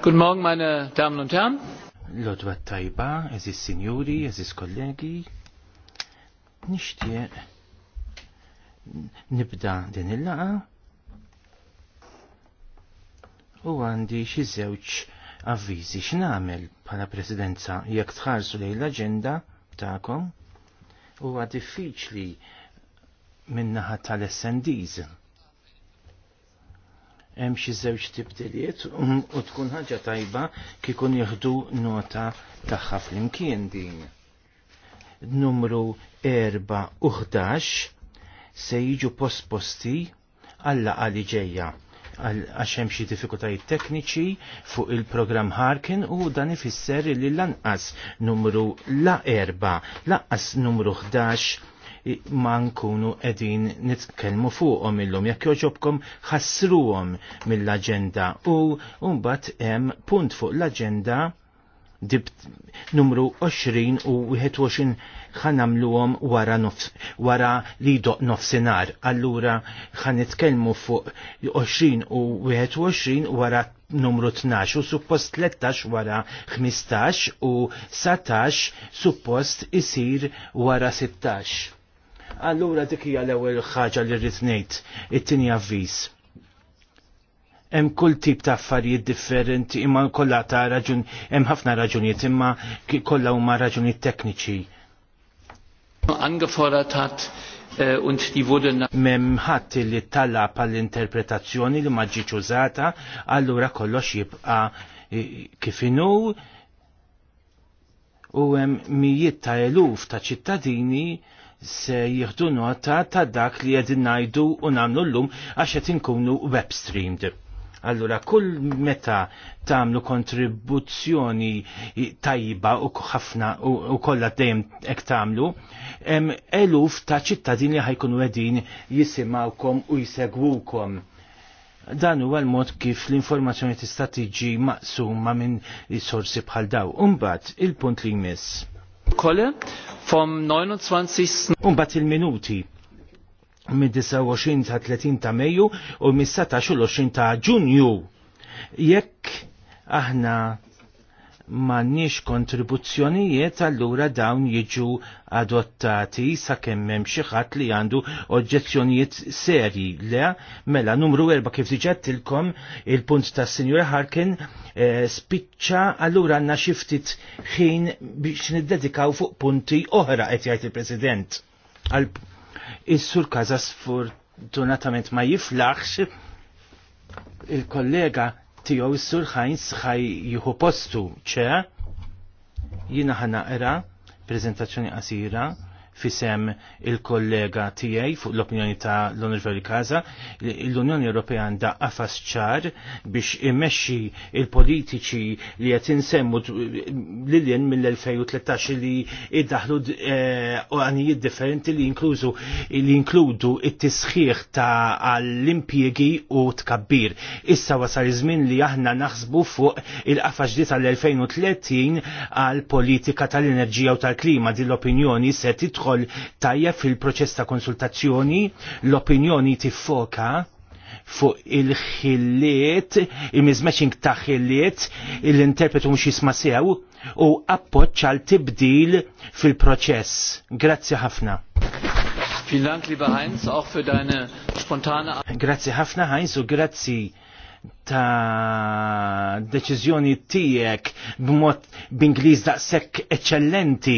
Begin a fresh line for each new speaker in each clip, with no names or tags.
Guten Morgen, meine Damen und Herren.
Lodwa tajba, eżis sinjuri, eżis kollegi. Nishtiq nibda din il-laqa u għandi xi żewġ avviżi x'namel bħala presidenza jekk tħarsu lejn l-aġenda tagħkom huwa diffiċli minnaħa tal-SNDs hemm xi żewġ tibdiliet um, u tkun ħaġa tajba kikun jieħdu nota tagħha flimkien din. Numru 4 u 11 se jiġu post-posti għalla għali ġejja għax hemm xi diffikultajiet tekniċi fuq il-programm Harkin u dan ifisser li lanqas numru la erba, lanqas numru 11 ma nkunu edin nitkellmu fuqhom illum jekk joġobkom ħassruhom mill-aġenda u mbagħad hemm punt fuq l-aġenda numru 20 u 21 ħanamluhom wara wara li doq nofsinhar. Allura nitkelmu fuq 20 u 21 wara numru 12 u suppost 13 wara 15 u 17 suppost isir wara 16. Allura dik hija l-ewwel ħaġa li rrid ngħid, it-tieni avviż. Hemm kull tip ta' affarijiet differenti imma kollha ta' raġun hemm ħafna raġunijiet imma kollha huma raġunijiet tekniċi. Angefordert hat äh, und die wurde memħat li talla għall-interpretazzjoni li ma ġietx użata, allura kollox jibqa' kif inhu u hemm mijiet ta' eluf ta' ċittadini se jieħdu nota ta' dak li qegħdin ngħidu u nagħmlu llum għax qed inkunu web streamed. Allura kull meta tagħmlu kontribuzzjoni tajba u ħafna u kollha dejjem hekk tagħmlu, hemm eluf ta' ċittadin li ħajkunu qegħdin jisimgħukom u jsegwukom dan huwa l-mod kif l-informazzjoni tista' tiġi maqsuma minn sorsi bħal daw. Umbagħad il-punt li jmiss Kolle vom 29. bat il-minuti mid-29 ta' 30 ta' Mejju u mis-17 ta' Ġunju. Jekk aħna m'għandniex kontribuzzjonijiet allura dawn jiġu adottati sakemm hemm xi ħadd li għandu oġġezzjonijiet serji le mela numru erba' kif diġettilkom il-punt tas-Sinjura Harkin eh, spiċċa allura għandna xi ftit ħin biex niddedikaw fuq punti oħra qed jgħid il-President. Is-sur Kazas fortunatament ma jiflaħx il-kollega tiegħu s-sur Heinz ħaj juhu postu ċe jiena era prezentazzjoni qasira fisem il-kollega tiegħi fuq l-opinjoni ta' l-Onorevoli Kaza, l-Unjoni Ewropea għandha għafas ċar biex immexxi il-politiċi li qed insemmu lilien mill-2013 li iddaħlu eh, għanijiet differenti li inkluzu li inkludu it-tisħiħ ta' għall-impjiegi u tkabbir. Issa wasal iż-żmien li aħna naħsbu fuq il-qafas ġdid tal-2030 għal politika tal-enerġija u tal-klima din l-opinjoni se tidħol ukoll tajja fil-proċess ta' konsultazzjoni, l-opinjoni tifoka fuq il-ħilliet, il-mizmeċing ta' ħilliet, il interpretu mux jisma sew u appoċ għal tibdil fil-proċess. Grazzi ħafna. Vielen Dank, lieber Heinz, auch für deine spontane... Grazie Hafner Heinz, und grazie ta' deċizjoni tiegħek b'mod b'Ingliż daqshekk eċċellenti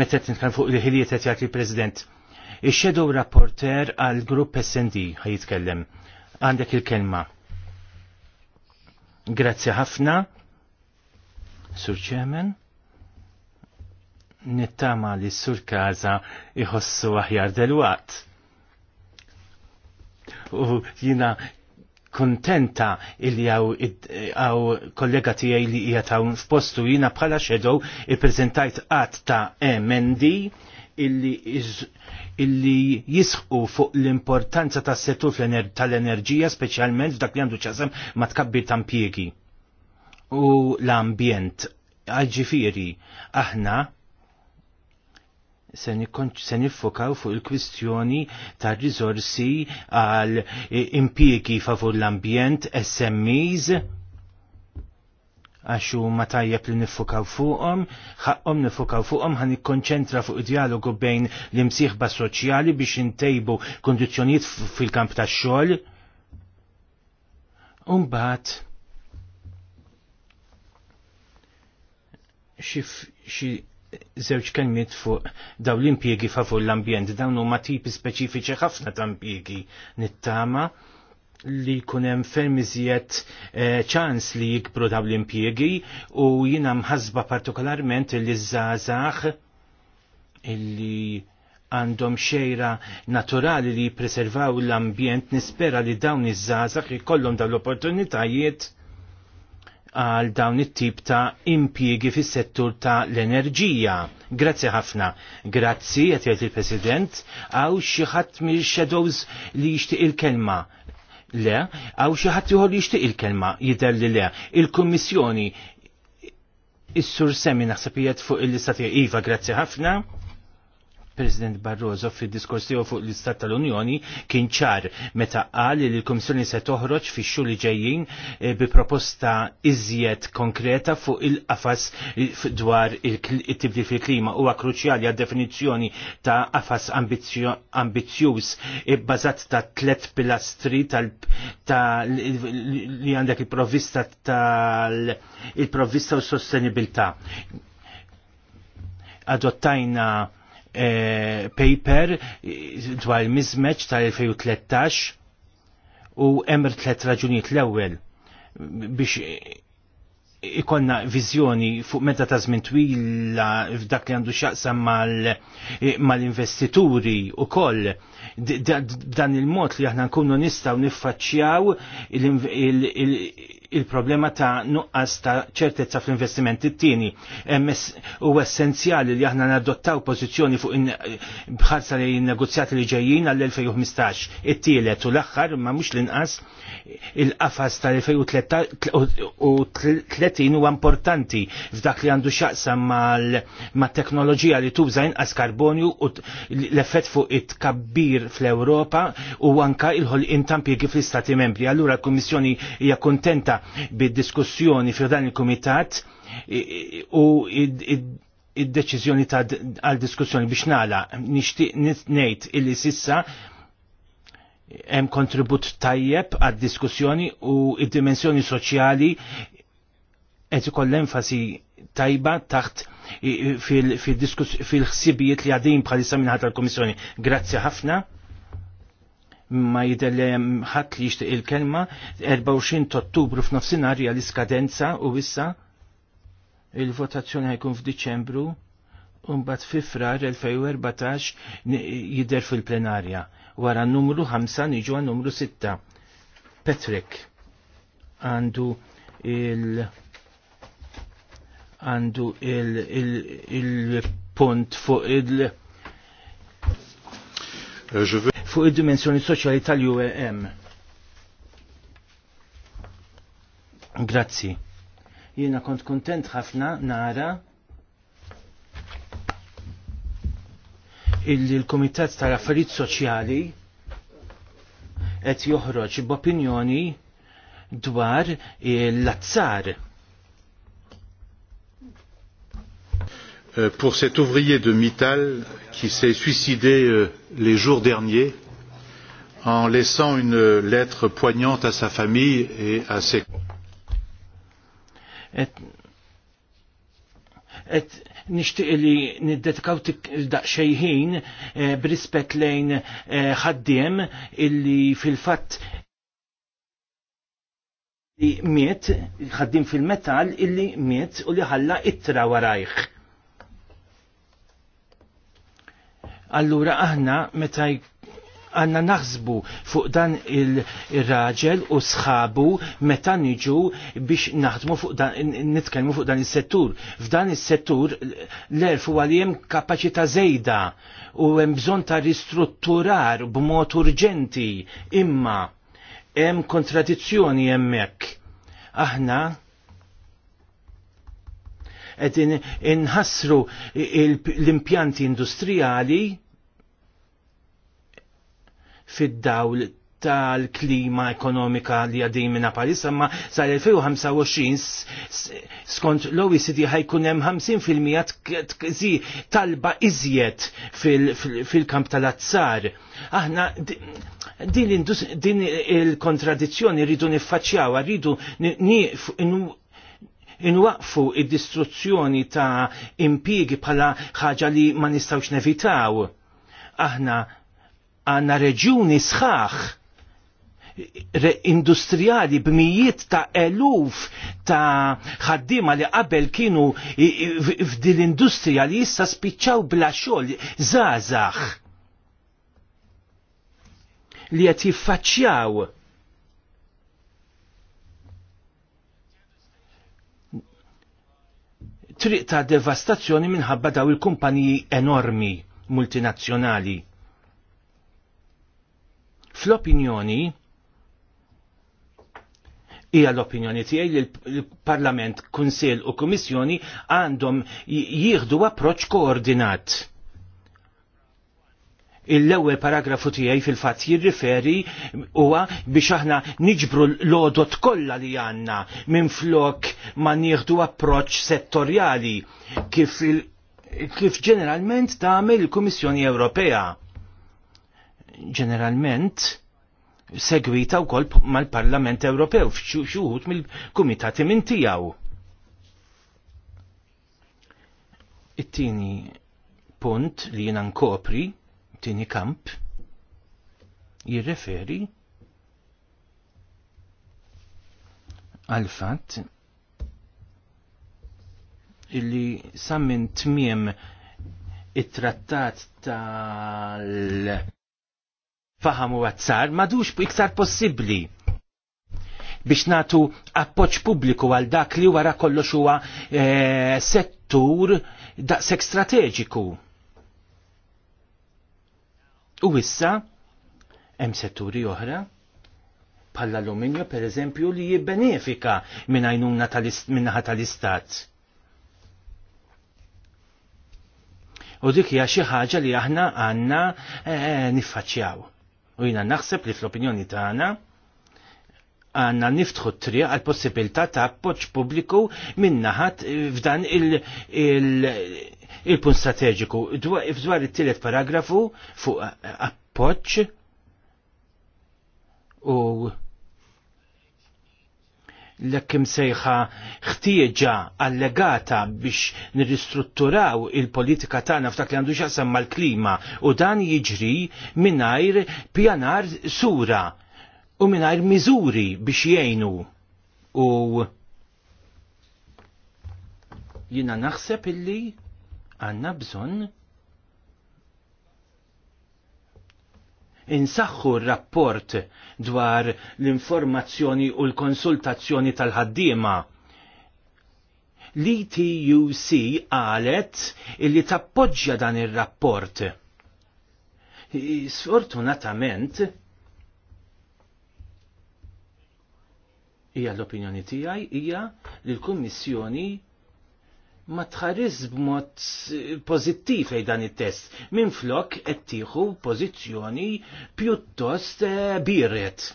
meta titkellem fuq il-ħiliet qed jagħti President. Ix-shadow rapporter għal grupp SD ħajitkellem. Għandek il-kelma. Grazzi ħafna, Sur Chairman. Nittama li Sur Kaza iħossu aħjar delwaqt u jina kontenta illi għaw kollega tijaj li jgħataw f-postu jina bħala xedow i-prezentajt għat ta' MND illi, illi jisħu fuq l-importanza ta' settur tal-enerġija specialment f'dak li għandu ċasem ma tkabbir tampjegi u l-ambjent għalġifiri aħna se nifokaw fuq il-kwistjoni ta' risorsi għal e, impjiegi favur l-ambjent, SMEs, għaxu ma tajjeb li nifokaw fuqom, ħakkom nifokaw fuqom ħan ikkonċentra fuq dialogu bejn l-imsieħba soċjali biex intejbu kondizjoniet fil-kamp ta' xogħol. Umbat, xif xif, żewġ kelmiet fuq daw l impiegi favur l-ambjent, dawn huma tipi speċifiċi ħafna ta' impiegi nittama li kunem fermiziet eh, ċans e, li jikbru daw l impiegi u jina mħazba partikolarment li zazax illi għandhom xejra naturali li jipreservaw l-ambjent nispera li dawn iż-żazax ikollhom dawn l-opportunitajiet għal dawn it-tip ta' impjiegi fis-settur ta' l-enerġija. Grazzi ħafna. Grazzi, qed il-President, għaw xi ħadd mill-shadows li jixtieq il-kelma. Le, għaw xi ħadd ieħor li jixtieq il-kelma, jidher li le. Il-Kummissjoni is-sur semmi naħseb fuq il-lista Iva, grazzi ħafna. President Barroso fi diskors tiegħu fuq l-Istat tal-Unjoni kien ċar meta qal li l-Kummissjoni se toħroġ fix-xhur li ġejjin eh, bi proposta iżjed konkreta fuq il-qafas dwar it-tibdil fil-klima huwa kruċjali għad definizzjoni ta' qafas ambizzjuż eh, bbażat ta' tlet pilastri tal li għandek il-provvista tal-provvista u s-sostenibilità adottajna E, paper e, dwar il-mizmeċ tal-2013 u emr tlet raġunijiet l-ewwel biex ikonna vizjoni fuq meta ta' żmien twila f'dak li għandu x'jaqsam eh, mal-investituri mal u koll dan il-mod li aħna nkunu nistaw niffaċċjaw il-problema ta' nuqqas ta' ċertezza fl-investimenti t-tieni. U essenzjali li aħna nadottaw pożizzjoni fuq bħarsa li negozjati li ġejjin għall-2015. It-tielet u l-aħħar ma mhux l-inqas il-qafas tal-2030 huwa importanti f'dak li għandu xaqsam mal-teknoloġija li tuża inqas karbonju u l-effett fuq it-kabbir fl-Ewropa u anka il-ħolqien tampjegi fl-Istati membri. Allura l-Kummissjoni hija kontenta bid-diskussjoni fi dan il-Kumitat u id-deċiżjoni ta' għal-diskussjoni biex nala nixtieq ngħid illi sissa hemm kontribut tajjeb għad-diskussjoni u id-dimensjoni soċjali qed ikoll enfasi tajba taħt fil-ħsibijiet li għadin bħalissa minn ħadd tal komissjoni Grazzi ħafna ma jidellem ħadd li jixtieq il-kelma 24 ottubru f'nofsinhar hija l-iskadenza u issa il-votazzjoni ħajkun f'Diċembru u mbagħad fi frar 2014 jidher fil-plenarja wara numru 5 niġu għan numru 6. Patrick għandu il għandu il-punt il, il fuq il, il eh, fuq il-dimensjoni soċjali tal-UEM. Grazzi. Jiena kont kontent ħafna nara illi l-Kumitat tal-Affarijiet Soċjali qed joħroġ b'opinjoni dwar l-azzar. Euh, pour cet ouvrier de Mittal qui s'est suicidé euh, les jours derniers en laissant une lettre poignante à sa famille et à ses et, et, nixtieq li niddetkaw daqsxejn eh, b'rispett lejn eh, ħaddiem illi fil-fatt li miet, ħaddim fil-metal illi miet u li ħalla ittra warajħ. Allura aħna meta għanna naħsbu fuq dan il-raġel u sħabu meta niġu biex naħdmu fuq dan, nitkelmu fuq dan il-settur. F'dan il-settur l-erf u għalijem kapacita zejda u hemm bżon ta' ristrutturar b'mod urġenti imma hemm kontradizzjoni hemmhekk. Aħna qed inħassru l-impjanti industrijali fid-dawl tal-klima ekonomika li għaddej minna Paris, ma sal-2025 skont l-OECD ħajkun hemm 50% talba iżjed fil-kamp tal-azzar. Aħna din il-kontradizzjoni rridu niffaċċjaw, rridu inwaqfu id-distruzzjoni ta' impiegi bħala ħaġa li ma nistawx nevitaw. Aħna għanna reġjuni sħaħ industrijali b'mijiet ta' eluf ta' ħaddima li qabel kienu f'din industrija li issa spiċċaw bla xogħol żgħażagħ li qed jiffaċċjaw triq ta' devastazzjoni minħabba daw il-kumpaniji enormi multinazzjonali Fl-opinjoni hija l-opinjoni tiegħi li l-Parlament, Kunsill u Kummissjoni għandhom jieħdu approċċ koordinat. Il-ewwel paragrafu tiegħi fil-fatt jirriferi huwa biex aħna niġbru l-odot kollha li għandna minn flok ma nieħdu approċċ settorjali kif il kif ġeneralment tagħmel il-Kummissjoni Ewropea ġeneralment segwita wkoll mal-Parlament Ewropew f'xuħut mill-kumitati minn tiegħu. It-tieni punt li jiena nkopri, tieni kamp, jirreferi għal fatt illi sammin tmiem it-trattat tal faham għazzar madux iktar possibli biex natu appoċ pubbliku għal dak li wara kollox huwa e, settur daqshekk strateġiku. U issa hemm setturi oħra bħall alluminio per eżempju li jibbenefika minn għajnuna minnaħa tal-istat. U dik hija xi ħaġa li aħna għandna e, niffaċċjaw U jina naħseb li fl-opinjoni tagħna għanna niftħu t-triq għal possibilità ta' appoġġ pubbliku minnaħat f'dan il-punt il, il, strateġiku. F'dwar it-tielet paragrafu fuq appoġġ u l-ekkim sejħa ħtieġa allegata biex nirristrutturaw il-politika tagħna f'dak li għandu xaqsam mal-klima u dan jiġri mingħajr pjanar sura u mingħajr miżuri biex jgħinu. U jina naħseb illi għanna bżonn insaħħu r-rapport dwar l-informazzjoni u l-konsultazzjoni tal-ħaddiema. L-ETUC għalet illi tappoġġja dan ir-rapport. Sfortunatament, hija l-opinjoni tiegħi hija li l-Kummissjoni ma tħares b'mod eh, pozittiv lej dan it-test. Minn flok qed tieħu pożizzjoni pjuttost eh, biret.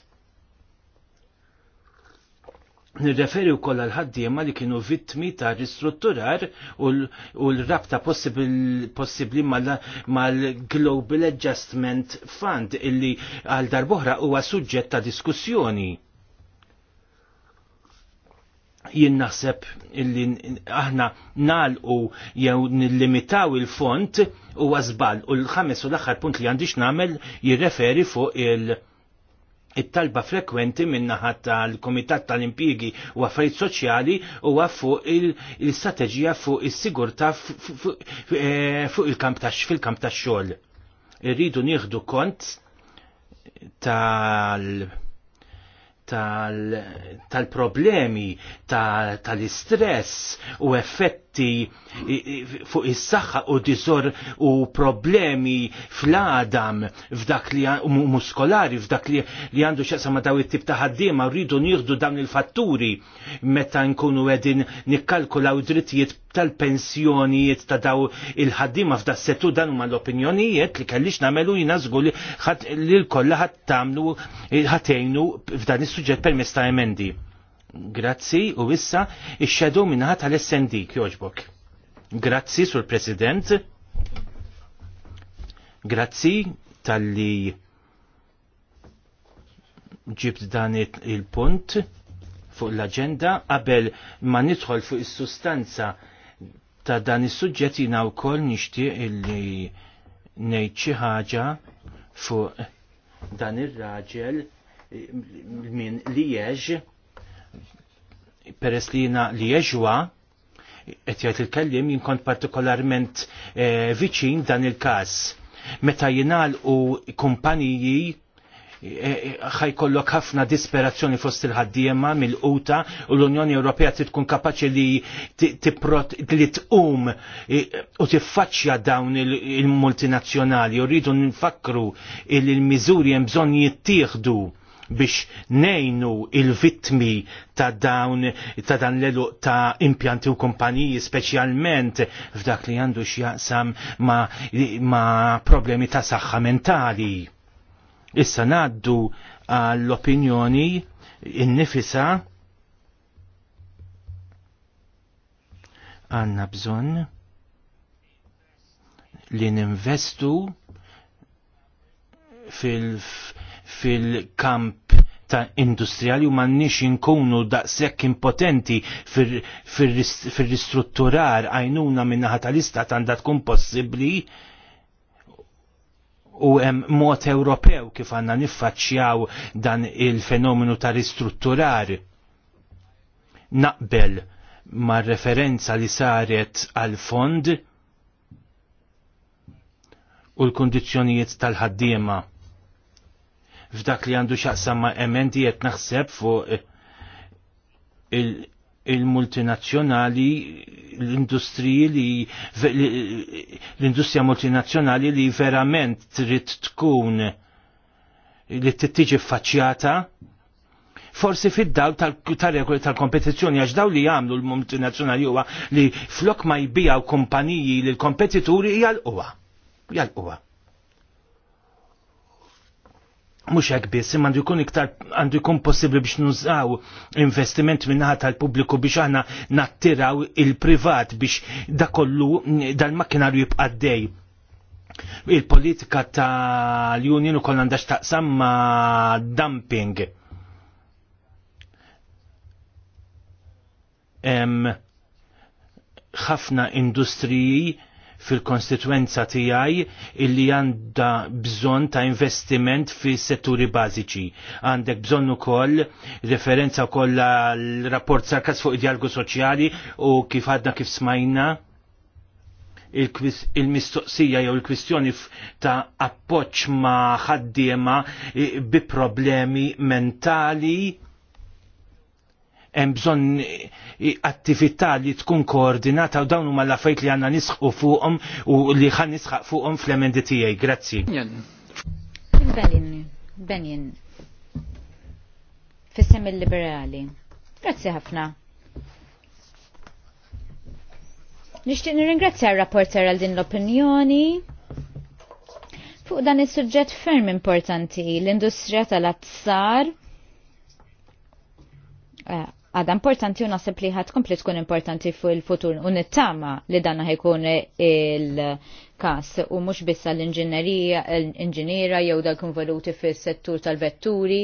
Nirreferi u koll għal-ħaddiema li kienu vittmi ta' ristrutturar u l-rabta possibli mal-Global Adjustment Fund illi għal darbohra huwa suġġett ta' diskussjoni jien naħseb illi aħna nalqu jew nillimitaw il-font u għazbal u l-ħames u l-aħħar punt li għandix namel jirreferi fuq il- it-talba frekwenti minnaħa tal-Komitat tal-Impjigi u Affarijiet Soċjali huwa fuq il-strateġija fuq is-sigurtà eh, fuq il-kamp fil-kamp tax-xogħol. Irridu nieħdu kont tal- tal-problemi, tal-istress u effett effetti fuq is-saħħa u disor u problemi fl-adam f'dak li muskolari f'dak li li għandu xaqsa ma daw it-tip ta' ħaddiema rridu nieħdu dawn il-fatturi meta nkunu qegħdin nikkalkulaw drittijiet tal-pensjonijiet ta' daw il-ħaddiema f'dak settu dan huma l-opinjonijiet li kellix nagħmelu jina żgur li l-kollha ħadd tagħmlu ħatejnu f'dan is-suġġett permezz ta' emendi. Grazzi u issa ix-xedu minnaħat tal-SND kjoġbok. Grazzi sur President. Grazzi tal-li ġibt dan il-punt fuq l-agenda qabel ma nidħol fuq is-sustanza ta' dan is-suġġett jina wkoll nixtieq illi ngħid xi ħaġa fuq dan ir-raġel min li jeġ peress li jina li jeġwa, qed jgħid il-kellim jinkont partikolarment eh, viċin dan il-każ. Meta jingħalqu kumpaniji eh, eh, ħajkollok kollok ħafna disperazzjoni fost il-ħaddiema mill-quta u l-Unjoni Ewropea titkun tkun kapaċi li li tqum u tiffaċċja dawn il-multinazzjonali u rridu nfakru il-miżuri hemm bżonn jittieħdu biex nejnu il-vitmi ta' dawn ta' dan l ta' impjanti u kompaniji speċjalment f'dak li għandu x'jaqsam ma, ma' problemi ta' saħħa mentali. Issa ngħaddu għall-opinjoni innifisa għanna bżonn li ninvestu fil- fil-kamp ta' industrijali u mannix inkunu daqshekk impotenti fil-ristrutturar għajnuna minnaħa tal-istat għandha tkun possibbli u hemm mod Ewropew kif għandna niffaċċjaw dan il-fenomenu ta' ristrutturar. Naqbel ma' referenza li saret għal fond u l-kondizjonijiet tal-ħaddiema f'dak li għandu xaqsam ma' emendi jett naħseb fuq il-multinazzjonali il l-industriji li l-industrija multinazzjonali li verament trid tkun li tittiġi faċċjata forsi fid-daw tal-regoli tal-kompetizzjoni għax daw li jagħmlu l-multinazzjonali huwa li flok ma jbijaw kumpaniji l kompetituri jgħal l Jgħal Hija mux hekk biss, imma għandu jkun iktar għandu jkun possibbli biex nużaw investiment minnaħa tal-pubbliku biex aħna nattiraw il-privat biex da kollu dal-makkinar jibqa' dej. Il-politika tal-Union ukoll għandax taqsam ma' dumping. ħafna industriji fil-konstituenza tiegħi illi għandha bżonn ta' investiment fis setturi bażiċi. Għandek bżonn ukoll referenza wkoll l-rapport sarkas fuq id-dialgu soċjali u kif għadna kif smajna il-mistoqsija jew il-kwistjoni ta' appoċ ma' ħaddiema bi problemi mentali hemm bżonn attività li tkun koordinata u dawn huma l affajt li għandna nisħu fuqhom u li ħan nisħaq fuqhom fl-emendi tiegħi. Grazzi.
Benjen.
Benjen. Fissem il-liberali. Grazzi ħafna. Nixtieq nirringrazzja r-rapporter għal din l-opinjoni fuq dan is-suġġett ferm importanti l-industrija tal-azzar eh, għada importanti u nasib li ħat kompli tkun importanti fu il-futur u nittama li danna ħajkun il-kas u mux bissa l-inġinira l jew dal voluti fis settur tal-vetturi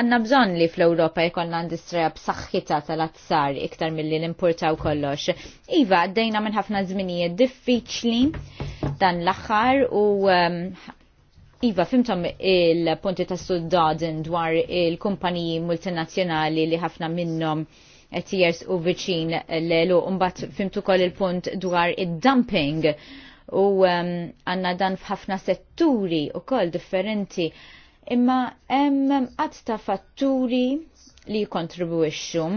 għanna bżon li fl-Europa jkollna industrija b'saħħita tal-azzar iktar mill-li l-importaw kollox. Iva, għaddejna minn ħafna zminijiet diffiċli dan l axħar u um, Iva, fimtom il-punti ta' Sudaden dwar il-kumpaniji multinazzjonali li ħafna minnom tiers u viċin l-elu, umbat fimtu kol il-punt dwar il-dumping u um, għanna um, dan f'ħafna setturi u kol differenti. Imma hemm qatt ta' fatturi li kontribuixxu.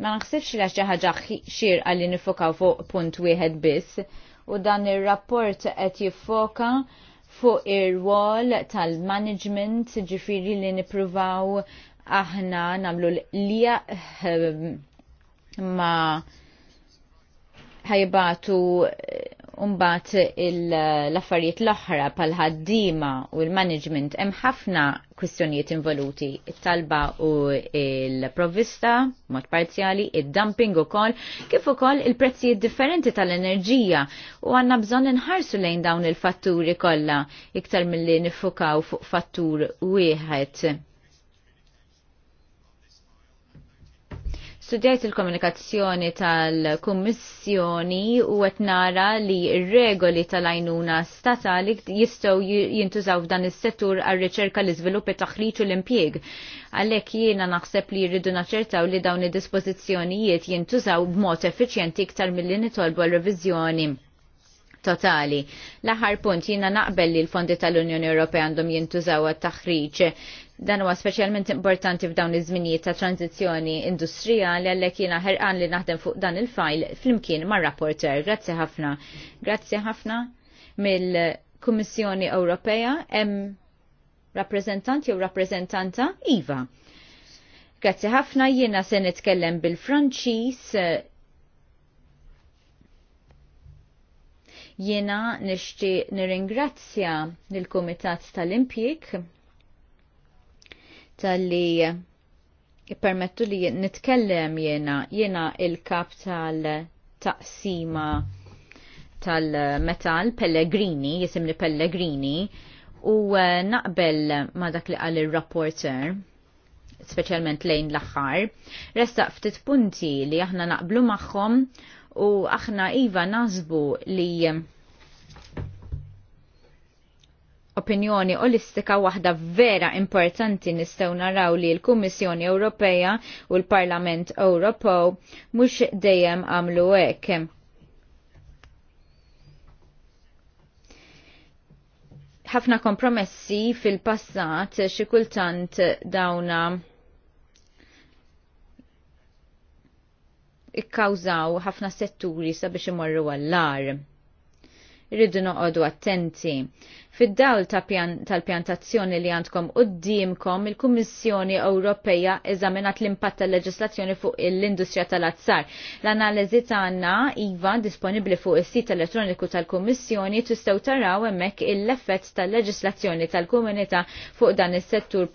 Ma naħsibx li xi ħaġa xirqa għalli nifokaw fuq punt wieħed biss u dan ir-rapport qed jiffoka fuq ir-wall tal-management ġifiri li nipruvaw aħna namlu l-lija eh, ma ħajbatu eh, Umbat l-affarijiet l-oħra pal ħaddima u l-management hemm ħafna kwistjonijiet involuti, it-talba u l-provvista mod parzjali, id-dumping ukoll, kif ukoll il-prezzijiet differenti tal-enerġija u għandna bżonn inħarsu lejn dawn il-fatturi kollha iktar milli nifukaw fuq fattur wieħed Studjajt il-komunikazzjoni tal-Kummissjoni u qed nara li r-regoli tal-għajnuna statali jistgħu jintużaw f'dan is-settur għar-riċerka l iżviluppi it-taħriġ u l-impjieg. Għalhekk jiena naħseb li jridu naċertaw li dawn id-dispożizzjonijiet jintużaw b'mod effiċjenti iktar milli nitolbu għal reviżjoni totali. L-aħħar punt jiena naqbel li l-fondi tal-Unjoni Ewropea għandhom jintużaw għat-taħriġ Dan huwa speċjalment importanti f'dawn iż-żminijiet ta' tranzizzjoni industrijali għalhekk jiena ħerqan li naħdem fuq dan il-fajl flimkien mar-rapporter. Grazzi ħafna. Grazzi ħafna mill-Kummissjoni Ewropea hemm rappreżentant jew rappreżentanta Iva. Grazzi ħafna jiena se nitkellem bil-Franċiż jiena nixtieq nirringrazzja lill kumitat tal impjik tal-li permettu li nitkellem jena, jena il-kap tal-taqsima tal-metal Pellegrini, jisimni Pellegrini, u eh, naqbel ma dak li għal il-rapporter, specialment lejn l-axħar, restaq ftit punti li aħna naqblu maħħom u aħna iva nazbu li opinjoni olistika waħda vera importanti nistgħu naraw li l-Kummissjoni Ewropea u l-Parlament Ewropew mhux dejjem għamlu hekk. ħafna kompromessi fil-passat xi kultant dawna ikkawżaw ħafna setturi sabiex imorru għall-lar. Irridu noqogħdu attenti. Fid-dawl tal-pjantazzjoni li għandkom d-dimkom il-Kummissjoni Ewropeja eżaminat l-impatt tal-leġislazzjoni fuq l-industrija tal-azzar. L-analiżi tagħna iva disponibbli fuq is-sit elettroniku tal-Kummissjoni tistaw taraw hemmhekk l-effett tal-leġislazzjoni tal komunita fuq dan is-settur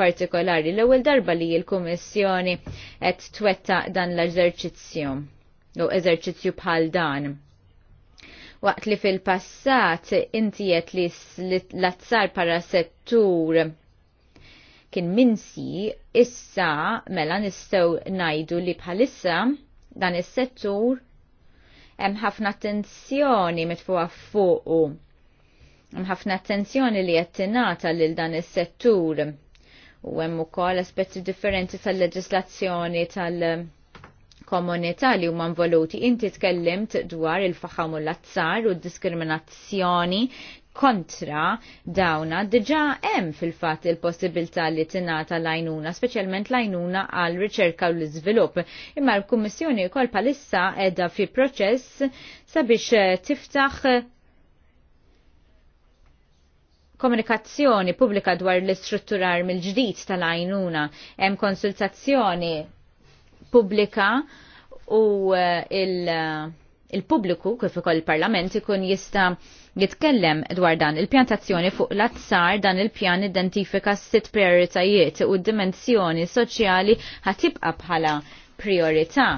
partikolari l-ewwel darba li l-Kummissjoni qed twetta dan l-eżerċizzju. Eżerċizzju bħal dan waqt li fil-passat intijet li l-azzar para settur kien minsi, issa mela nistgħu ngħidu li bħalissa dan is-settur hemm ħafna attenzjoni mitfuqa fuqu. Hemm ħafna attenzjoni li qed tingħata lil dan is-settur. U hemm ukoll aspetti differenti tal-leġislazzjoni tal-, -leġislazzjoni tal komunità li huma involuti. Inti tkellimt dwar il-faħam u l-azzar u d-diskriminazzjoni kontra dawna diġa hemm fil-fatt il-possibilità li tingħata lajnuna, speċjalment lajnuna għal riċerka u l-iżvilupp. Imma l-Kummissjoni wkoll palissa qiegħda fi proċess sabiex eh, tiftaħ komunikazzjoni pubblika dwar l-istrutturar mill-ġdid tal-għajnuna, hemm konsultazzjoni pubblika u eh, il- eh, il-pubbliku kif ukoll il-Parlament ikun jista' jitkellem dwar dan il-pjantazzjoni fuq l-azzar dan il-pjan identifika sitt prioritajiet u d-dimensjoni soċjali ħatibqa' bħala priorità.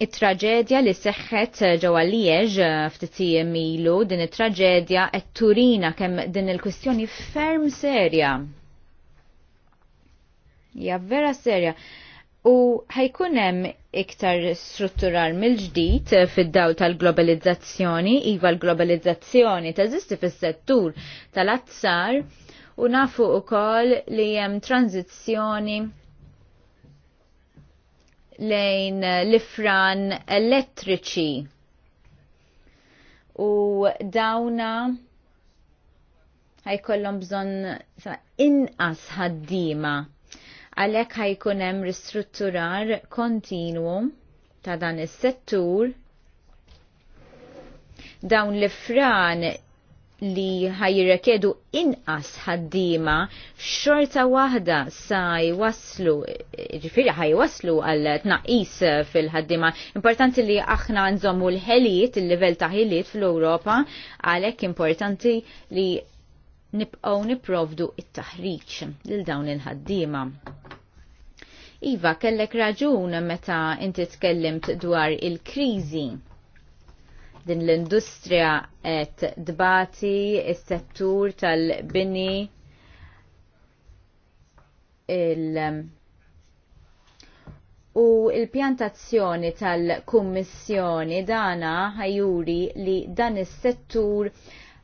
It-traġedja li seħħet ġewwa Liex ftit ilu din it-traġedja qed turina kemm din il-kwistjoni ferm serja Ja, vera serja. U ħajkun hemm iktar strutturar mill-ġdid eh, fid-dawl tal-globalizzazzjoni, iva l-globalizzazzjoni teżisti fis-settur tal-azzar u nafu ukoll li hemm tranzizzjoni lejn l-ifran elettriċi u dawna ħajkollhom bżonn inqas ħaddiema għalhekk ħajkun hemm ristrutturar kontinwu ta' dan is-settur dawn l-fran li ħajrekedu inqas ħaddima xorta waħda sa jwaslu, ġifiri ħajwaslu għal tnaqis fil-ħaddima. Importanti li aħna nżommu l-ħeliet, il-level ta' ħeliet fl-Europa, għalek importanti li nibqgħu niprovdu it-taħriġ lil dawn il-ħaddiema. Iva, kellek raġun meta inti tkellimt dwar il-kriżi. Din l-industrija qed dbati is-settur tal-bini il- u il-pjantazzjoni tal-kummissjoni dana ħajuri li dan is-settur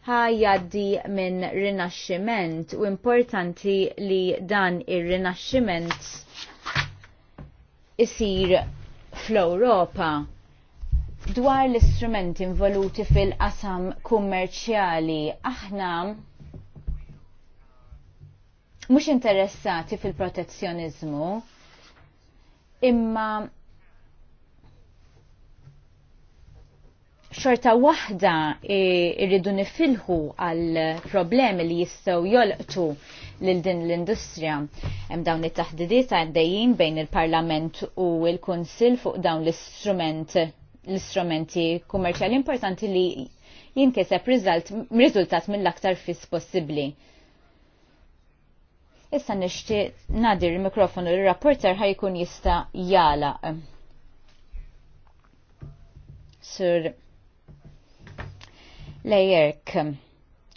ħajjaddi minn rinaxximent u importanti li dan ir-rinaxximent isir fl-Ewropa dwar l-istrumenti involuti fil-qasam kummerċjali aħna mhux interessati fil-protezzjonizmu imma xorta wahda irridu nifilħu għal problemi li jistaw jolqtu lil din l-industrija. Hemm dawn it-taħdidiet għaddejjin bejn il-Parlament u l-Kunsill fuq dawn l-istrument l-istrumenti kummerċjali importanti li jinkiseb riżultat mill-aktar fis possibbli. Issa nixtieq nadir il-mikrofonu l-rapporter ħajkun jista' jala. Sir Lejerk.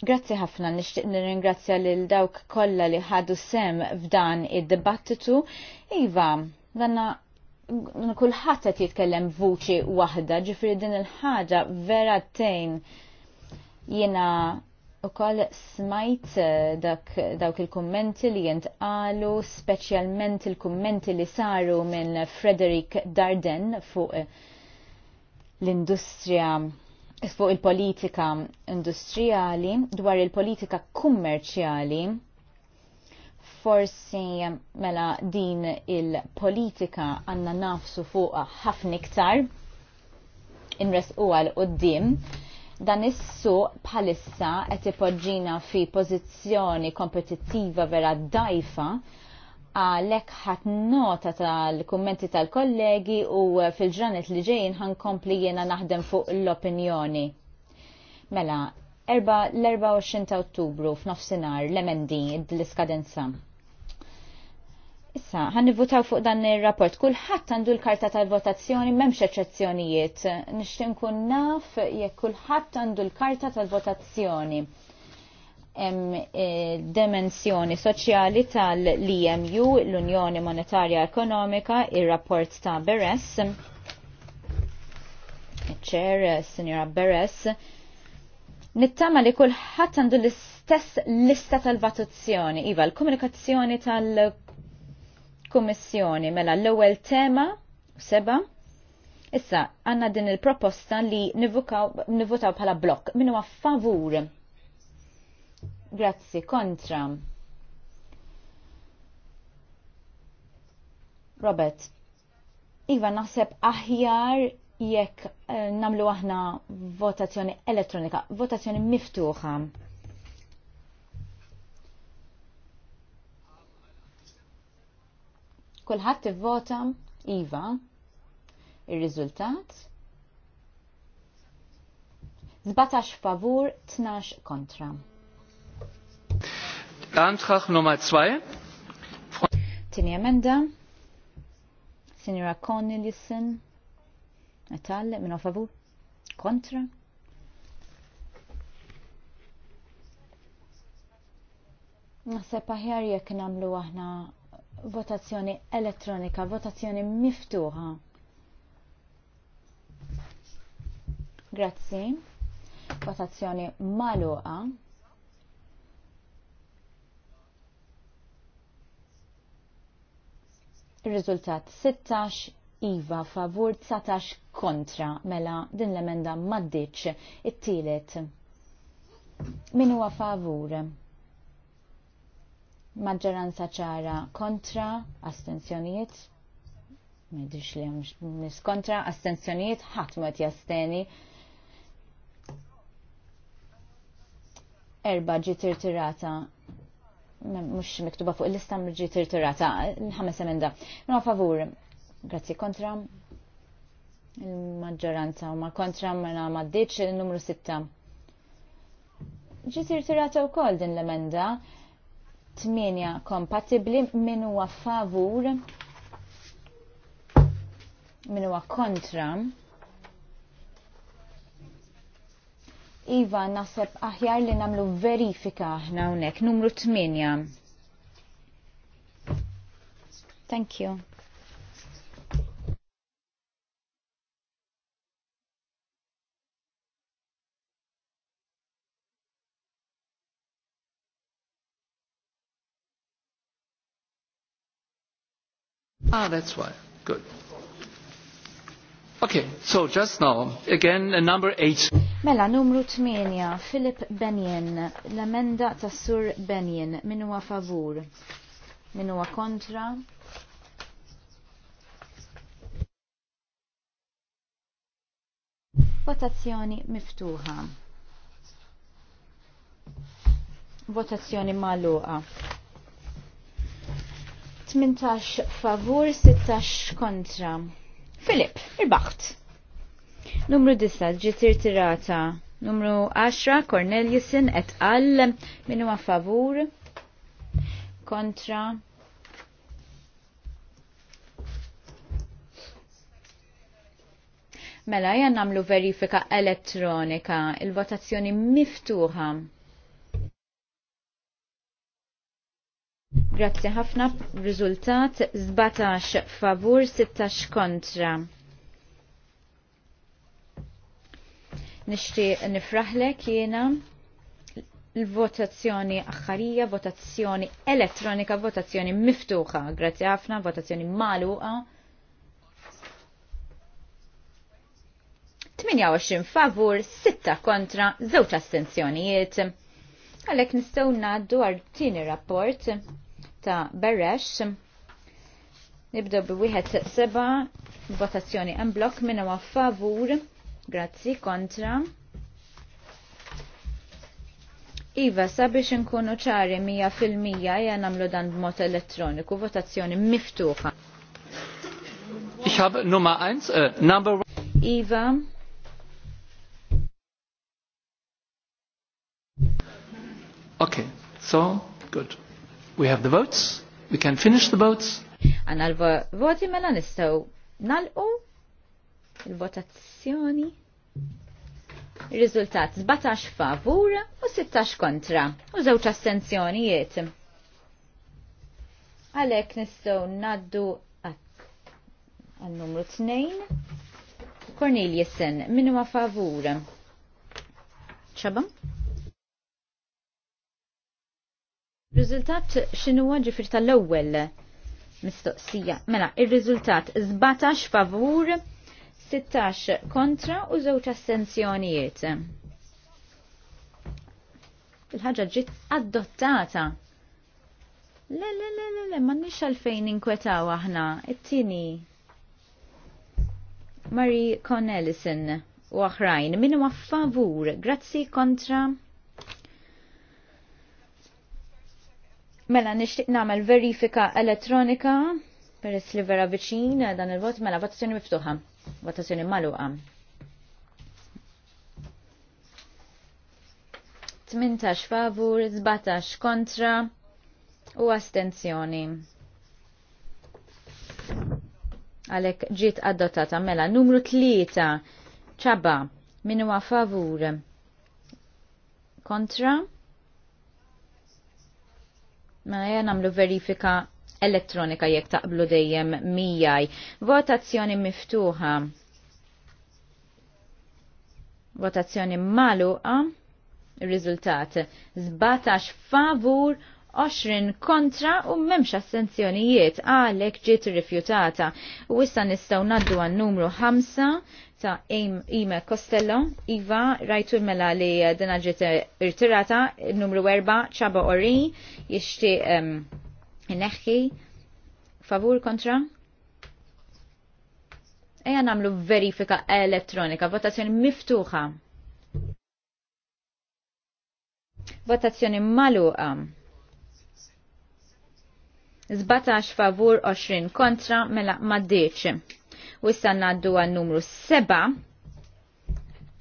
Grazzi ħafna, nixtieq nirringrazzja lil dawk kollha li ħadu sem f'dan id-dibattitu. Iva, danna kulħadd qed jitkellem vuċi waħda, ġifieri din il-ħaġa vera tejn jiena u koll smajt eh, dak, dawk il-kommenti li għalu, specialment il-kommenti li saru minn Frederick Darden fuq l-industrija fuq il-politika industrijali dwar il-politika kummerċjali forsi mela din il-politika għanna nafsu fuq ħafna iktar inres u għal qoddim dan issu bħalissa qed ipoġġina fi pożizzjoni kompetittiva vera dajfa għalek ħat nota tal-kommenti tal-kollegi u fil-ġranet li ħan kompli jena naħdem fuq l-opinjoni. Mela, l-24 ta' ottubru f'nofsinhar l-emendi l-iskadenza. Issa, ħan votaw fuq dan il-rapport. Kulħadd għandu l-karta tal-votazzjoni m'hemmx eċċezzjonijiet. Nixtieq nkun naf jekk kulħadd għandu l-karta tal-votazzjoni hemm eh, dimensjoni soċjali tal-EMU, l-Unjoni Monetarja Ekonomika, ir-rapport ta' Beres, ċer, eh, Sinjora Beres, nittama li kull għandu l-istess lista tal vatuzzjoni iva l-komunikazzjoni tal-Kummissjoni mela l-ewwel tema seba' Issa, għanna din il-proposta li nivutaw bħala blok, minnu għaffavur favur Grazzi, kontra. Robert, Iva naħseb aħjar jekk eh, namlu aħna votazzjoni elettronika, votazzjoni miftuħa. Kulħadd ivvota Iva. Ir-riżultat 17 favur, 12 kontra. Antrag Nummer 2. Tini emenda. Signora Connellison. Natal, minu favur. Kontra. Naħseb aħjar jekk nagħmlu aħna votazzjoni elettronika, votazzjoni miftuħa. Grazzi. Votazzjoni magħluqa. Ir-riżultat 16 iva favur 19 kontra mela din l-emenda maddiċ it-tielet. Min huwa favur? Maġġoranza ċara kontra, astenzjonijiet, medix li hemm kontra, astenzjonijiet ħadd mod jasteni. Erba ġiet irtirata mux miktuba fuq il-lista mġi tirtirata, nħames emenda. Ma favur, grazzi kontra, il-maġġoranza, ma kontra ma maddiċ il-numru 6. Ġi tirtirata u kol din l-emenda, 8 kompatibli, minu favur, minu kontra, kontra, Iva, nasab aħjar li namlu verifika aħna unek, numru 8. Thank you.
Ah, that's why. Good. Okay, so just now, again, number eight.
Mela, numru 8, Philip Benjen, l-emenda ta' Sur Benjen, minu a favur, minu a kontra. Votazzjoni miftuħa. Votazzjoni maluqa. 18 favur, 16 kontra. Filip, il-baħt. Numru 10, ġitir tirata. Numru 10, Corneliusin et al. Minu a favur. Kontra. Mela, jen verifika elettronika, il-votazzjoni miftuħa. Grazzi ħafna, riżultat 17 favur, 16 kontra. Nixtieq nifraħlek jiena l-votazzjoni aħħarija, votazzjoni elettronika, votazzjoni miftuħa. Grazzi ħafna, votazzjoni maluqa. 28 favur, 6 kontra, 2 astenzjonijiet. Għalek nistaw naddu għal tini rapport ta' Beresh. Nibdew bi wieħed seba' votazzjoni en blok minn huwa favur, grazzi kontra. Iva, sabiex nkunu ċari 100% jgħan namlu dan b'mod elettroniku, votazzjoni miftuħa. Ich habe Nummer 1, äh, number 1. Iva.
Okay, so, good. We have the votes. We can finish the votes.
Għanna l-voti mela nistaw nalqu il-votazzjoni. Il-rizultat 17 favur u 16 kontra u żewġ jiet. Għalek nistaw naddu għal numru 2. Corneliusen, minnu ma favur. ċabam? Riżultat x'inhu ġifir tal-ewwel mistoqsija. Mela, ir-riżultat 17 favur, 16 kontra u żewġ assenzjonijiet. Il-ħaġa ġiet adottata. Le, le, le, le, le, ma nix għalfejn inkwetaw aħna, it-tini. Marie Connellison u oħrajn minu għaffavur, grazzi kontra Mela nixtieq nagħmel verifika elettronika peress li vera viċin eh, dan il-vot mela votazzjoni miftuħa, votazzjoni magħluqa. 18 favur, 17 kontra u astenzjoni. Għalek ġiet adottata mela numru 3 ċaba minu għafavur, favur kontra Ma mela, jgħan għamlu verifika elettronika jekk taqblu dejjem mijaj. Votazzjoni miftuħa. Votazzjoni maluqa. Riżultat 17 favur 20 kontra u memx assenzjonijiet għalek ġiet rifjutata. U issa nistaw naddu għan numru 5 ta' Ime Costello, Iva, rajtu mela li dina ġiet irtirata, numru 4, ċaba Ori, jishti um, neħki, favur kontra? Eja namlu verifika elettronika, votazzjoni miftuħa. Votazzjoni maluqa. 17 favur 20 kontra mela maddeċ. U issa naddu għal numru 7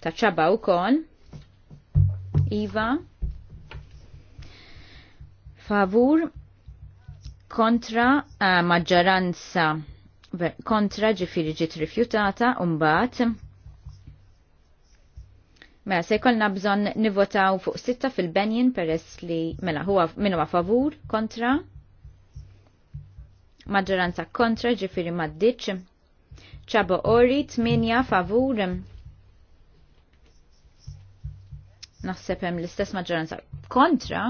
ta' ċaba u kon. Iva. Favur kontra eh, maġġoranza kontra ġifiri ġit rifjutata umbat. Mela se jkollna bżonn nivotaw fuq sitta fil-Benjen peress li mela huwa minu ma favur kontra maġġoranza kontra ġifiri maddiċ. ċabo ori 8 favur. Naħseb hemm l-istess maġġoranza kontra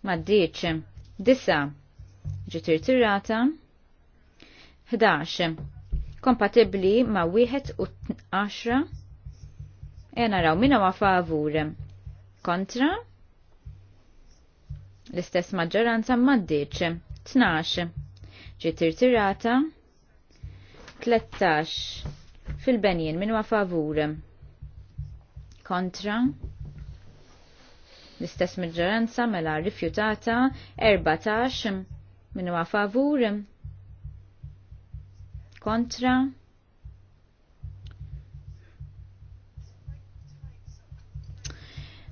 maddiċ. Disa ġitir tirata. 11 kompatibli ma' wieħed u 10 e naraw minna ma' favur kontra l-istess maġġoranza maddiċ 12 ġiet irtirata 13 fil-benjen minn ma favur kontra l-istess maġġoranza mela rifjutata 14 minn ma favur kontra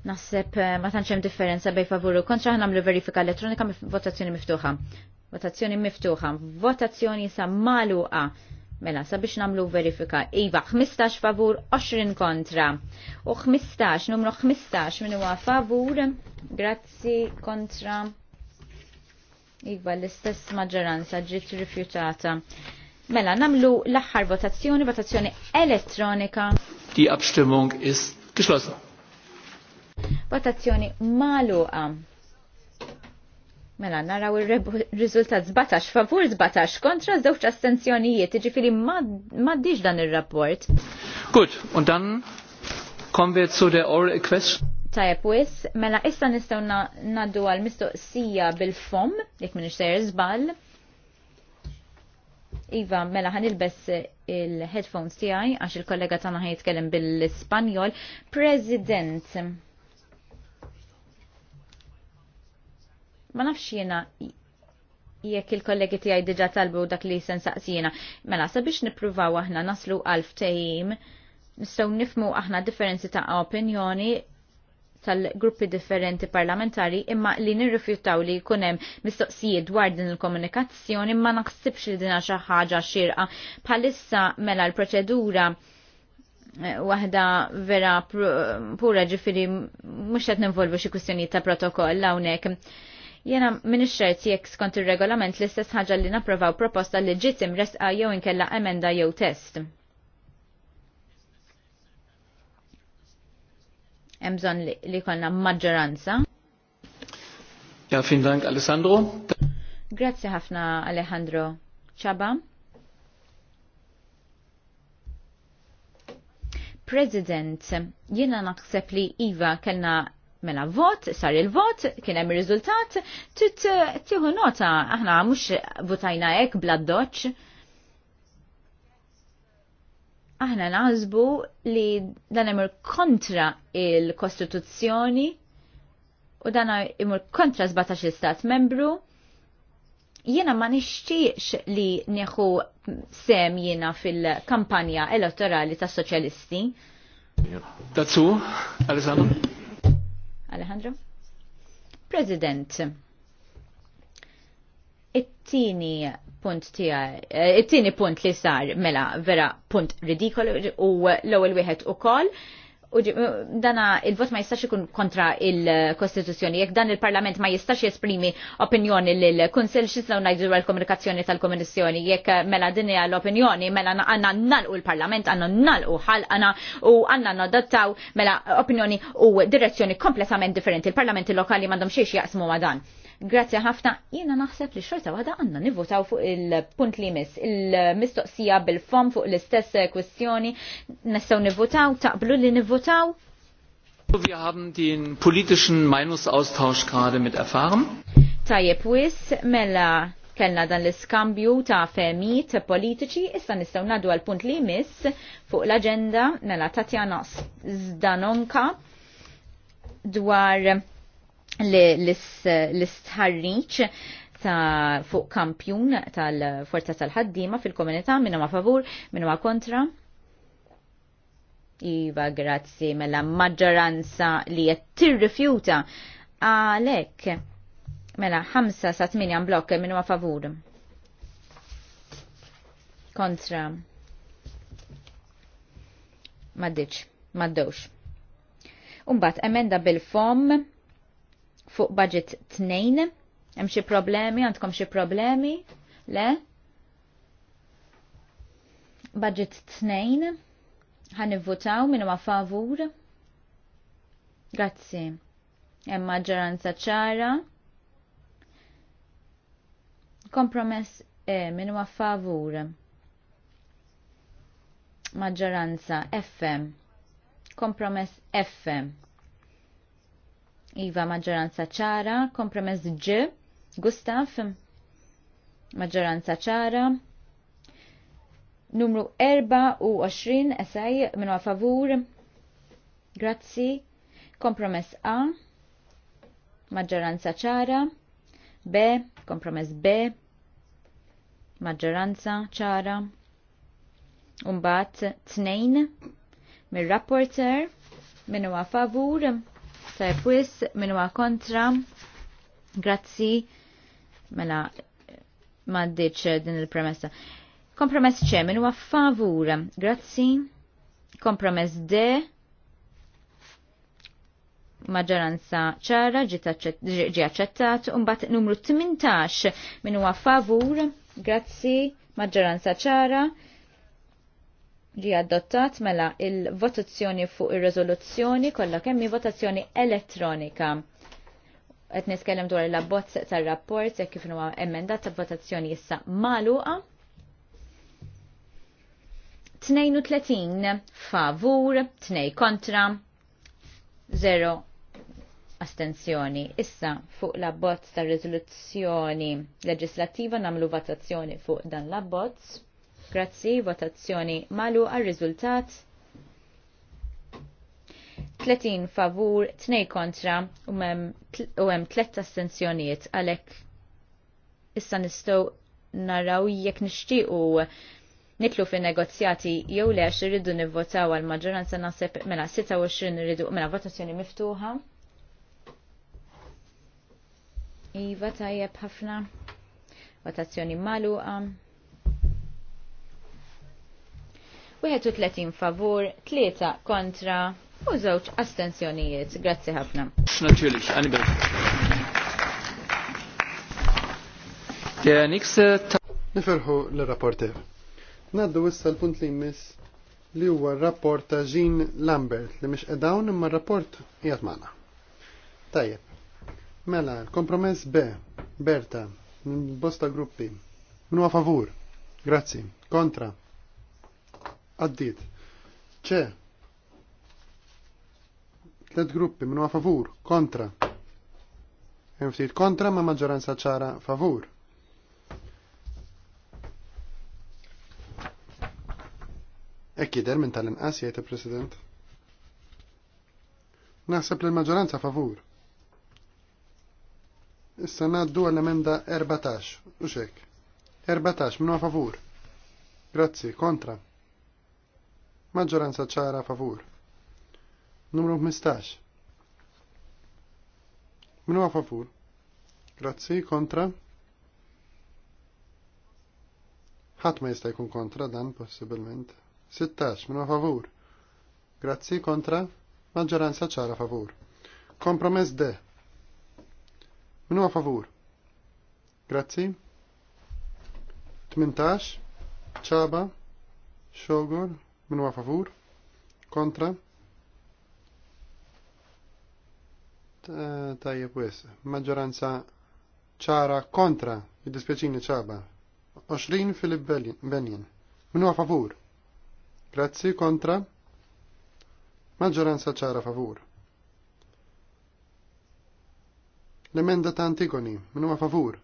Nasseb eh, ma tantx hemm differenza bej favur u kontra għamlu verifika elettronika votazzjoni miftuħa. Votazzjoni miftuħa, votazzjoni sa maluqa. Mela, sabiex namlu verifika. Iva, 15 favur, 20 kontra. U 15, numru 15 minu huwa favur, grazzi kontra. Iva, l-istess maġġoranza ġiet rifjutata. Mela, namlu l-aħħar votazzjoni, votazzjoni elettronika.
Die Abstimmung ist geschlossen.
Votazzjoni maluqa. Mela, naraw il-rizultat 17 favur 17 kontra żewġ astenzjonijiet, ġifiri maddiġ dan il-rapport.
Gut, und dann kommen wir zu der oral question.
Tajep wis, mela issa nistaw naddu għal mistoqsija bil-fom, jek minn iġtajr zbal. Iva, mela ħan ilbes il-headphones tijaj, għax il-kollega tana ħajt bil-Spanjol. President, ma nafx jiena jekk il-kollegi tiegħi diġà talbu dak li sensaqsina. Mela sabiex nippruvaw aħna naslu għalf tejjim, nistgħu nifmu aħna differenzi ta' opinjoni tal-gruppi differenti parlamentari imma li nirrifjutaw li kunem mistoqsijiet dwar din il-komunikazzjoni imma naħsibx li dina xi ħaġa xirqa bħalissa mela l-proċedura eh, waħda vera pura ġifiri mhux qed ninvolvu xi kwistjonijiet ta' protokoll hawnhekk Jena minn xert jekk skont ir-regolament l-istess ħaġa li napprovaw proposta li ġiet imresqa jew inkella emenda jew test. Hemm bżonn li, konna maġġoranza.
Ja, fin dank Alessandro.
Grazzi ħafna Alejandro. Ċaba. President, jiena naħseb li Iva kellna mela vot, sar il-vot, kien hemm ir-riżultat, eh, tieħu nota aħna mhux votajna hekk bla doċċ. Aħna nażbu li dan hemm kontra il-Kostituzzjoni u dan imur kontra 17 stat membru. Jiena ma nixtieqx li nieħu sem jiena fil-kampanja elettorali tas soċjalisti.
Tazzu, Alessandro?
Alejandro? President, it-tini punt tija, eh, it-tini punt li sar mela vera punt ridikol u l ewwel wieħed ukoll dana il-vot ma jistax ikun kontra il-Kostituzzjoni. Jekk dan il-Parlament ma jistax jesprimi opinjoni l-Kunsel xisnaw najdu għal-komunikazzjoni tal-Komunissjoni. Jekk mela din l-opinjoni, mela għanna nalqu il-Parlament, għanna nalqu ħalqana u għanna nadattaw mela opinjoni u direzzjoni kompletament differenti. Il-Parlamenti lokali mandom xiex jaqsmu ma dan. Grazzi ħafna, jiena naħseb li xorta għada għanna nivvotaw fuq il-punt li mis, il-mistoqsija bil-fom fuq l-istess kwestjoni, nessaw nivvotaw, taqblu li nivvotaw?
Wir haben den
politischen Meinungsaustausch gerade mit erfahren.
Tajjeb wis, mela kellna dan l-iskambju ta' femit politiċi, issa nistaw nadu għal punt li mis fuq l-agenda mela Tatjana Zdanonka dwar l-istħarriċ ta' fuq kampjun tal-forza tal-ħaddima fil-komunità minnu ma' favur, minnu ma' kontra. Iva, grazzi, mela maġġoranza li jett tirrifjuta għalek. Mela, 5 sa' 8 blokk minnu ma' favur. Kontra. Maddiċ, maddewx. Umbat, emenda bil-fom fuq budget tnejn. Hemm xi problemi, għandkom xi problemi? Le? Budget tnejn Ħan nivvutaw minn ma favur. Grazzi. Hemm maġġoranza ċara. Kompromess E minn ma favur. Maġġoranza Fm. Kompromess FM. Iva maġġoranza ċara, kompromess G, Gustaf, maġġoranza ċara, numru 24, esaj, minu favur, grazzi, kompromess A, maġġoranza ċara, B, kompromess B, maġġoranza ċara, umbat 2, mir-rapporter, minu a favur, tajb wis, minn huwa kontra, grazzi, mela ddeċ din il-premessa. Kompromess ċe, minn huwa favur, grazzi, kompromess D, maġġoranza ċara ġi aċċettat, mbagħad numru 18 minn huwa favur, grazzi, maġġoranza ċara, ġi adottat mela il-votazzjoni fuq ir-riżoluzzjoni kollha kemm votazzjoni elettronika. Qed niskellem dwar l-abbozz tar-rapport jekk kif huwa emendat ta' votazzjoni issa magħluqa. 32 favur, 2 kontra, 0 astenzjoni. Issa fuq l-abbozz tar-riżoluzzjoni leġislattiva nagħmlu votazzjoni fuq dan l-abbozz. Grazzi, votazzjoni malu għal-riżultat. 30 favur, 2 kontra u hemm 3 astensjonijiet għalhekk issa nistgħu naraw jekk nixtiequ nitlu fin negozjati jew le għax irridu nivvotaw għal maġġoranza naħseb mela 26 irridu mela votazzjoni miftuħa. Iva tajjeb ħafna. Votazzjoni maluqa. 31 favur, 3 kontra u żewġ astensjonijiet. Grazzi ħafna.
Niferħu l rapporti Naddu issa l-punt li jmiss li huwa r-rapport ta' Jean Lambert li mhix qedawn imma r-rapport qiegħed magħna. Tajjeb. Mela, kompromess B, Berta, minn bosta gruppi. Minu a favur. Grazzi. Kontra. Għaddit. ċe. Tlet gruppi minnu favur, kontra. ftit kontra ma maġġoranza ċara favur. jider minn tal-inqas jgħid il-President. Naħseb li l-maġġoranza favur. Issa ngħaddu għall-emenda 14 u xek. 14 minnu favur. Grazzi, kontra maġġoranza ċara favur. Numru 15. Minu a favur. Grazzi, kontra. Ħat ma jista' jkun kontra dan possibilment. 16 minu a favur. Grazzi, kontra. Maġġoranza ċara favur. Kompromess D. Minu a favur. Grazzi. 18. Ċaba. Xogor. Minu a favur? Kontra? Tajjeb wis. Maġġoranza ċara kontra. id-dispieċini ċaba. Oxrin Filip Benjen. Minu a favur? Grazzi kontra? Maġġoranza ċara favur. L-emenda ta' Antigoni. Minu a favur?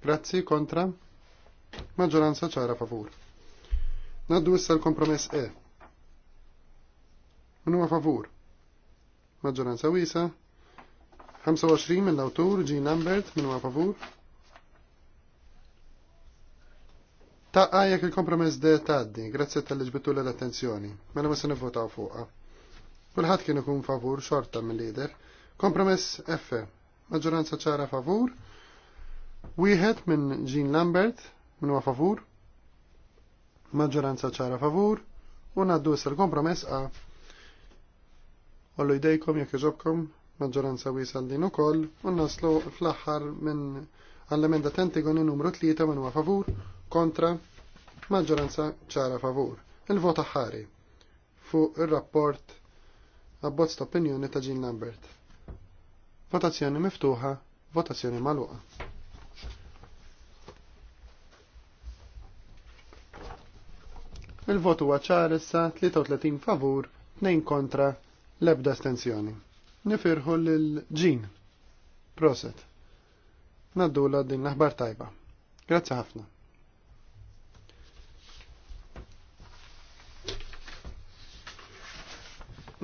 Grazzi kontra? Maġġoranza ċara favur. Naddu issa l-kompromess E. Min huwa favur? Maġġoranza wiesa. 25 mill-awtur G. Lambert min huwa favur? Taqqa jekk il-kompromess de taddi, grazzi tal-ġbitu l-attenzjoni, mela ma se nivvotaw fuqha. Kulħadd kien ikun favur xorta mill-lider. Kompromess F, maġġoranza ċara favur. Wieħed minn Jean Lambert minn huwa favur. Maġġoranza ċara favur. U ngħaddu s l-kompromess A Ollu jdejkom jekk iġobkom maġġoranza wiesa din ukoll u naslu fl-aħħar minn għall-emenda tentigoni numru 3 minn huwa favur kontra maġġoranza ċara favur. Il-vota ħari fuq ir-rapport abbozz ta' opinjoni ta' Jean Lambert. Votazzjoni miftuħa, votazzjoni magħluqa. Il-votu huwa ċar issa 33 favur, 2 kontra Lebda stenzjoni. Nifirħu l-ġin. Proset. Naddula din l-aħbar tajba. Grazzi ħafna.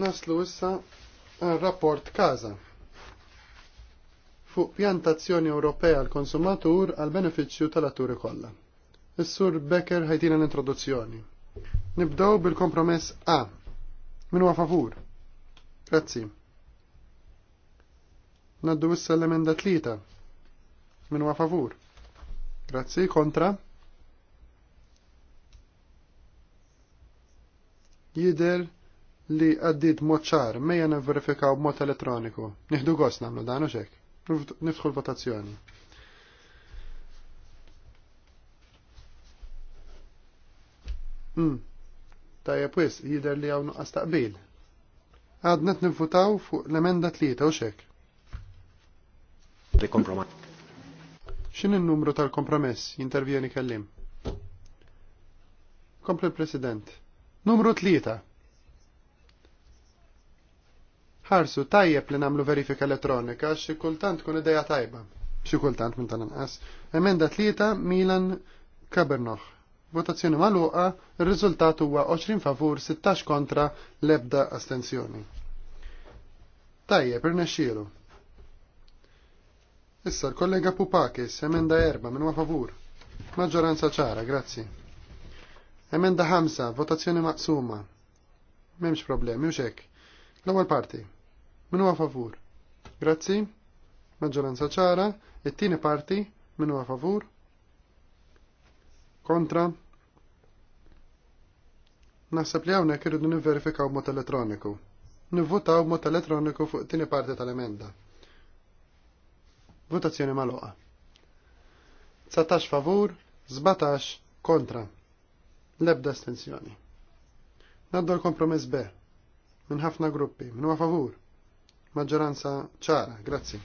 Naslu issa rapport kaza fuq pjantazzjoni Ewropea għal konsumatur għal beneficju tal-atturi kollha. Is-sur Becker ħajtina l-introduzzjoni. Nibdew bil-kompromess A. Min huwa favur? Grazzi. Naddu issa l-emenda tlita. Min huwa favur. Grazzi, kontra. Jider li għaddit moċar, mejja nivverifikaw b'mod elettroniku. Nieħdu għos nagħmlu dan xek. Niftħu l-votazzjoni. Mm. Tajja pwis, jider li għaw nuqqas taqbil għadnet nifutaw fuq l-emenda tlieta u xek. Xin il-numru tal-kompromess jintervjeni kellim? Kompli president. Numru tlieta. Ħarsu tajjeb li namlu verifika elettronika xi kultant kun ideja tajba. Xi kultant minn tal anqas Emenda tlieta Milan Kabernoch. Votazzjoni magħluqa, il riżultat huwa 20 favur, 16 kontra, l-ebda astensjoni. per irnexxielu. Issa l-kollega Pupakis, emenda erba minn huwa favur. Maġġoranza ċara, grazzi. Emenda ħamsa, votazzjoni maqsuma. M'hemmx problemi, u L-ewwel parti. Min huwa favur. Grazzi. Maġġoranza ċara. It-tieni parti. Min huwa favur kontra. Naħseb li hawnhekk irridu nivverifikaw mod elettroniku. Nivvutaw mod elettroniku fuq tieni parti tal-emenda. Votazzjoni magħluqa. 19 favur, 17 kontra. Lebda astensjoni. Naddu l-kompromess B. Minn ħafna gruppi, minn huwa favur. Maġġoranza ċara, grazzi.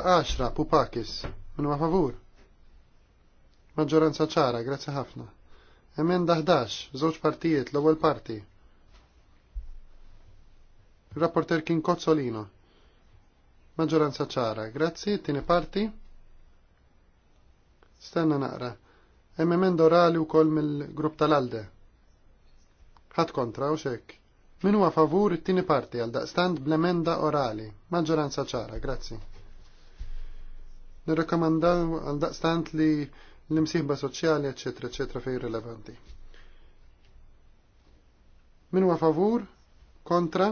10 Pupakis, minn huwa favur. Maġġoranza ċara, grazie ħafna. Emenda 11, żewġ partijiet, l-ewwel parti. Rapporter kien Kozzolino. Maġġoranza ċara, grazzi, tieni parti. Stenna naqra. Hemm emenda orali wkoll mill-grupp tal-Alde. Ħadd kontra u xek. Min huwa favur it-tieni parti għal daqstant bl-emenda orali. Maġġoranza ċara, grazzi. Nirrakkomandaw għal daqstant li l-imsiħba soċjali, ecc. ecc. fej rilevanti. Min huwa favur, kontra,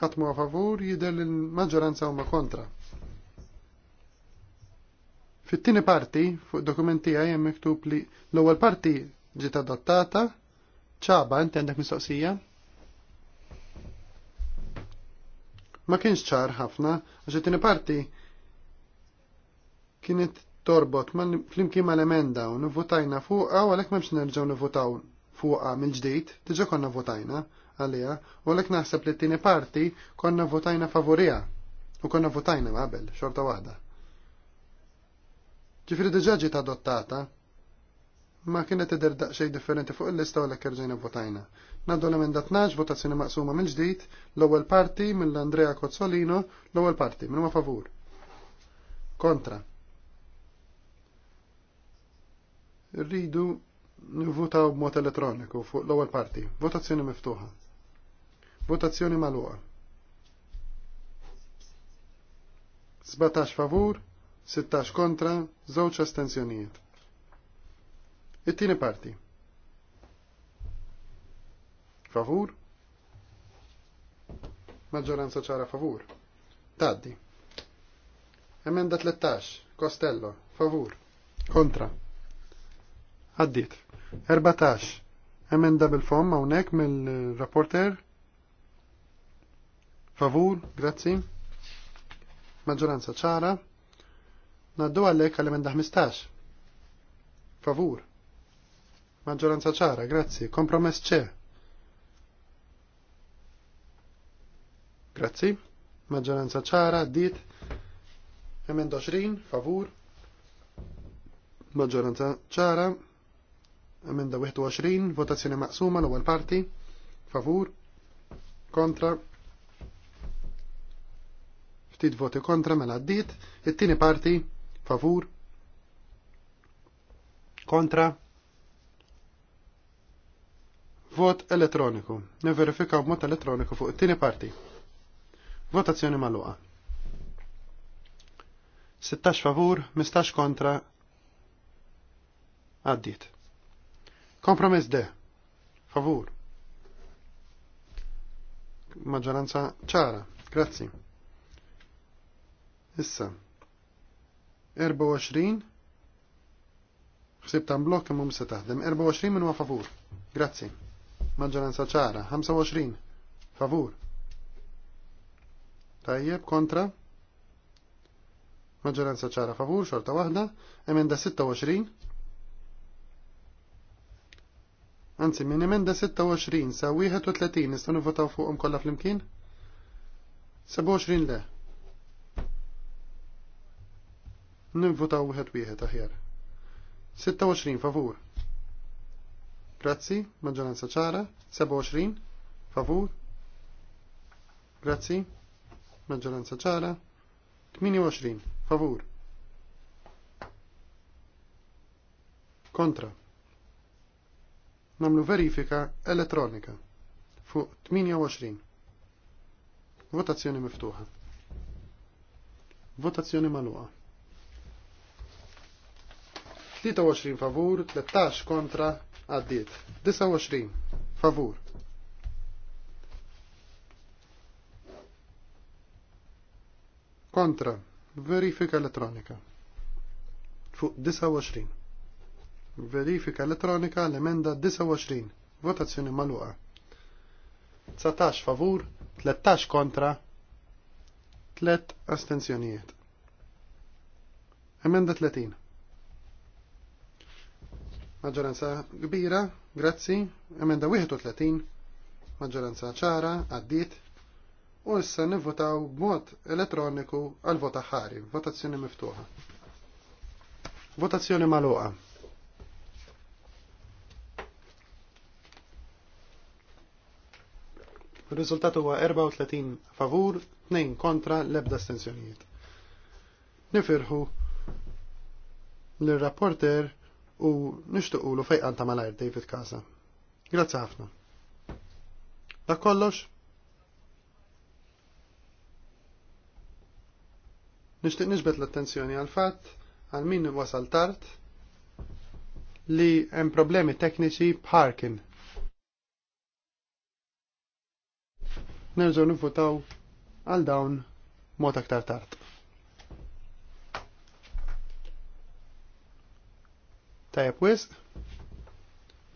ħatmu huwa favur, jidher il-maġġoranza huma kontra. Fit-tieni parti, fuq dokumenti għaj jem miktub li l-ewwel parti ġiet adottata, ċaba, inti għandek mistoqsija? Ma kienx ċar ħafna, għax it-tieni parti kienet torbot flimkien ma l-emenda u nivvotajna fuqa u għalek memx nerġaw nivvotaw fuqa mill-ġdijt, diġa konna votajna għalija, u għalek naħseb li t-tini parti konna votajna favorija u konna votajna qabel, xorta wahda. d diġa ta' dottata, ma kienet id xej differenti fuq il-lista u għalek kerġajna votajna. Naddu l-emenda naġ, votazzjoni maqsuma mill-ġdijt, l-ewwel parti mill-Andrea Kozzolino, l-ewwel parti, minn ma favur. Kontra rridu nivvotaw b'mod elettroniku fuq l-ewwel parti. Votazzjoni miftuħa. Votazzjoni magħluqa. 17 favur, 16 kontra, żewġ astensjonijiet. It-tieni parti. Favur? Maġġoranza ċara favur. Taddi. Emenda 13, Costello, favur. Kontra. Għaddit. 14. Emenda bil-fom għonek mill-rapporter. Favur, grazzi. Maġġoranza ċara. Naddu għalhekk għall-emenda 15. Favur. Maġġoranza ċara, grazzi. Kompromess ċe. Grazzi. Maġġoranza ċara, dit. Emenda 20, favur. Maġġoranza ċara, Emenda 21, votazzjoni maqsuma l-ewwel parti, favur, kontra, ftit voti kontra mela għaddiet, it-tieni parti, favur, kontra, vot elettroniku. Neverifika b'mod elettroniku fuq it-tieni parti. Votazzjoni magħluqa. 16 favur, 15 kontra, Addit. Kompromess de. Favur. Maġġoranza ċara. Grazzi. Issa. 24. Xsib ta' blok kemm mhum taħdem. 24 minn huwa favur. Grazzi. Maġġoranza ċara. 25. Favur. Tajjeb kontra. Maġġoranza ċara favur, xorta waħda. Emenda 26 Anzi, minn emenda 26 sa 31 nistgħu nivvotaw fuqhom kollha flimkien? 27 le. Nivvotaw wieħed wieħed aħjar. 26 favur. Grazzi, maġġoranza ċara. 27 favur. Grazzi, maġġoranza ċara. 28 favur. Kontra namlu verifika elettronika fuq 28. Votazzjoni miftuħa. Votazzjoni maluqa. 23 favur, 13 kontra, għaddiet. 29 favur. Kontra, verifika elettronika. Fuq 29. Verifika elettronika l-emenda 29. Votazzjoni maluqa. 19 favur, 13 kontra, 3 astenzjonijiet. Emenda 30. Maġġoranza kbira, grazzi. Emenda 31. Maġġoranza ċara, għaddit. U issa nivvotaw b'mod elettroniku għal vota ħari, votazzjoni miftuħa. Votazzjoni maluqa. Il-riżultat huwa 34 favur, 2 kontra l-ebda astensjonijiet. Nifirħu l-rapporter u nishtuqu lu fejqan ta' malajr David Kasa. Grazzi ħafna. Da kollox? Nishtiq nixbet l-attenzjoni għal fatt għal min wasal tard li hemm problemi tekniċi b'Harkin nerġgħu nifutaw għal dawn mod aktar tard. Tajab wisq,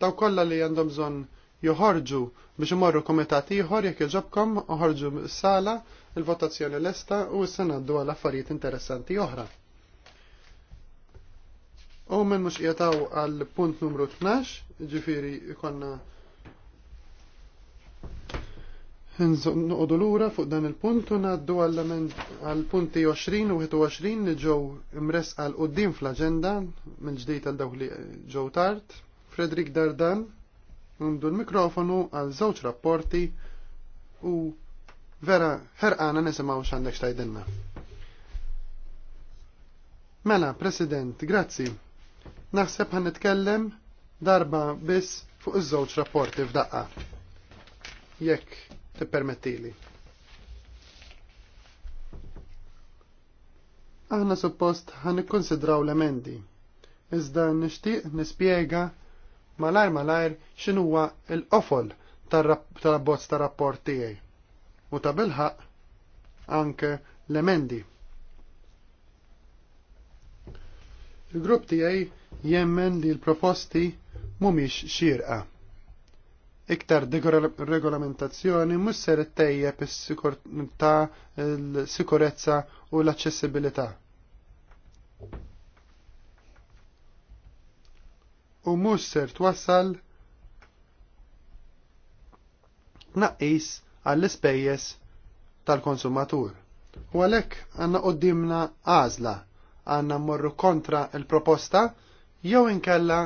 daw kollha li għandhom bżonn joħorġu biex imorru komitat ieħor jekk iġobkom oħorġu s-sala, il-votazzjoni lesta u s-senaddu għal affarijiet interessanti oħra. U minn mux jgħataw għal punt numru 12, ġifiri ikonna l lura fuq dan il-punt u naddu għal-punti 20 u 21 li ġew imres għal qoddim fl agenda minn ġdid għal dawk li ġew tard. Fredrik Dardan ndu l-mikrofonu għal żewġ rapporti u vera ħerqana nisimgħu x'għandek xtajdenna. Mela, President, grazzi. Naħseb ħan nitkellem darba biss fuq iż-żewġ rapporti f'daqqa. Jekk tippermettili. Aħna suppost ħan ikkonsidraw l-emendi, iżda nixtieq nispjega malajr malajr x'inhuwa l-qofol tal-abbozz ta' rapport tiegħi u ta' bilħaq anke l-emendi. Il-grupp tiegħi jemmen li l-proposti mhumiex xirqa iktar regolamentazzjoni mhux ser ittejjeb is-sikurtà, l-sikurezza u l-aċċessibilità. U mhux ser twassal naqis għall-ispejjeż tal-konsumatur. U għalhekk għandna qoddimna għażla għandna mmorru kontra il-proposta jew inkella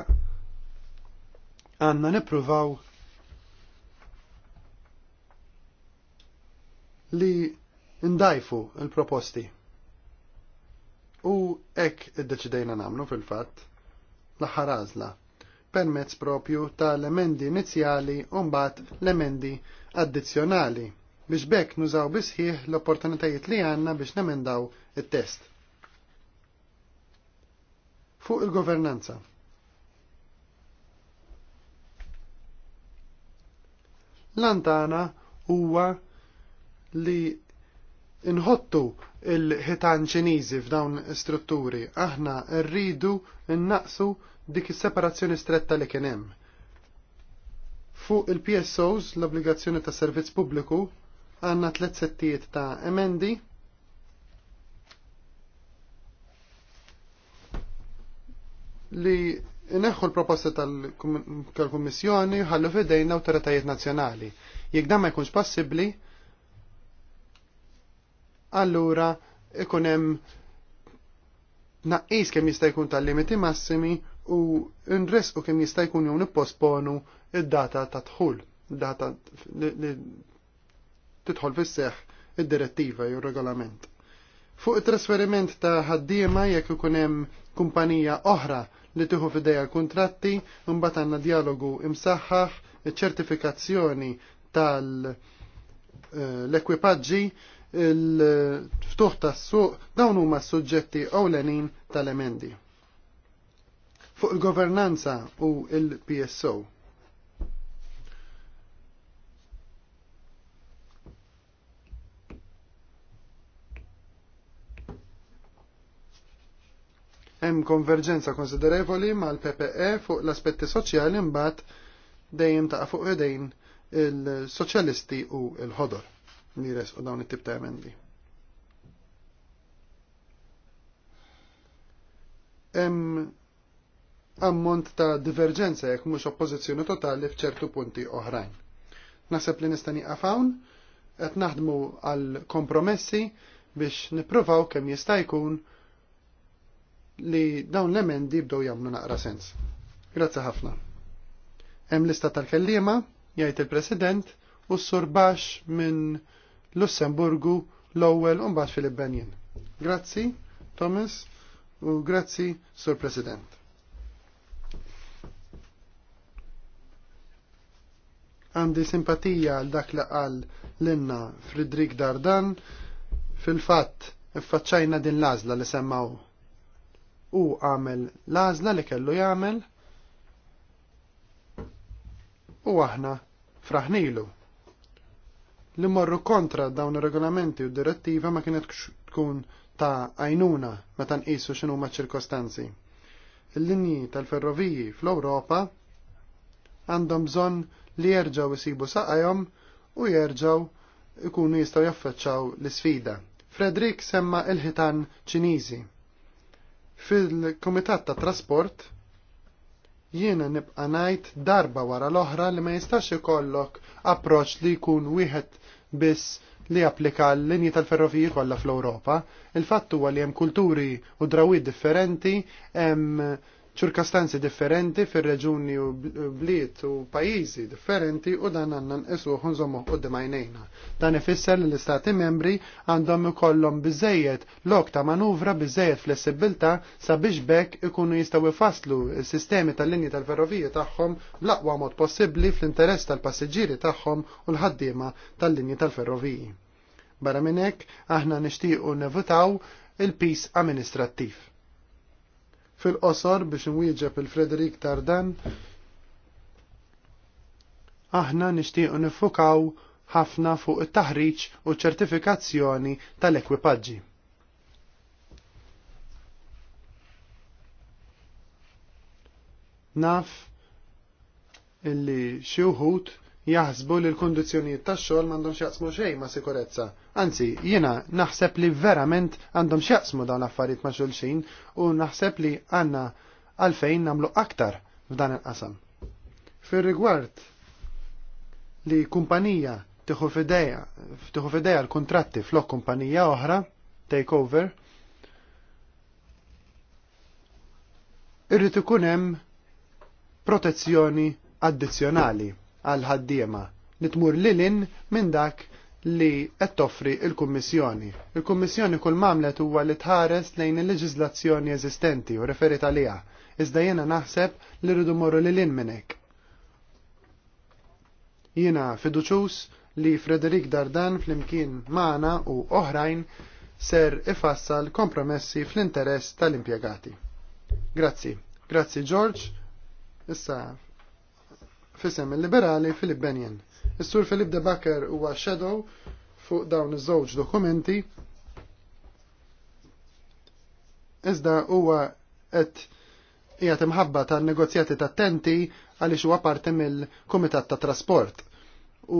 għandna nippruvaw li ndajfu il-proposti. U ek id-deċidejna namlu fil-fat l-aħħar għażla permezz propju ta' l-emendi inizjali u mbagħad l-emendi addizzjonali biex bekk nużaw bisħieħ l-opportunitajiet li għanna biex nemendaw it-test. Fuq il-governanza. Lantana huwa li inħottu il-ħitan ċiniżi f'dawn strutturi. Aħna rridu innaqsu dik is-separazzjoni stretta li kien hemm. Fuq il-PSOs l-obbligazzjoni ta' servizz pubbliku għandna tliet settijiet ta' emendi li neħħu l-proposta tal-Kummissjoni ħallu fidejna l-autoritajiet nazzjonali. Jekk dan ma jkunx possibbli, allura ikun hemm naqqis kemm jista' jkun tal-limiti massimi u u kemm jista' jkun jew nipposponu id-data ta' dħul, data li tidħol fis-seħħ id-direttiva jew regolament. Fuq it-trasferiment ta' ħaddiema jekk ikun hemm kumpanija oħra li tieħu f'idejha l-kuntratti, imbagħad għandna dialogu imsaħħaħ, iċ-ċertifikazzjoni tal-ekwipaġġi, eh, il-ftuħ tas-suq dawn huma s-suġġetti ewlenin tal-emendi. Fuq il-governanza u il-PSO. Hemm konverġenza konsiderevoli mal-PPE fuq l-aspetti soċjali mbagħad dejjem ta' fuq idejn il-soċjalisti u l-ħodor li u dawn it-tip ta' emendi. Hemm ammont ta' diverġenza jekk mhux oppożizzjoni totali f'ċertu punti oħrajn. Naħseb li nista' nieqaf hawn qed naħdmu għal kompromessi biex nippruvaw kemm jista' jkun li dawn l-emendi bdew jagħmlu naqra sens. Grazzi ħafna. Hemm lista tal kelliema jgħid il-President, u s surbax minn Lussemburgu l-ewwel u mbagħad fil Benjen. Grazzi, Thomas, u grazzi, Sur President. Għandi simpatija għal dak li qal l-inna Fridrik Dardan fil-fatt iffaċċajna din l-azla li semmaw u għamel l-azla li kellu jagħmel u aħna fraħnilu li morru kontra dawn ir-regolamenti u direttiva ma kienet tkun ta' għajnuna meta nqisu x'inhu ma' ċirkostanzi. Il-linji tal-ferroviji fl-Ewropa għandhom bżonn li jerġgħu isibu saqajhom u jerġgħu ikunu jistgħu jaffaċċaw l-isfida. Fredrik semma il-ħitan Ċiniżi. Fil-Kumitat ta' Trasport jiena nibqa' ngħid darba wara l-oħra li ma jistax ikollok approċċ li jkun wieħed biss li applika l-linji tal-ferroviji kollha fl-Ewropa. Il-fatt huwa li hemm kulturi u drawid differenti, hemm ċirkastanzi differenti fir-reġuni u bliet u pajjiżi differenti u dan għandna nqisuh u d għajnejna. Dan ifisser li l-istati membri għandhom ikollhom biżejjed lok ta' manuvra biżejjed flessibilta sabiex bekk ikunu jistgħu ifaslu s-sistemi tal-linji tal-ferrovija tagħhom bl-aqwa mod possibbli fl-interess tal-passiġġieri tagħhom u l-ħaddiema tal-linji tal-ferroviji. Barra minn hekk aħna nixtiequ nevutaw il-pis amministrattiv Fil-qosor biex nwieġeb il-Frederik Tardan, aħna nixtiequ nifukaw ħafna fuq it-taħriġ u ċertifikazzjoni tal-ekwipaġġi. Naf illi xi wħud jaħsbu li l kondizjoniet tax-xogħol m'għandhom x'jaqsmu xejn ma' sikurezza. Anzi, jiena naħseb li verament għandhom x'jaqsmu dawn l-affarijiet ma' xulxin u naħseb li għandna għalfejn nagħmlu aktar f'dan il-qasam. Fir-rigward li kumpanija tieħu fideja l-kuntratti flok kumpanija oħra, takeover, irrid ikun hemm protezzjoni addizzjonali għal ħaddiema li tmur lilin minn dak li qed toffri il-Kummissjoni. Il-Kummissjoni kull mamlet huwa li tħares lejn il-leġiżlazzjoni eżistenti u referi għaliha, iżda jiena naħseb li rridu morru lilin minn hekk. Jiena fiduċus li Frederik Dardan flimkien maħna u oħrajn ser ifassal kompromessi fl-interess tal-impjegati. Grazzi. Grazzi George. Issa fisem il-liberali Filip Benjen. Is-sur Filip de Bakker huwa shadow fuq dawn iż-żewġ dokumenti. Iżda huwa qed qiegħed imħabba tan-negozjati tat tenti għaliex huwa parti mill-Kumitat ta' Trasport. U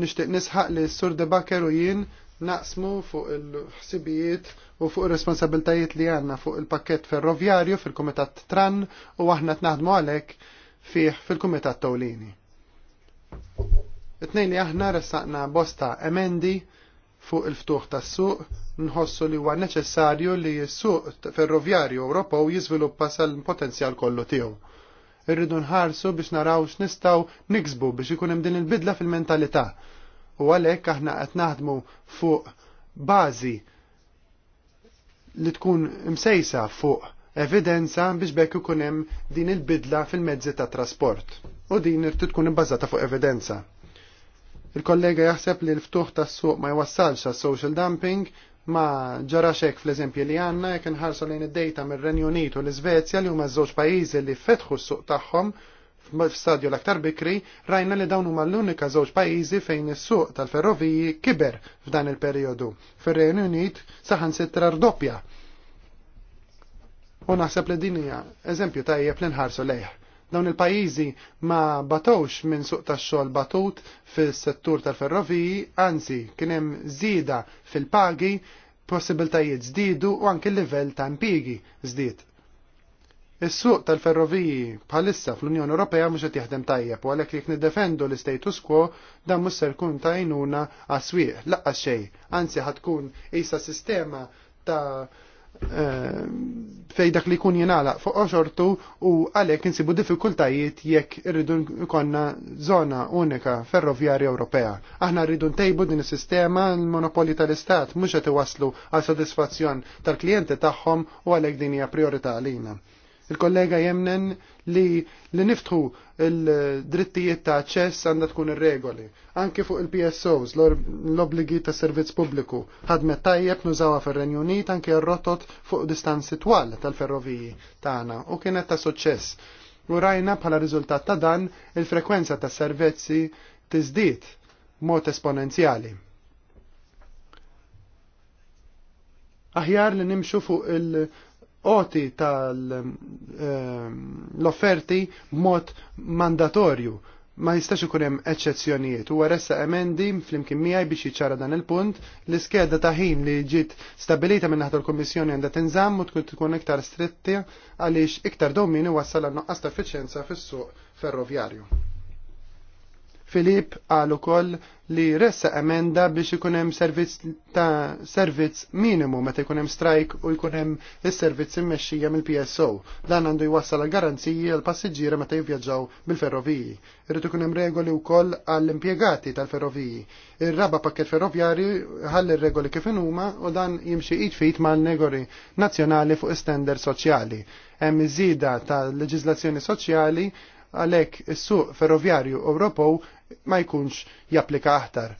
nixtieq nisħaq li s-sur de Bakker u jien naqsmu fuq il-ħsibijiet u fuq ir-responsabiltajiet li għandna fuq il-pakket ferroviarju fil-Kumitat Tran u aħna tnaħdmu għalhekk fih fil-Kumitat Tawlini. it li aħna ressaqna bosta emendi fuq il-ftuħ tas-suq nħossu li huwa neċessarju li s-suq ferroviarju Ewropew jiżviluppa sal-potenzjal kollu tiegħu. Irridu nħarsu biex naraw x'nistgħu niksbu biex ikun hemm din il-bidla fil-mentalità. U għalhekk aħna qed naħdmu fuq bażi li tkun msejsa fuq evidenza biex bekk ikun hemm din il-bidla fil-mezzi ta' trasport. U din irrid tkun ibbażata fuq evidenza. Il-kollega jaħseb li l-ftuħ tas suq ma jwassalx għas social dumping ma ġaraxek fl eżempju li għandna jekk inħarsu lejn id-dejta mir-Renju Unit u l-Iżvezja li huma żewġ pajjiżi li fetħu s-suq tagħhom f'stadju l-aktar bikri, rajna li dawn huma l-unika żewġ pajjiżi fejn is-suq tal-ferroviji kiber f'dan il-perjodu. Fir-Renju Unit saħan rdoppja U naħseb li din hija eżempju tajjeb li nħarsu lejh. Dawn il-pajjiżi ma batawx minn suq tax-xogħol batut fis-settur tal-ferroviji, anzi kien hemm żieda fil-pagi, possibiltajiet żdiedu u anke l-livell ta' impigi żdied. Is-suq tal-ferroviji bħalissa fl-Unjoni Ewropea mhux qed jaħdem tajjeb u għalhekk jekk niddefendu l-status quo dan mhux se jkun ta' għajnuna għas-swieq laqqa xejn, anzi ħadd tkun qisha sistema ta' Eh, fej dak li jkun jenala fuq oċortu u għalek insibu diffikultajiet jekk irridu konna zona unika ferroviarja Ewropea. Aħna rridu ntejbu din is-sistema l-monopoli tal-istat mhux qed waslu għal sodisfazzjon tal-klijenti tagħhom u għalhekk din hija priorità għalina. Il-kollega jemnen li li niftħu il-drittijiet ta' ċess għandha tkun ir-regoli. Anki fuq il-PSOs, l-obligi ta' servizz pubbliku, ħadmet tajjeb nużawa fir-Renju Unit anki rotot fuq distanzi twal tal-ferroviji tagħna u kienet ta' suċċess. U rajna bħala riżultat ta' dan il-frekwenza ta' servizzi tiżdied mod esponenzjali. Aħjar li nimxu fuq il- oti tal-offerti ehm, mod mandatorju ma jistax ikun hemm eċċezzjonijiet. Huwa ressa emendi flimkien miegħi biex jiċċara dan il-punt l-iskeda ta' ħin li ġiet stabilita minn naħta l-Kummissjoni għandha tinżamm u tkun tkun iktar stretti għaliex iktar domini wassal għan-noqqas ta' effiċjenza fis-suq ferroviarju. Filip għal ukoll li ressa emenda biex ikun hemm servizz ta' servizz minimu meta jkun hemm strajk u jkun hemm is-servizz immexxija mill-PSO. Dan għandu jwassal għal garanziji għal passiġġiera meta jivvjaġġaw bil-ferroviji. Irid ikun hemm regoli wkoll għall impjegati tal-ferroviji. Ir-raba pakket ferrovjarju ħalli regoli kif huma u dan jimxi id fit mal-negori nazzjonali fuq standard soċjali. Hemm iżida tal leġiżlazzjoni soċjali għalhekk is-suq ferroviarju Ewropew ma jkunx japplika aħtar.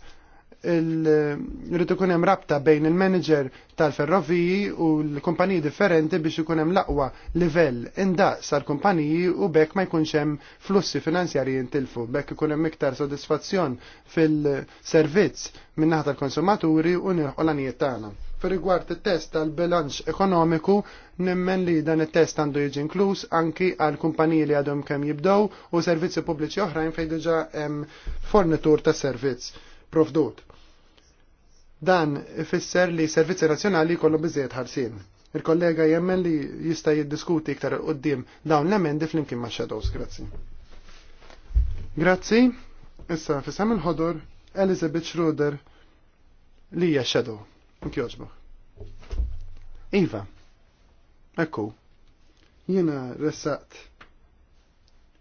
Rrid ikun hemm rabta bejn il-manager tal-ferroviji u l-kumpaniji differenti biex ikun hemm l-aqwa livell indaqs għall-kumpaniji u bekk ma jkunx hemm flussi finanzjarji jintilfu, bekk ikun hemm iktar sodisfazzjon fil-servizz min naħa tal-konsumaturi u nilħu l-anijiet tagħna. Per rigward it-test tal-bilanċ ekonomiku, nimmen li dan it-test għandu jiġi inkluż anki għal kumpaniji li għadhom kemm jibdew u servizzi pubbliċi oħrajn fejn diġà hemm fornitur ta' servizz provdut. Dan ifisser li servizzi nazzjonali jkollu biżejjed ħarsin. Il-kollega jemmen li jista' jiddiskuti iktar qoddim dawn l-emendi flimkien ma' shadows. Grazzi. Grazzi. Issa fissam il-ħodur Elizabeth Schroeder li hija shadow. Nkjoġbaħ. Iva, ekku, jena ressaqt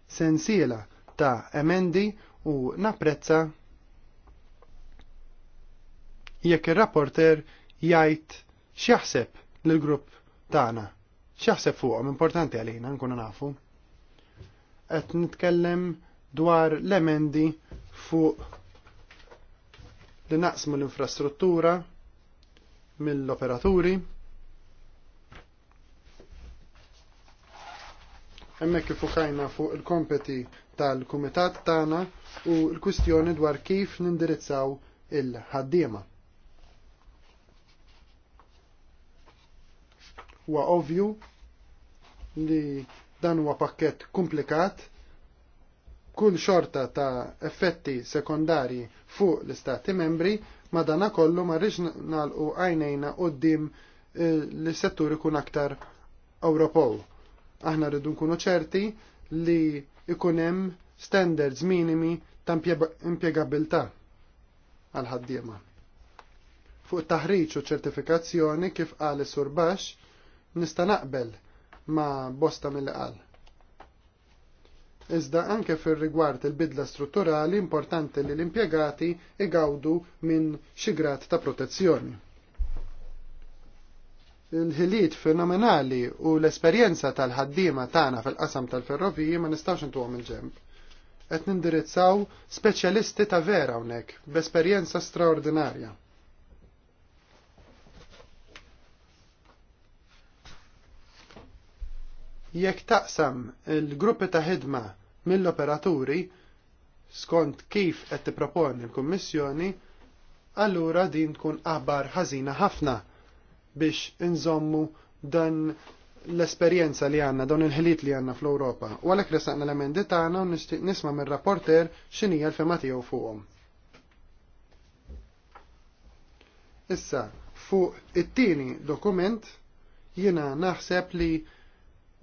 sensiela ta' emendi u naprezza. jekk ir-rapporter jgħid x'jaħseb lill-grupp tagħna. X'jaħseb fuqhom importanti għalina nkunu nafu. Qed nitkellem dwar l-emendi fuq li naqsmu l-infrastruttura mill-operaturi. Hemmhekk ifukajna fuq il-kompeti tal-kumitat tagħna u l-kwistjoni dwar kif nindirizzaw il-ħaddiema. Huwa ovju li dan huwa pakkett komplikat kull xorta ta' effetti sekondari fuq l-istati membri Madana kollu ma rriġ nalqu għajnejna d-dim eh, li settur ikun aktar Ewropew. Aħna rridu nkunu ċerti li ikunem hemm standards minimi ta' impjegabilità għal ħaddiema. Fuq taħriġ u ċertifikazzjoni kif għal surbax nista' naqbel ma' bosta mill-qal Iżda anke fir rigward il-bidla strutturali importanti li l-impjegati igawdu minn xi grad ta' protezzjoni. Il-ħiliet fenomenali u l-esperjenza tal-ħaddiema tagħna fil-qasam tal-ferroviji ma nistax intuhom il-ġemp. Qed nindirizzaw speċjalisti ta' vera hawnhekk b'esperjenza straordinarja Jekk taqsam il-gruppi ta' ħidma mill-operaturi skont kif qed tipproponi l-Kummissjoni, allura din tkun aħbar ħażina ħafna biex inżommu dan l esperjenza li għanna, dawn il-ħiliet li għanna fl-Europa. U għalek resaqna l-emendi tagħna u nixtieq nisma' mir-rapporter x'inhi l-fema tiegħu fuqhom. Issa, fuq it-tieni dokument jiena naħseb li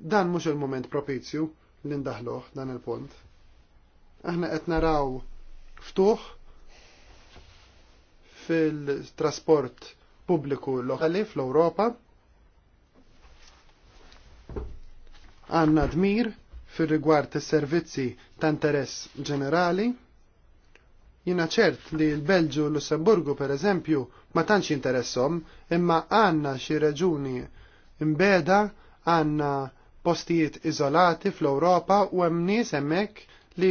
Dan mhux il-moment propizju li ndaħluh dan il-punt. Aħna qed naraw ftuħ fil-trasport pubbliku lokali fl-Ewropa. Għanna dmir fil-rigward is-servizzi ta' interess ġenerali. Jina ċert li l-Belġu u Lussemburgu per eżempju ma tantx interessom, imma għanna xi reġuni imbeda għanna postijiet iżolati fl-Ewropa u hemm nies hemmhekk li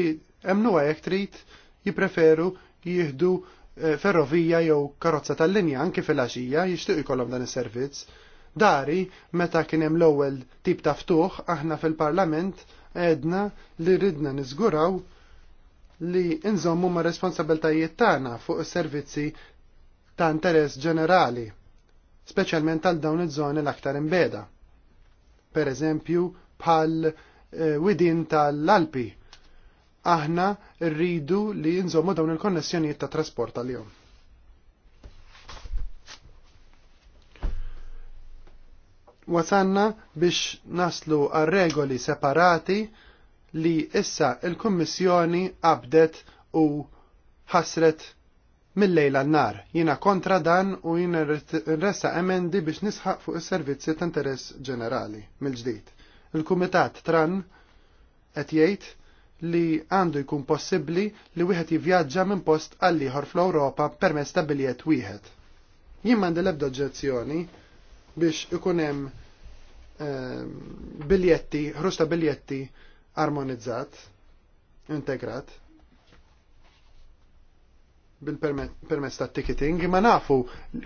nuha jekk trid jippreferu jieħdu eh, ferrovija jew karozza tal-linja anke fil-għaxija jixtieq ikollhom dan is-servizz. Dari, meta kien hemm l-ewwel tip ta' ftuħ aħna fil-Parlament għedna li ridna niżguraw li inżommu ma' responsabiltajiet tagħna fuq is-servizzi ta' interess ġenerali, speċjalment għal dawn iż-żoni l-aktar imbeda per eżempju bħal eh, widin tal-Alpi. Aħna rridu li nżommu dawn il-konnessjonijiet ta' trasport għal-jom. Wasanna biex naslu għal regoli separati li issa il-Kommissjoni qabdet u ħasret mill-lejla n-nar. Jina kontra dan u jina ressa emendi biex nisħaq fuq is-servizzi ta' interess ġenerali mill-ġdid. Il-Kumitat Tran qed jgħid li għandu jkun possibbli li wieħed jivvjaġġa minn post għal ieħor fl-Ewropa permezz ta' biljett wieħed. Jien m'għandi l-ebda oġġezzjoni biex ikun hemm ehm, biljetti, ħrusta biljetti armonizzat, integrat, bil-permess ta' ticketing, imma nafu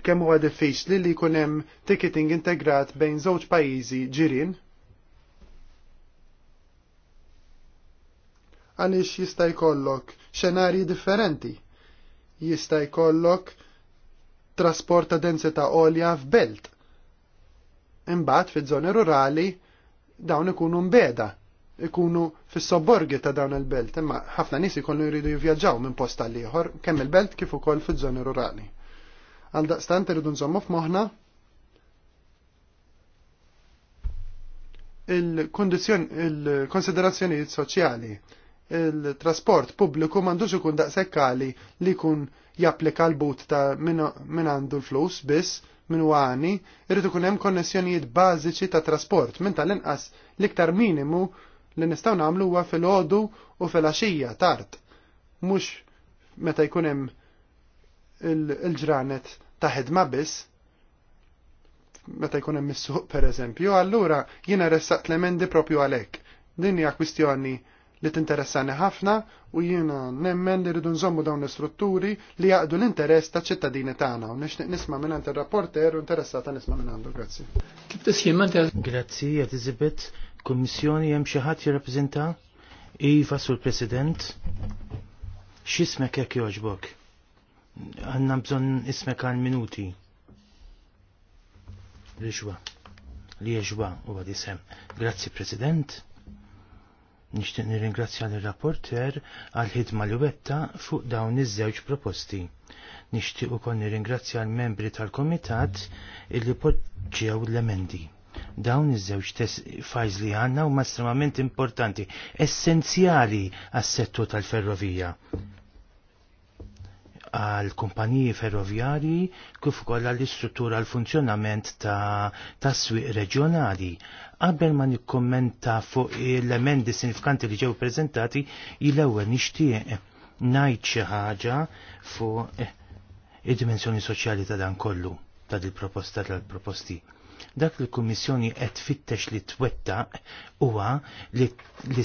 kemm huwa diffiċli li jkun hemm ticketing integrat bejn żewġ pajjiżi ġirien. Għaliex jista' jkollok xenarji differenti. Jista' jkollok trasport ta' densità għolja f'belt. Imbagħad fiż-żoni rurali dawn ikunu mbeda ikunu fis-sobborgi ta' dawn il-belt, imma ħafna nies ikollu jridu jivvjaġġaw minn post tal ieħor kemm il-belt kif ukoll fiż-żoni rurali. Għal daqstant irridu nżommu f'moħħna il-konsiderazzjonijiet soċjali, il-trasport pubbliku m'għandux ikun daqshekk għali li jkun japplika l-but ta' min għandu l-flus biss, minn għani, irrid ikun hemm konnessjonijiet bażiċi ta' trasport minn tal-inqas l-iktar minimu li nistgħu nagħmlu huwa fil-ħodu u fil-għaxija tard, mhux meta jkun hemm il-ġranet ta' ħidma biss, meta jkun hemm is-suq pereżempju, allura jiena ressaqt l-emendi propju għalhekk. Din hija kwistjoni li tinteressani ħafna u jiena nemmen li rridu nżommu dawn l-istrutturi li jaqdu l-interess ta' ċittadini tagħna u nixtieq nisma' minn il-rapporter u interessata nisma' minn għandu. Grazzi.
Kif tisjimman Grazzi, Elizabeth, kummissjoni hemm xi ħadd jirrappreżenta? Iva sur President. X'ismek jekk jogħġbok? Għanna bżonn ismek għal minuti. Rijwa. Li jeġwa u għad jisem. Grazzi President. Nixtieq nirringrazzja l-rapporter għal ħidma l wetta fuq dawn iż-żewġ proposti. Nixtieq ukoll nirringrazzja l-membri tal-Komitat illi poġġew l-emendi. Dawn iż-żewġ fajz li għanna huma estremament importanti, essenzjali għas-settur tal-ferrovija għal kumpaniji ferrovjari, kif ukoll għall istruttura l funzjonament ta' swiq reġjonali. Qabel ma nikkommenta fuq l-emendi sinifikanti li ġew prezentati, il-ewwel nixtieq ngħid xi ħaġa fuq id-dimensjoni soċjali ta' dan kollu ta' il proposta tal-proposti. Dak li kummissjoni qed fittex li twettaq huwa li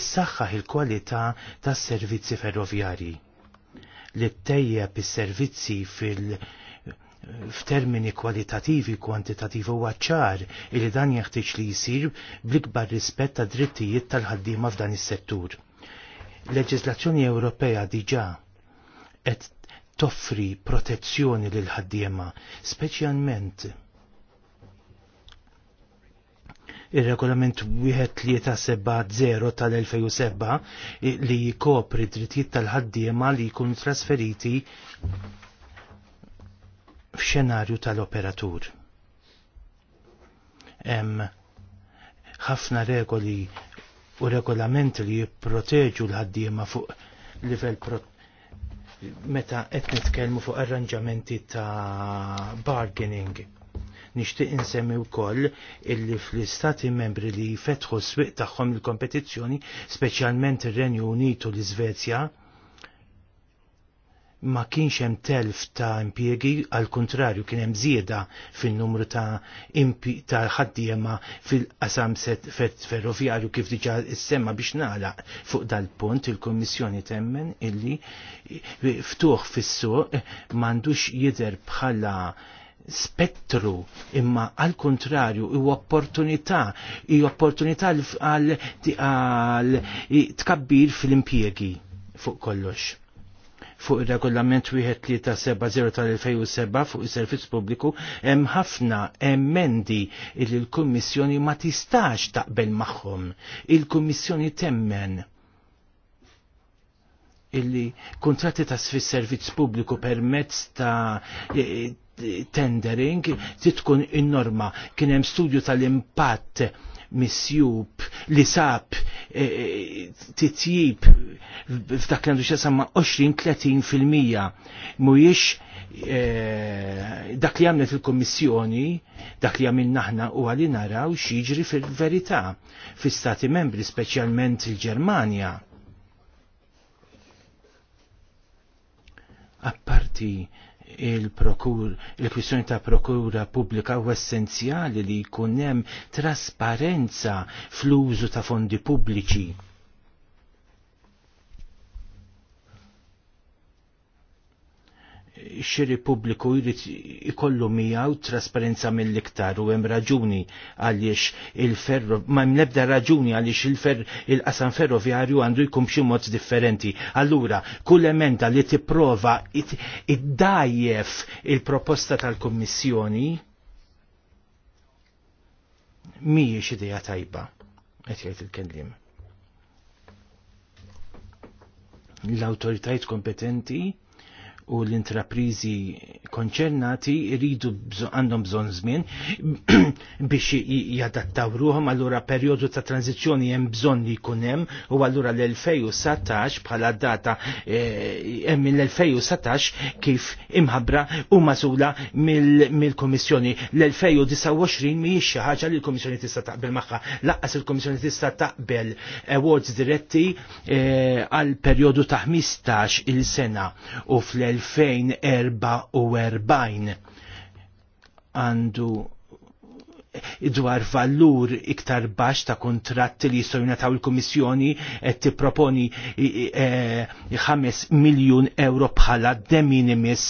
s-saħħaħ il-kwalità tas-servizzi ferroviari li ttejjeb is-servizzi fil- f'termini kwalitativi kwantitativi huwa ċar li dan jeħtieġ li jsir bl-ikbar rispett ta' drittijiet tal-ħaddiema f'dan is-settur. Leġislazzjoni Ewropea diġà qed toffri protezzjoni lil ħaddiema, speċjalment il-regolament 1370 tal-2007 li jikopri drittijiet tal-ħaddiema li jkunu trasferiti f'xenarju tal-operatur. Hemm ħafna regoli u regolamenti li jipproteġu l-ħaddiema fuq livell meta qed nitkellmu fuq arranġamenti ta' bargaining Nixtieq insemmi wkoll illi fl-istati membri li fetħu s-swieq tagħhom il-kompetizzjoni, speċjalment ir-Renju Unitu l-Iżvezja, ma kienx hemm telf ta' impjiegi, għal kontrarju kien hemm żieda fin-numru ta' impi, ta' ħaddiema fil-qasam ferroviarju kif diġà issemma biex nagħlaq fuq dal-punt il-Kummissjoni temmen illi ftuħ fis-suq m'għandux jidher bħala spettru imma għal kontrarju u opportunità i opportunità għal tkabbir fil impiegi fuq kollox fuq il-regolament 1370 tal-2007 fuq il-servizz pubbliku hemm ħafna emmendi il l-Kummissjoni ma tistax taqbel magħhom. Il-Kummissjoni temmen illi kontratti ta' sfis servizz pubbliku permezz ta' tendering titkun in-norma. Kien hemm studju tal-impatt misjub li sab eh, eh, titjib f'dak li għandu xasamma 20-30% mhuwiex eh, dak li għamlet il komissjoni dak li għamil naħna u għalli naraw xieġri fil-verità fil stati membri, specialment il-Germania. Apparti il kwissjoni kwistjoni ta' prokura pubblika u essenzjali li jkun hemm trasparenza fl-użu ta' fondi pubbliċi xiri pubbliku jrid ikollu miegħu trasparenza mill-iktar u hemm raġuni għaliex il-ferro ma hemm nebda raġuni għaliex il-fer il-qasam ferroviarju għandu jkun b'xi mod differenti. Allura, kull emenda li tipprova iddajjef il-proposta tal-Kummissjoni mhijiex ideja tajba qed jgħid il-kelliem. L-awtoritajiet kompetenti u l-intraprizi konċernati jridu għandhom bżonn żmien biex jadattaw ruhom allura perjodu ta' tranzizzjoni hemm bżonn li jkun hemm u allura l-2017 bħala data eh, hemm l 2017 kif imħabbra u mażula mill-Kummissjoni. L-2029 mhijiex xi ħaġa li l komissjoni tista' taqbel magħha. Laqqas il-Kummissjoni tista' taqbel awards diretti eh, għal perjodu ta' 15 il-sena u fl-2004 40. għandu dwar vallur iktar baxx ta' kontratti li jistajuna ta' il-Komissjoni qed tipproponi 5 e, miljun euro bħala de minimis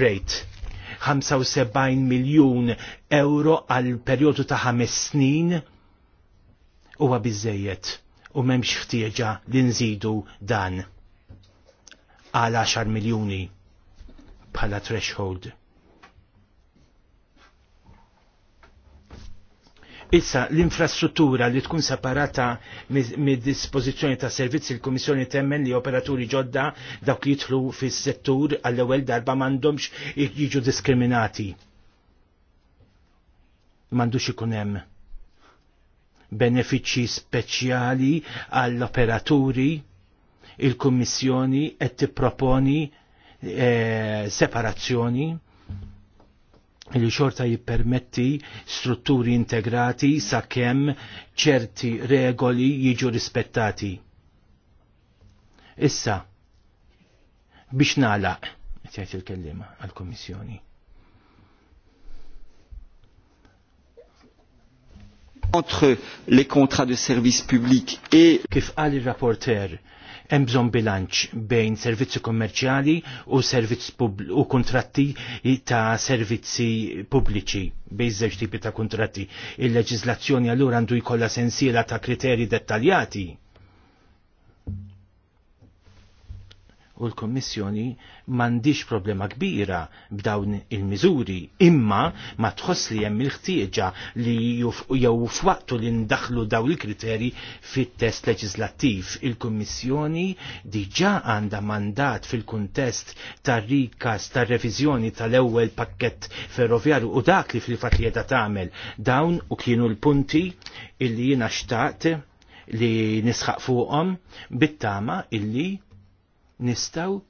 rate. 75 miljun euro għal perjodu ta' 5 snin huwa għabizzejiet u m'hemmx ħtieġa li nżidu dan għal 10 miljuni bħala threshold. Issa l-infrastruttura li tkun separata mid-dispożizzjoni ta' servizzi l-Kummissjoni temmen li operaturi ġodda dawk li jidħlu fis-settur għall-ewwel darba m'għandhomx jiġu diskriminati. M'għandux ikun hemm benefiċċji speċjali għall-operaturi il-Kummissjoni qed tipproponi proponi Eh, separazzjoni li xorta jippermetti strutturi integrati sakemm ċerti regoli jiġu rispettati. Issa, biex nalaq, jgħid il-kellima għal-Komissjoni. Entre les contrats de service public et... Kif għal il-rapporter, hemm bżonn bilanċ bejn servizzi kommerċjali u servizz u kontratti ta' servizzi pubbliċi bejn żewġ tipi ta' kontratti. il leġislazzjoni allura għandu jkollha sensiela ta' kriterji dettaljati u l-Kommissjoni mandiġ problema kbira b'dawn il-miżuri, imma ma tħoss li hemm il-ħtieġa li jew f'waqtu li ndaħlu daw il-kriteri fit-test leġislattiv. Il-Kummissjoni diġà għandha mandat fil-kuntest tar-rikas tar-reviżjoni tal-ewwel pakkett ferroviarju u dak li fil-fatt li tagħmel dawn u kienu l-punti illi jiena xtaqt li nisħaq fuqhom bittama illi nistaw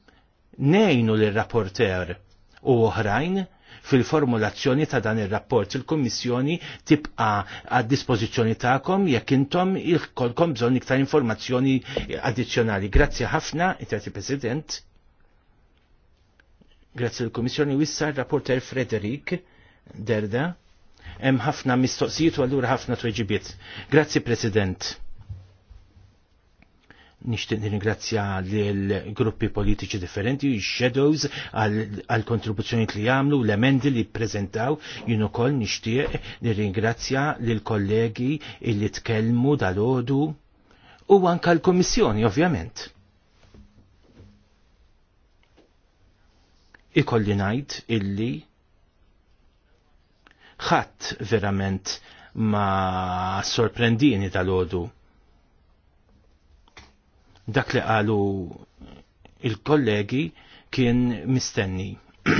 nejnu l-rapporter u oħrajn fil-formulazzjoni ta' dan ir-rapport il kommissjoni tibqa għad dispożizzjoni tagħkom jekk intom jkollkom bżonn iktar informazzjoni addizzjonali. Grazzi ħafna, itati President. Grazzi l-Kummissjoni wissa r-rapporter Frederik Derda. Hemm ħafna mistoqsijiet u allura ħafna tweġibiet. Grazzi President nishtiq nirringrazzja l-gruppi politiċi differenti, shadows għal kontribuzzjoni li għamlu, l-emendi li prezentaw, jien ukoll nixtieq nirringrazzja l-kollegi li tkellmu dal-ħodu u anka l-Komissjoni, ovvjament. Ikolli ngħid illi ħadd verament ma sorprendini tal ħodu dak li qalu il-kollegi kien mistenni.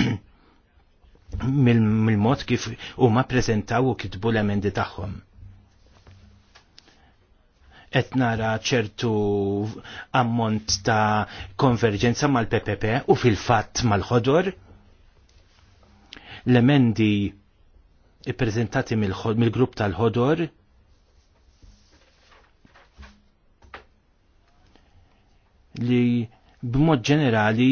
mill-mod kif kif huma prezentaw u kitbu l-emendi tagħhom. Qed nara ċertu ammont ta' konverġenza mal-PPP u fil-fatt mal-ħodor. L-emendi ippreżentati mill-grupp mil tal-ħodor li b'mod ġenerali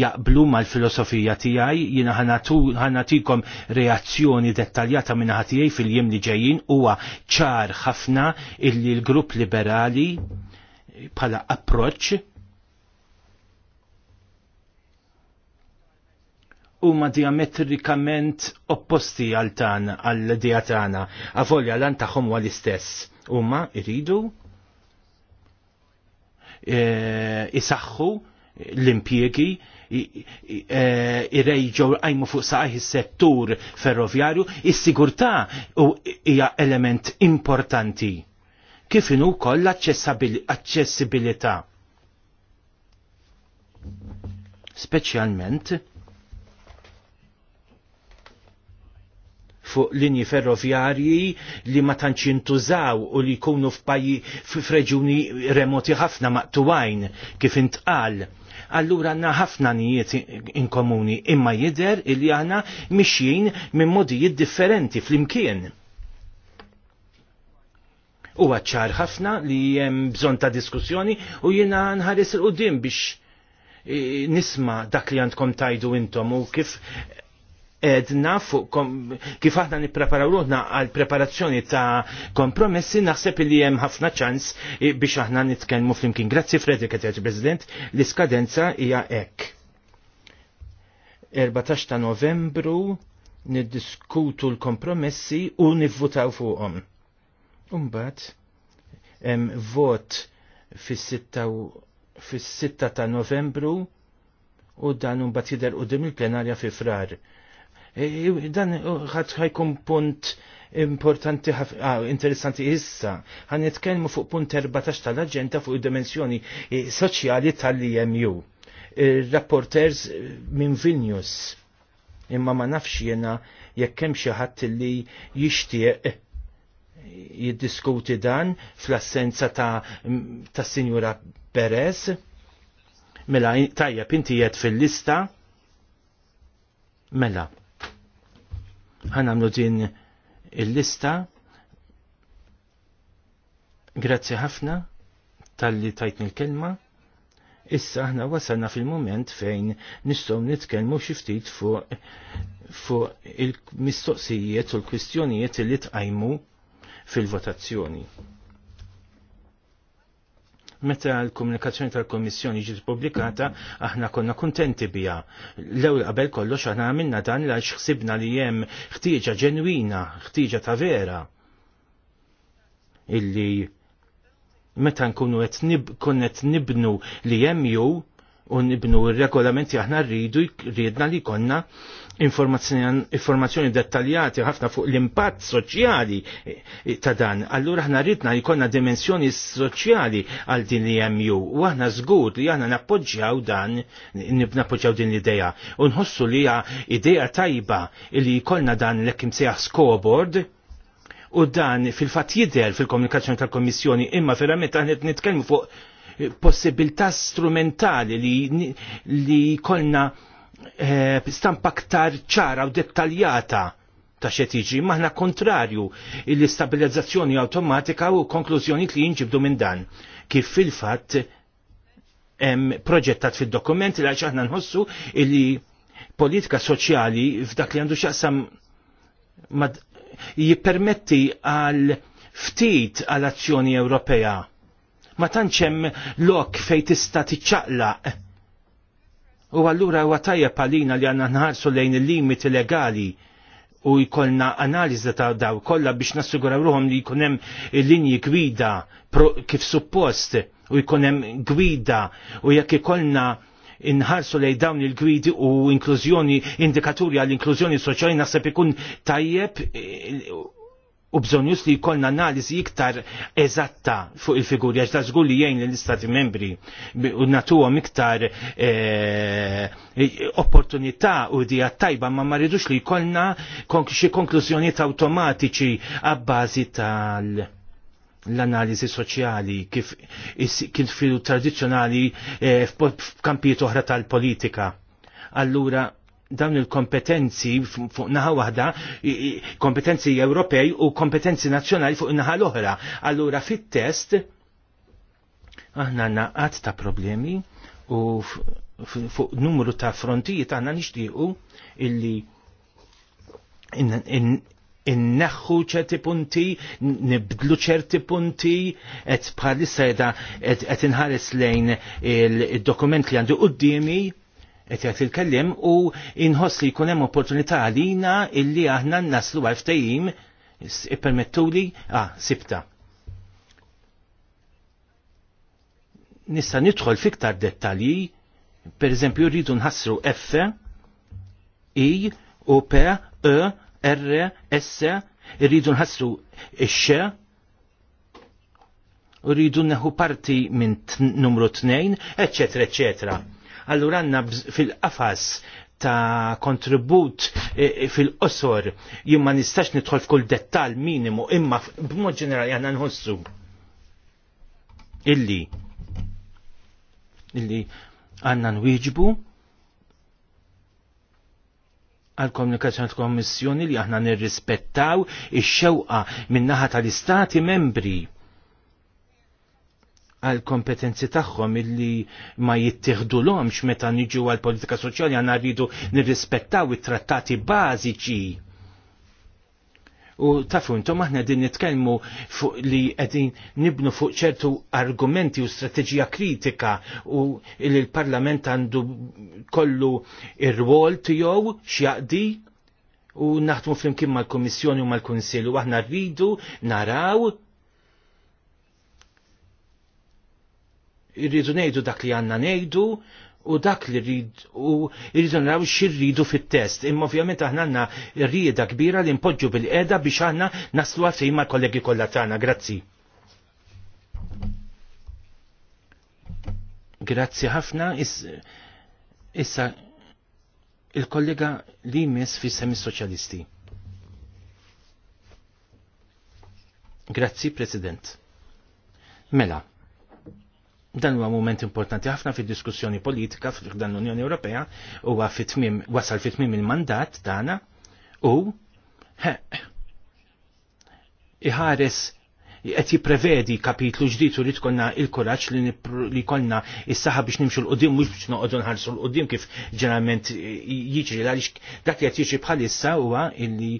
jaqblu mal-filosofija tiegħi jiena ħanatikom reazzjoni dettaljata minn ħatijaj fil-jiem li ġejjin huwa ċar ħafna illi l-grupp liberali bħala approċċ huma diametrikament opposti għal tan għal dijatana, Avolja lan huwa l istess Huma iridu Eh, isaxħu l impiegi irrejġu e, għajmu fuq saħi settur ferroviarju, is-sigurtà hija element importanti. Kif inu koll l-accessibilità. Speċjalment fuq linji ferroviarji li ma tantx jintużaw u li jkunu f'pajji f'reġuni remoti ħafna maqtuwajn kif intqal. Allura għanna ħafna nijiet inkomuni imma jider illi għanna mixjien minn modijiet differenti fl-imkien. U għacċar ħafna li jem bżon ta' diskussjoni u jena nħaris il-qoddim biex e, nisma dak li għandkom tajdu intom u kif edna fuq kif aħna nippreparaw ruħna għal preparazzjoni ta' kompromessi naħseb li hemm ħafna ċans biex aħna nitkellmu flimkien. Grazzi Fredrik qed President, l-iskadenza hija hekk. 14 ta' Novembru niddiskutu l-kompromessi u nivvutaw fuqhom. Umbat, hemm vot fis-6 ta' Novembru u dan umbat jidher jider u il-plenarja fi frar. Eh, eh, dan eh, ħadd ħajkun punt importanti ah, interessanti issa. Għan nitkellmu fuq punt 14 tal-agenda fuq id-dimensjoni soċjali tal-IMU. Rapporters minn Vilnius. Imma ma nafx jena jekk hemm xi ħadd li jixtieq jiddiskuti dan fl-assenza ta', mm, ta Sinjura Perez. Mela, tajjeb inti fil-lista. Mela, ħanamlu din il-lista. Grazzi ħafna tal-li tajtni l-kelma. Issa aħna wasalna fil-moment fejn nistgħu nitkellmu xi ftit fuq fu il-mistoqsijiet u l-kwistjonijiet li tqajmu fil-votazzjoni. Meta l-komunikazzjoni tal-Komissjoni ġiet publikata, aħna konna kuntenti biha. L-ewwel qabel kollox aħna għamilna dan li għax ħsibna li hemm ħtieġa ġenwina, ħtieġa ta' vera. Illi meta nkunu qed nib, nibnu li hemm jew u nibnu il-regolamenti aħna rridu rridna li konna informazzjoni dettaljati ħafna fuq l-impatt soċjali e, e, ta' dan. Allura aħna rridna li konna dimensjoni soċjali għal din li jemju u aħna żgur li aħna nappoġġjaw dan, nappoġġjaw din l-ideja. U nħossu li hija ideja tajba li jkollna dan l-ekim sejħ scoreboard u dan fil-fatt jidher fil-komunikazzjoni tal komissjoni imma verament aħna nitkellmu fuq possibilità strumentali li, li kolna eh, stampa ktar ċara u dettaljata ta' xetiġi, maħna kontrarju l-istabilizzazzjoni automatika u konklużjoni li jinġibdu minn dan. Kif fil-fat proġettat fil-dokumenti li aħna nħossu illi politika soċjali f'dak li għandu xaqsam jippermetti għal ftit għal azzjoni Ewropea ma tantx hemm lok fejn tista' tiċċaqlaq. U allura huwa tajjeb għalina li għandna nħarsu lejn il-limiti legali u jkollna analiza ta' daw kollha biex nassiguraw ruhom li jkun hemm il-linji gwida kif suppost u jkun hemm gwida u jekk ikollna inħarsu lej dawn il-gwidi u inklużjoni indikaturi għall inklużjoni soċjali naħseb ikun tajjeb eh, u bżon just li jkollna analiżi iktar eżatta fuq il-figuri għax ta' żgur li jgħin l-istati membri u natuhom iktar eh, opportunità u dija tajba ma ma rridux li jkollna xi konklużjonijiet awtomatiċi għabbażi tal- l-analizi soċjali kif, kif tradizzjonali eh, f'kampijiet oħra tal-politika. Allura, dawn il-kompetenzi fuq naħa waħda, kompetenzi Ewropej u kompetenzi nazzjonali fuq naħa l-oħra. Allura fit-test aħna naqat ta' problemi u fuq numru ta' frontijiet aħna nixtiequ illi inneħħu ċerti punti, nibdlu ċerti punti, et bħalissa edha et inħares lejn il-dokument li għandu qoddimi etjat il-kellim u inħoss li jkun hemm opportunità għalina illi aħna naslu għal permettuli, ippermettuli ah sibta. Nista' nidħol fiktar dettalji, per eżempju rridu nħassru F, I, U, P, E, R, S, rridu nħassru X, rridu neħu parti minn numru 2, eccetera, eccetera allura għandna fil-qafas ta' kontribut e, e, fil-qosor jien ma nistax nidħol f'kull dettal minimu imma b'mod ġenerali għanna nħossu illi illi għandna nwieġbu għal komunikazzjoni tal komissjoni li aħna nirrispettaw ix-xewqa min-naħa tal-Istati membri għal kompetenzi tagħhom illi ma jittieħdulhomx meta niġu għal politika soċjali għanna rridu nirrispettaw it-trattati bażiċi. U tafu intom aħna din nitkellmu fuq li qegħdin nibnu fuq ċertu argumenti u strateġija kritika u li l-Parlament għandu kollu ir-rwol tiegħu x'jaqdi u naħdmu flimkien mal-Kummissjoni u mal-Kunsill u aħna rridu naraw irridu ngħidu dak li għandna ngħidu u dak li rridu u rridu naraw xirridu fit-test. Imma ovvjament aħna għandna rrieda kbira li npoġġu bil-qeda biex għanna naslu għal ma' kollegi kollha tagħna. Grazzi. Grazzi ħafna. Issa il-kollega li jmiss fis semi soċjalisti. Grazzi, President. Mela, dan huwa moment importanti ħafna fid-diskussjoni politika f'dan l-Unjoni Ewropea huwa fit-tmiem wasal fit-tmiem il-mandat tagħna u iħares qed jipprevedi kapitlu ġdid u konna il-kuraġġ li kollna is-saħħa biex nimxu l-qudiem mhux biex noqogħdu nħarsu l-qudiem kif ġeneralment jiġri għaliex dak li qed jiġri bħalissa huwa li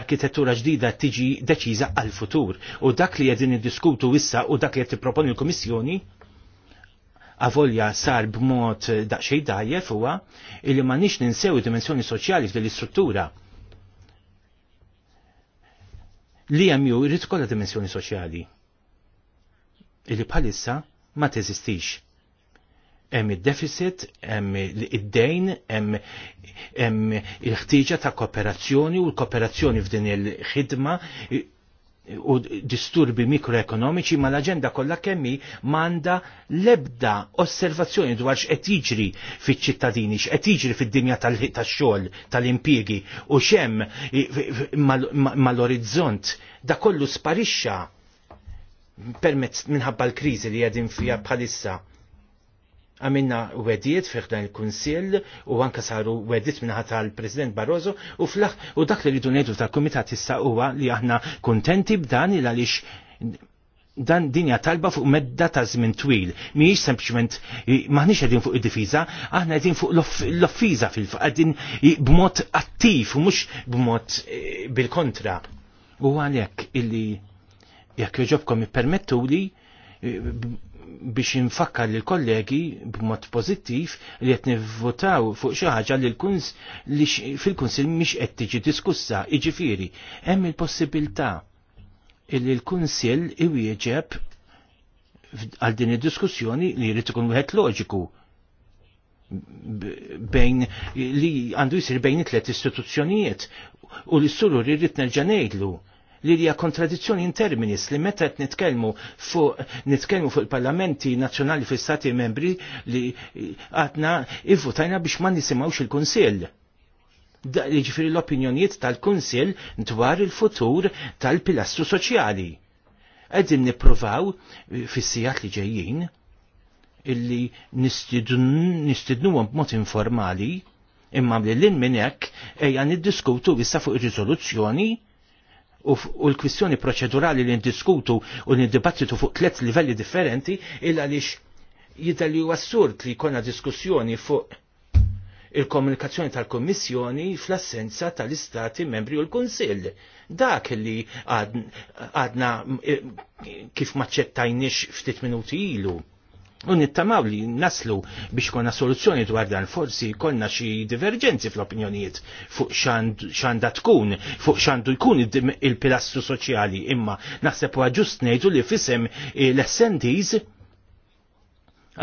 arkitettura ġdida tiġi deċiża għal-futur u dak li qegħdin niddiskutu issa u dak li qed tipproponi l-Kummissjoni avolja sar b'mod daqxej dajjef huwa illi ma nix ninsew dimensjoni soċjali f'din l-istruttura. Li hemm ju jrid kollha dimensjoni soċjali illi bħalissa ma teżistix. Hemm id-deficit, hemm id-dejn, hemm il-ħtieġa ta' kooperazzjoni u l-kooperazzjoni f'din il-ħidma u disturbi mikroekonomiċi ma l-agenda kollha kemmi manda lebda osservazzjoni dwar x'qed jiġri fiċ-ċittadini, x'qed jiġri fid-dinja tax-xogħol, tal-impjiegi u xemm mal-orizzont da kollu sparixxa permezz minħabba l-kriżi li qegħdin fiha bħalissa għamilna wedjiet fiħdan il-Kunsill u anka saru wedjiet minna tal-President Barroso u flaħ u dak li rridu nejdu tal-Komitat issa huwa li aħna kontenti b'dan il għaliex dan dinja talba fuq medda ta' żmien twil. Mhijiex sempliċement maħniex qegħdin fuq id-difiża, aħna qegħdin fuq l-offiża fil-fuq qegħdin b'mod attiv u mhux b'mod e, bil-kontra. U għalhekk illi jekk jogħġobkom ippermettu li e, biex infakkar lil kollegi b'mod pożittiv li qed nivvotaw fuq xi ħaġa li l-kunz li fil-kunsil mhix qed tiġi diskussa, jiġifieri hemm il-possibilità li l-kunsil iwieġeb għal din id-diskussjoni li jrid ikun wieħed loġiku bejn li għandu jisir bejn it tliet istituzzjonijiet u l-isturu rrid nerġa' ngħidlu li hija kontradizzjoni in terminis li meta qed nitkellmu fuq nitkellmu fuq il-parlamenti nazzjonali fis stati membri li għatna ivvutajna biex ma nisimgħux il-Kunsill. Ġifieri l-opinjonijiet tal-Kunsill dwar il-futur tal-pilastru soċjali. Qegħdin nippruvaw fis-sijat li ġejjin illi nistidnuhom b'mod informali imma li l-in minn hekk ejja niddiskutu issa fuq ir-riżoluzzjoni u l-kwistjoni proċedurali li ndiskutu u li ndibattitu fuq tliet livelli differenti illa għaliex jidher li huwa assurt li jkollna diskussjoni fuq il-komunikazzjoni tal-Kommissjoni fl-assenza tal-Istati membri u l-Kunsill. Dak li għadna eh, kif maċċettajniex ftit minuti ilu. U nittamaw li naslu biex konna soluzzjoni dwar dan forsi konna xi divergenzi fl-opinjonijiet fuq xanda tkun, fuq xandu jkun il-pilastru soċjali, imma naħseb u ġust ngħidu li fisem l snds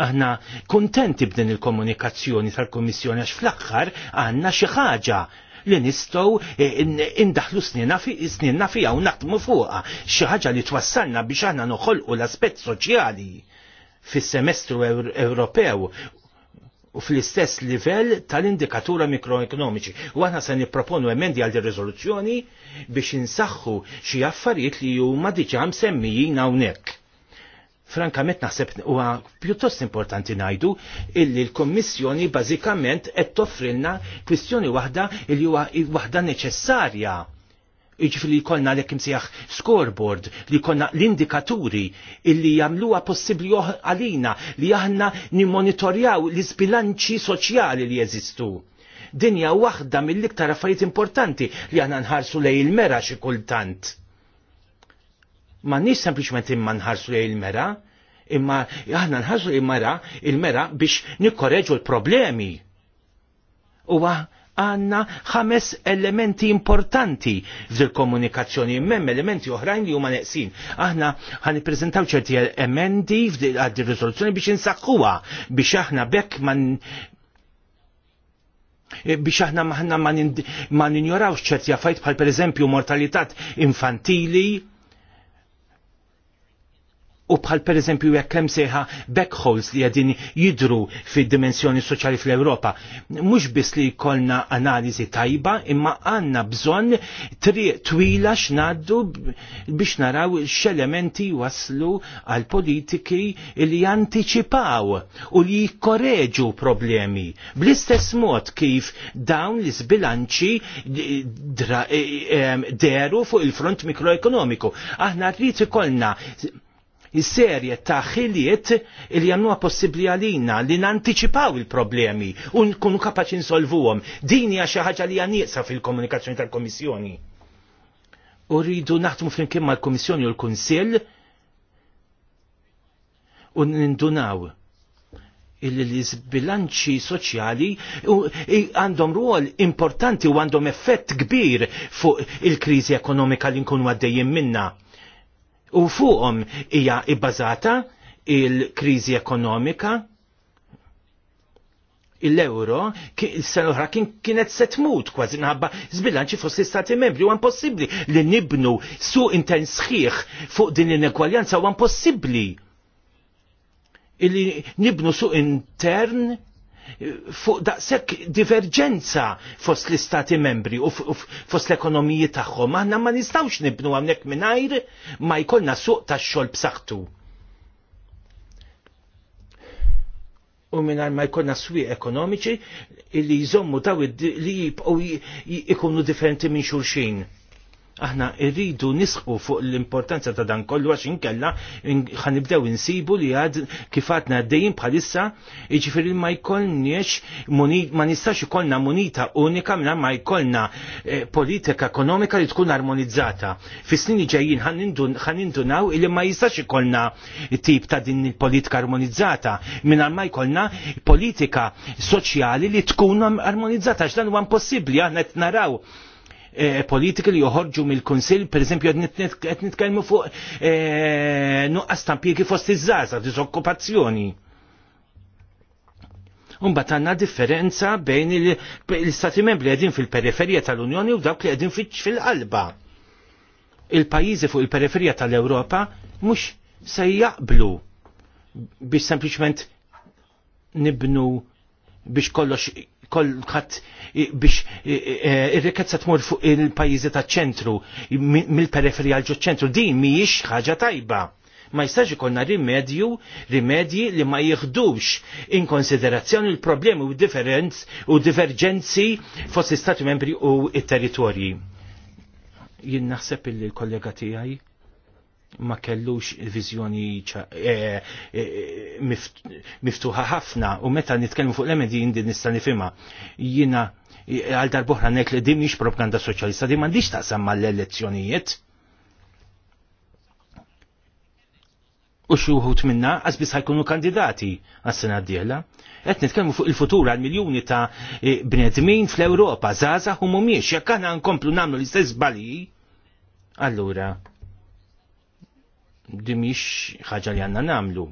aħna kontenti b'din il-komunikazzjoni tal-Komissjoni għax fl-aħħar għandna xi ħaġa li nistgħu eh, indaħlu snina fiha u naħdmu fuqha xi ħaġa li twassalna biex aħna noħolqu l-aspett soċjali fis-semestru Ewropew u fl-istess livell tal-indikatura mikroekonomiċi. U għana se nipproponu emendi għal riżoluzzjoni biex insaħħu xi affarijiet li huma diġà msemmijin hawnhekk. Frankament naħseb huwa pjuttost importanti ngħidu illi l-Kommissjoni bażikament qed toffrilna kwistjoni waħda li huwa waħda neċessarja iġifri li jkollna l imsejjaħ scoreboard, li jkollna l-indikaturi illi jamluwa possibli għalina li aħna nimonitorjaw l isbilanċi soċjali li jeżistu. Dinja waħda mill-iktar affarijiet importanti li aħna nħarsu lej il-mera xi kultant. Ma nix sempliċement imma nħarsu lej il-mera, imma aħna nħarsu lej il-mera, il-mera biex nikkoreġu l-problemi. Uwa għanna ħames elementi importanti fil komunikazzjoni memm elementi oħrajn li huma neqsin. Aħna ħan prezentaw ċerti emendi għad risoluzzjoni biex insaqquha biex aħna bekk man e, biex aħna maħna ma ninjorawx ċerti għafajt bħal pereżempju mortalitat infantili, u bħal per eżempju jekk hemm seħa backholes li għedin jidru fid-dimensjoni soċjali fl-Ewropa. Mhux biss li jkollna analiżi tajba, imma għandna bżonn triq twila x'ngħaddu biex naraw x'elementi waslu għal politiki li jantiċipaw u li jikkoreġu problemi. Bl-istess mod kif dawn l sbilanċi eh, eh, deru fuq il-front mikroekonomiku. Aħna rrid ikollna serje ta' ħiliet il jamnuha possibbli għalina li nanticipaw il-problemi u nkunu kapaċi nsolvuhom. Din hija xi ħaġa li nieqsa fil-komunikazzjoni tal-Komissjoni. U rridu naħdmu flimkien mal-Komissjoni u l-Kunsill u nindunaw il-bilanċi soċjali għandhom ruol importanti u għandhom effett kbir fuq il-krizi ekonomika li nkunu għaddejjin minna u fuqhom hija ibbażata il-kriżi ekonomika l-euro s kien kienet setmut kważi naħabba zbilanċi fost l-istati membri u għan possibli li nibnu su intern sħiħ fuq din l inegwaljanza u għan possibli li nibnu su intern fuq daqshekk diverġenza fost l-istati membri u fost l-ekonomiji tagħhom. Aħna ma nistgħux nibnu hawnhekk mingħajr ma jkollna suq tax-xogħol b'saħħtu. U mingħajr ma jkollna swieq ekonomiċi li jżommu daw li jibqgħu jkunu differenti minn xulxin aħna irridu nisqu fuq l-importanza ta' dan kollu għax inkella ħanibdew insibu li għad kifatna għaddejjin bħalissa iġifiri ma jkollniex ma nistax ikollna munita unika minna mela ma jkollna eh, politika ekonomika li tkun armonizzata. Fis-snin ġejjin ħanindunaw illi ma jistax ikollna tip ta' din il-politika armonizzata minna ma jkollna politika soċjali li tkun armonizzata għax dan huwa impossibbli aħna naraw Eh, politika li joħorġu mill-Kunsill, pereżempju qed nitkellmu fuq eh, nuqqas tampjeki fost iż-żgħażagħ diżokkupazzjoni. Umbat għanna differenza bejn l-Stati membri għedin fil-periferija tal-Unjoni u dawk li għedin fil-qalba. Il-pajizi fuq il-periferija tal-Europa mux se jaqblu biex sempliciment nibnu biex kollox kolkat biex e, ir rikkezza tmur fuq il-pajjiżi taċ-ċentru mill-periferija għal ċentru din mhijiex ħaġa tajba. Ma jistax ikollna rimedju, rimedji li ma jieħdux in konsiderazzjoni l-problemi u differenz u divergenzi fost l istati membri u it-territorji. Jien naħseb il-kollega tiegħi ma kellux viżjoni e, e, miftuħa ħafna u meta nitkellmu fuq l-emendi jindi nista' nifhimha. Jiena għal darbohra nek li dim mhix propaganda soċjalista di m'għandix samma l elezzjonijiet U xuħut minna għazbis ħajkunu kandidati għas-sena d djela Qed nitkellmu fuq il-futur għal miljuni ta' e, bnedmin fl-Ewropa, zaza u mhumiex, jekk aħna nkomplu nagħmlu l-istess żbalji, allura dimix ħaġa li għanna namlu.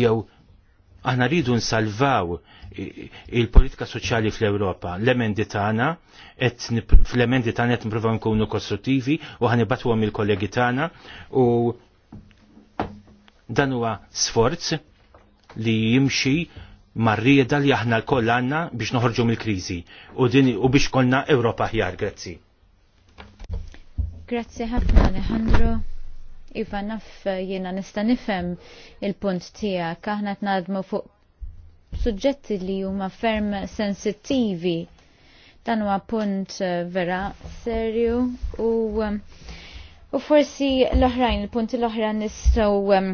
Jew aħna rridu nsalvaw il-politika soċjali fl-Ewropa. L-emendi tagħna fl-emendi tagħna qed nippruvaw nkunu kostruttivi u ħanibatuhom il-kollegi tagħna u dan huwa sforz li jimxi marrieda li aħna l-koll għanna biex noħorġu mill-kriżi u, u biex konna Ewropa ħjar, grazzi.
Grazzi ħafna Alejandro. Iva naf jiena nista' nifhem il-punt tiegħek aħna qed nadmu fuq suġġetti li huma ferm sensittivi. Dan huwa punt eh, vera serju u eh, u forsi l-oħrajn il-punti l-oħra nistgħu eh,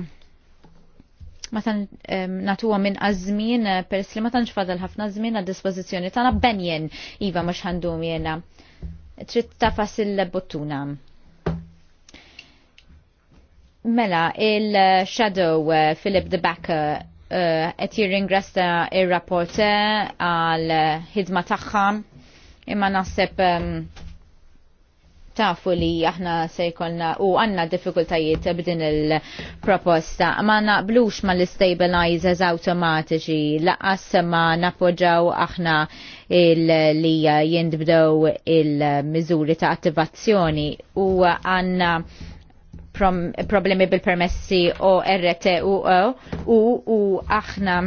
matan natuwa minn azmin pers li ma tanx fadal ħafna żmien għad dispożizzjoni tagħna benjen iva mhux ħandum jena. Trid tafas il-bottuna. Mela, il-Shadow uh, Philip de Backer qed uh, jirringrasta ir rapporte għal ħidma tagħha imma naħseb um, tafu li aħna se jkollna u għanna diffikultajiet b'din il-proposta. Ma naqblux ma l-stabilizers automatiċi laqas ma napoġaw aħna li jindbdew il-miżuri ta' attivazzjoni u għanna problemi bil-permessi o ORTUO u u aħna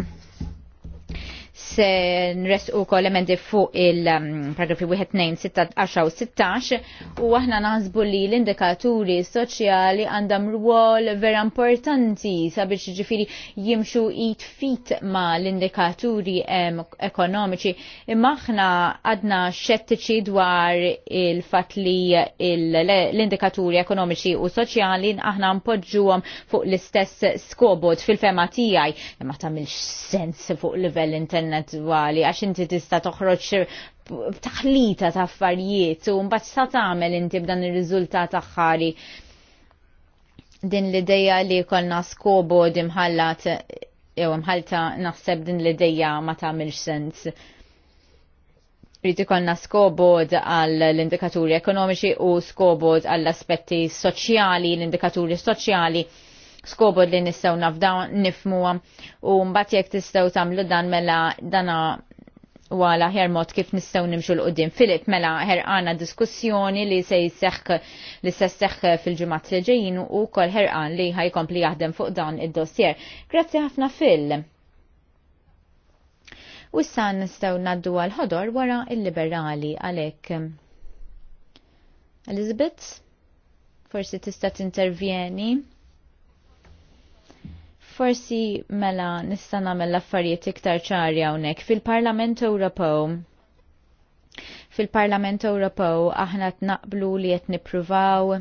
se nres u emendi fuq il um, paragrafi 1.2.16 u aħna naħsbu li l-indikaturi soċjali għandam rwol vera importanti sabiex ġifiri jimxu it fit ma l-indikaturi ekonomiċi imma aħna għadna xettiċi dwar il-fat li l-indikaturi ekonomiċi u soċjali aħna mpoġġuhom fuq l-istess skobot fil-fema tiegħi imma tagħmilx sens fuq livell internet għali, għax inti tista' toħroġ taħlita ta' affarijiet u mbagħad sa tagħmel inti b'dan ir-riżultat aħħari din l-ideja li kolna skobo dimħallat jew mħalta naħseb din l-ideja ma tagħmilx sens. Rrid ikollna skobod għall l-indikaturi ekonomiċi u skobod għall aspetti soċjali, l-indikaturi soċjali skobod li nistaw nafdaw nifmuwa u mbagħad jekk tistgħu tagħmlu dan mela dana wala mod kif nistaw nimxu l-qoddim. Filip, mela ħerqana diskussjoni li se jisseħk li se fil-ġumat li ġejjin u kol ħerqan li ħajkompli jaħdem fuq dan id-dossier. Grazzi ħafna fil. U issa nistaw naddu għal-ħodor wara il-liberali għalek. Elizabeth, forsi tista' tintervjeni. Forsi mela nista' nagħmel affarijiet iktar ċari hawnhekk fil-Parlament Ewropew. Fil-Parlament Ewropew aħna tnaqblu li qed nippruvaw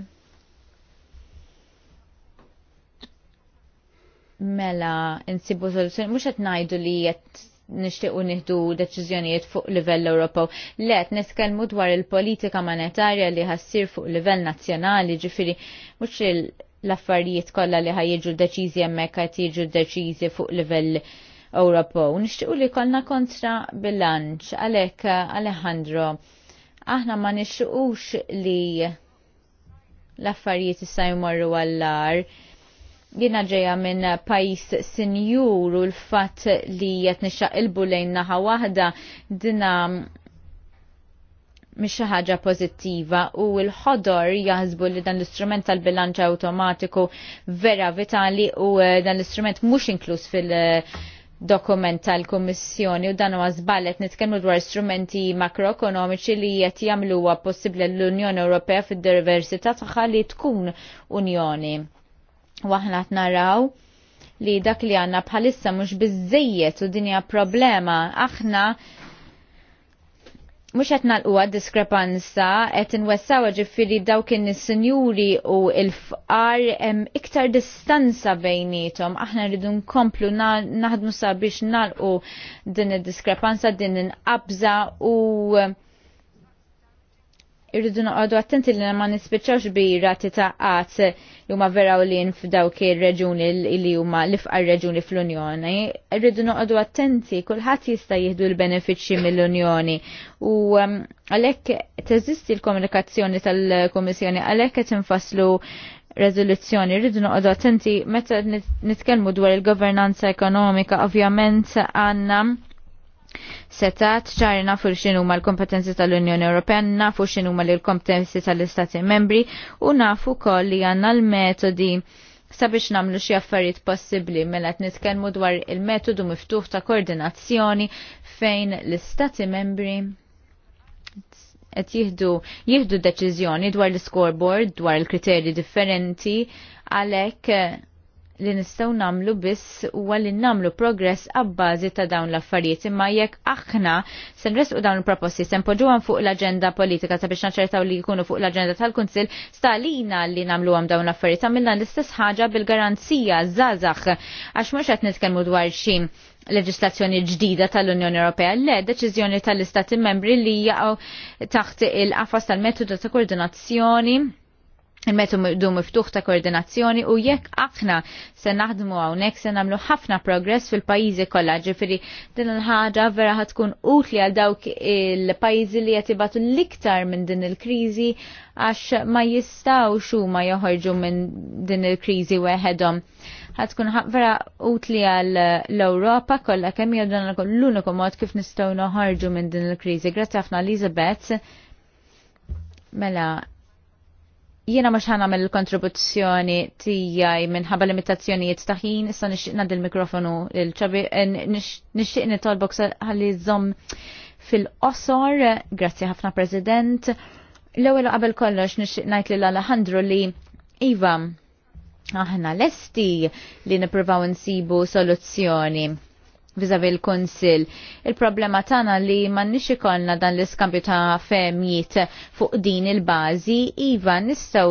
mela insibu soluzzjoni mhux qed ngħidu li qed nixtiequ nieħdu deċiżjonijiet fuq livell Ewropew. li qed nitkellmu dwar il-politika monetarja li ħassir fuq livell nazzjonali, ġifiri, mhux il- l-affarijiet kollha li jiġu deċizi hemmhekk qed jiġu deċizi fuq livell Ewropew. Nixtiequ li kolna kontra bilanċ għalhekk Alejandro aħna ma nixtiequx li l-affarijiet issa jmorru għall-ar jina ġeja minn pajis sinjur u l-fat li jett il-bulejn naħa wahda dina mhix xi ħaġa pożittiva u l-ħodor jaħsbu li dan l-istrument tal-bilanċ awtomatiku vera vitali u eh, dan l-istrument mhux inkluż fil- dokument tal-Kommissjoni u dan huwa żballet nitkellmu dwar strumenti makroekonomiċi li qed jagħmluha possibbli l-Unjoni Ewropea fid-diversità tagħha li tkun Unjoni. Waħna qed naraw li dak li għanna bħalissa mhux biżejjed u dinja problema aħna mux għetna l diskrepanza, għet n-wessaw ġifiri dawk il-senjuri u il-fqar iktar distanza bejnietom. Aħna rridu nkomplu naħdmu sabiex u din il-diskrepanza, din il-qabza u irridu noqogħdu attenti li ma nispiċċawx bi rati ta' għat li huma vera u lin f'dawk ir-reġuni li huma l-ifqar reġuni fl-Unjoni. Irridu noqogħdu attenti kulħadd jista' jieħdu l-benefiċċji mill-Unjoni u um, għalhekk teżisti l-komunikazzjoni tal-Kummissjoni għalhekk qed infasslu rezoluzzjoni. Rridu noqogħdu attenti meta nitkellmu dwar il-governanza ekonomika ovvjament għandna Setat ċari nafu xinu ma l-kompetenzi tal-Unjoni Ewropea, nafu xinu ma l-kompetenzi tal-Istati membri u nafu koll li għanna l-metodi sabiex namlu xie affarijiet possibli mela qed nitkellmu dwar il-metodu miftuħ ta' koordinazzjoni fejn l-istati membri qed jieħdu jieħdu deċiżjoni dwar l-scoreboard dwar il-kriterji differenti għalhekk li nistgħu nagħmlu biss huwa li nagħmlu progress għabbażi ta' dawn l-affarijiet imma jekk aħna se nresqu dawn il-proposti se npoġuhom fuq l-aġenda politika sabiex naċertaw li jkunu fuq l-aġenda tal-Kunsill stalina li nagħmluhom dawn l-affarijiet għamilna l-istess ħaġa bil-garanzija zazax għax mhux qed nitkellmu dwar xim leġislazzjoni ġdida tal-Unjoni Ewropea le deċiżjoni tal-Istati membri li jaqgħu taħt il-qafas tal-metodu ta' koordinazzjoni il-metodu miftuħ ta' koordinazzjoni u jekk aħna se naħdmu hawnhekk se nagħmlu ħafna progress fil-pajjiżi kollha, ġifiri din il-ħaġa vera ħad tkun utli għal dawk il-pajjiżi li qed liktar l-iktar minn din il-kriżi għax ma xu ma joħorġu minn din il-kriżi weħedhom. Ħad tkun vera utli għal l-Ewropa kollha kemm jgħidan l-uniku mod kif nistgħu noħorġu minn din il-kriżi. Grazzi ħafna Elizabeth. Mela, Jiena mhux ħana mill kontribuzzjoni tiegħi minħabba limitazzjonijiet ta' ħin, issa nixtieq dil mikrofonu il ċabi eh, nixtieq tolbok għalli zom fil-qosor, grazzi ħafna President. L-ewwel qabel kollox nixtieq ngħid lil Alejandro li iva aħna lesti li nippruvaw nsibu soluzzjoni vizavi l-Konsil. Il-problema tana li nixi ikollna dan l-iskambju ta' femjiet fuq din il-bazi, iva nistaw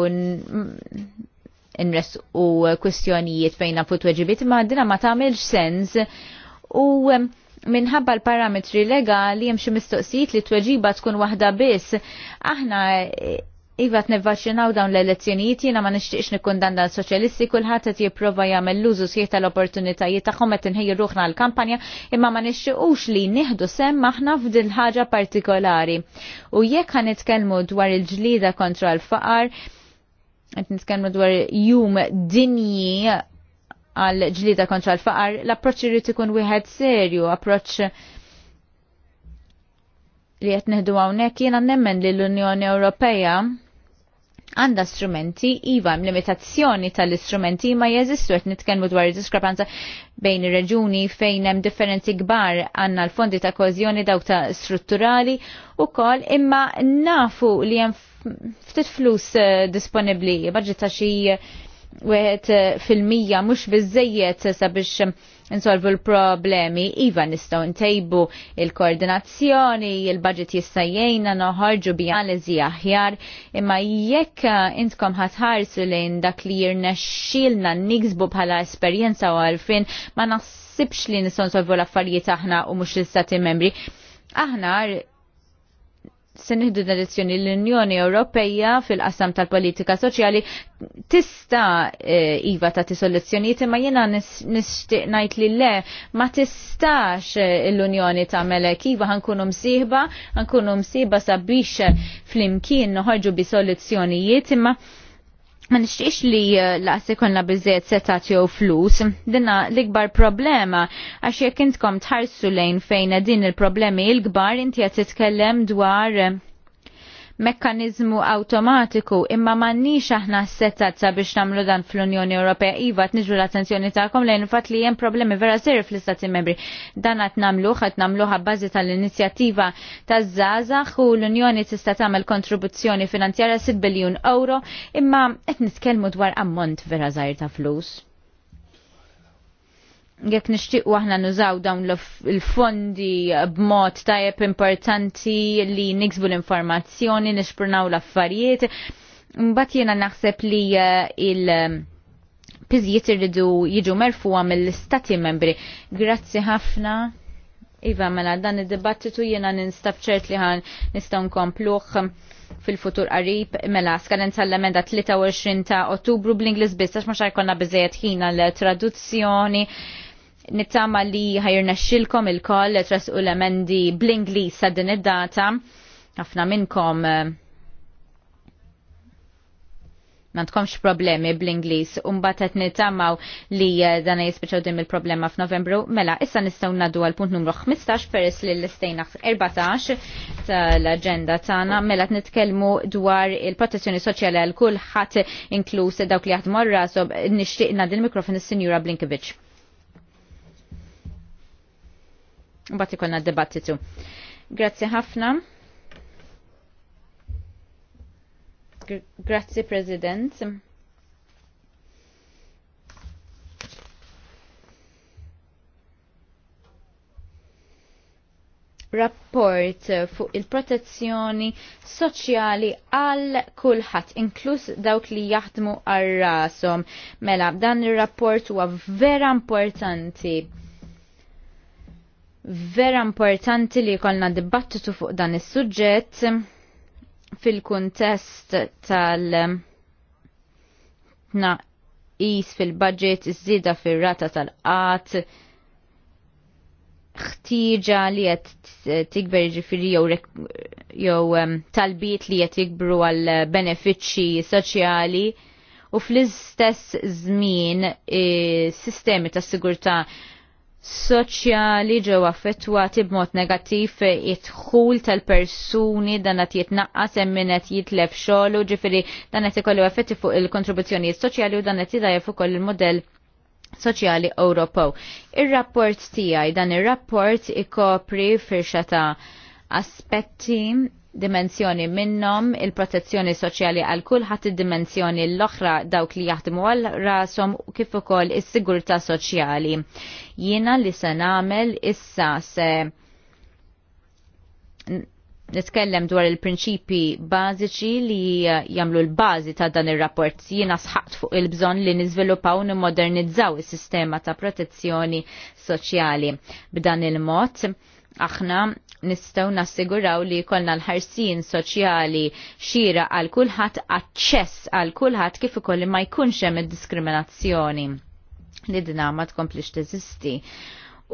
nres u kwestjonijiet fejna fuq tweġibiet ma dina ma tagħmilx sens u minħabba l-parametri legali hemm xi mistoqsijiet li tweġiba tkun waħda biss aħna Iva t nevvaċinaw dawn l-elezzjonijiet jina ma nishtiqx nikkundanna l-soċjalisti kulħadd qed jipprova jagħmel l-użu sieħ tal-opportunitajiet tagħhom qed inħejju ruħna l-kampanja imma ma nishtiqx li nihdu sem maħna f'din ħaġa partikolari. U jekk ħanitkellmu dwar il-ġlida kontra l-faqar, qed nitkellmu dwar jum dinji għal ġlida kontra l-faqar, l-approċċ irid ikun wieħed serju, approċċ li qed nihdu hawnhekk jiena nemmen li l-Unjoni Ewropea għanda strumenti, iva, limitazzjoni tal-istrumenti ma jeżistu għet nitkenmu dwar diskrepanza bejn reġuni fejn hemm differenzi kbar għanna l-fondi ta' kozjoni dawk ta' strutturali u kol imma nafu li hemm ftit flus eh, disponibli, budget ta' xi eh, wieħed eh, fil-mija mhux biżejjed sabiex insolvu l-problemi, iva nistaw ntejbu il-koordinazzjoni, il-budget jistajjena noħarġu bi analizi aħjar, imma jekk uh, intkom ħatħarsu lejn dak li jirna xilna niksbu bħala esperjenza u għalfin, ma nasibx li nistaw nsolvu l-affarijiet aħna u mux l-istati membri. Aħna se nieħdu l l-Unjoni Ewropeja fil-qasam tal-politika soċjali tista' eh, iva ta' tisoluzzjonijiet imma jiena nixtieq ngħid li le ma tistax eh, l-Unjoni tagħmel hekk iva ħankunu msieħba, ħankunu msieħba sabiex eh, flimkien noħorġu bi soluzzjonijiet imma ma nixtiex li eh, laqs konna biżiet setat jew flus, dinna l-ikbar problema għax jekk intkom tħarsu lejn fejn din il-problemi l-kbar inti qed titkellem dwar eh, mekkanizmu automatiku imma mannix aħna s-setat sabiex namlu dan fl-Unjoni Ewropea iva t-nġu l-attenzjoni tagħkom lejn fatt li jem problemi vera seri fl-istati membri dan għat namlu għat namlu għabbazi tal-inizjattiva ta' Zazax u l-Unjoni tista' tagħmel kontribuzzjoni finanzjara 6 biljun euro imma qed nitkellmu dwar ammont vera zaħir ta' flus jekk nixtiequ aħna nużaw dawn il-fondi b'mod tajjeb importanti li niksbu l-informazzjoni, nixpurnaw l-affarijiet. Mbagħad jiena naħseb li eh, il- eh, piżjiet irridu jiġu merfuwa mill-istati membri. Grazzi ħafna. Iva, mela, dan id-dibattitu jena ninstab ċert li ħan nistaw nkompluħ fil-futur qarib. Mela, skadenza l-emenda 23 ta' ottubru bl-Inglis biss, għax ma konna bizzejet ħina l-traduzzjoni nittama li ħajrna xilkom il-koll tras u l-emendi bl-Inglis sa din id-data. Ħafna minnkom nantkomx eh, problemi bl-Inglis. Umbat qed nittamaw li eh, dan jispiċaw dim il-problema f'Novembru. Mela, issa nistgħu ngħaddu għal punt numru 15 peress li l-istejna 14 tal-aġenda tagħna. Mela qed nitkellmu dwar il-protezzjoni soċjali għal kulħadd inkluż dawk li jaħdmu rasob nishtiqna din mikrofon il sinjura Blinkovic. Mbagħad d dibattitu. Grazzi ħafna. Grazzi President. rapport fuq il-protezzjoni soċjali għal kulħadd, inkluż dawk li jaħdmu għal rashom. Mela, dan ir-rapport huwa vera importanti vera importanti li jkollna dibattitu fuq dan is-suġġett fil-kuntest tal- naqis fil-budget, iż-żieda fir-rata tal-qat, ħtieġa li qed tikber ġifieri jew talbiet li qed jikbru għal benefiċċji soċjali u fl-istess żmien sistemi tas sigurtà soċjali ġew affettwati b'mod negattiv id-dħul tal-persuni dan qed jitnaqqas hemm min qed jitlef xogħol ġifieri dan qed ikollu effetti fuq il-kontribuzzjonijiet soċjali u dan qed jidajjef ukoll il-modell soċjali Ewropew. Ir-rapport tiegħi dan ir-rapport ikopri firxa ta' aspetti dimensjoni minnom il-protezzjoni soċjali għal kulħadd id-dimensjoni l-oħra dawk li jaħdmu għal rasom kif ukoll is-sigurtà soċjali. Jiena li se nagħmel issa se nitkellem dwar il-prinċipi bażiċi li jagħmlu l-bażi ta' dan ir-rapport. Jiena sħaqt fuq il-bżonn li niżviluppaw nimmodernizzaw is-sistema ta' protezzjoni soċjali b'dan il-mod aħna nistgħu nassiguraw li jkollna l-ħarsin soċjali xira għal kulħadd aċċess għal kulħadd kif ukoll ma jkunx hemm id-diskriminazzjoni li dinha ma tkomplix teżisti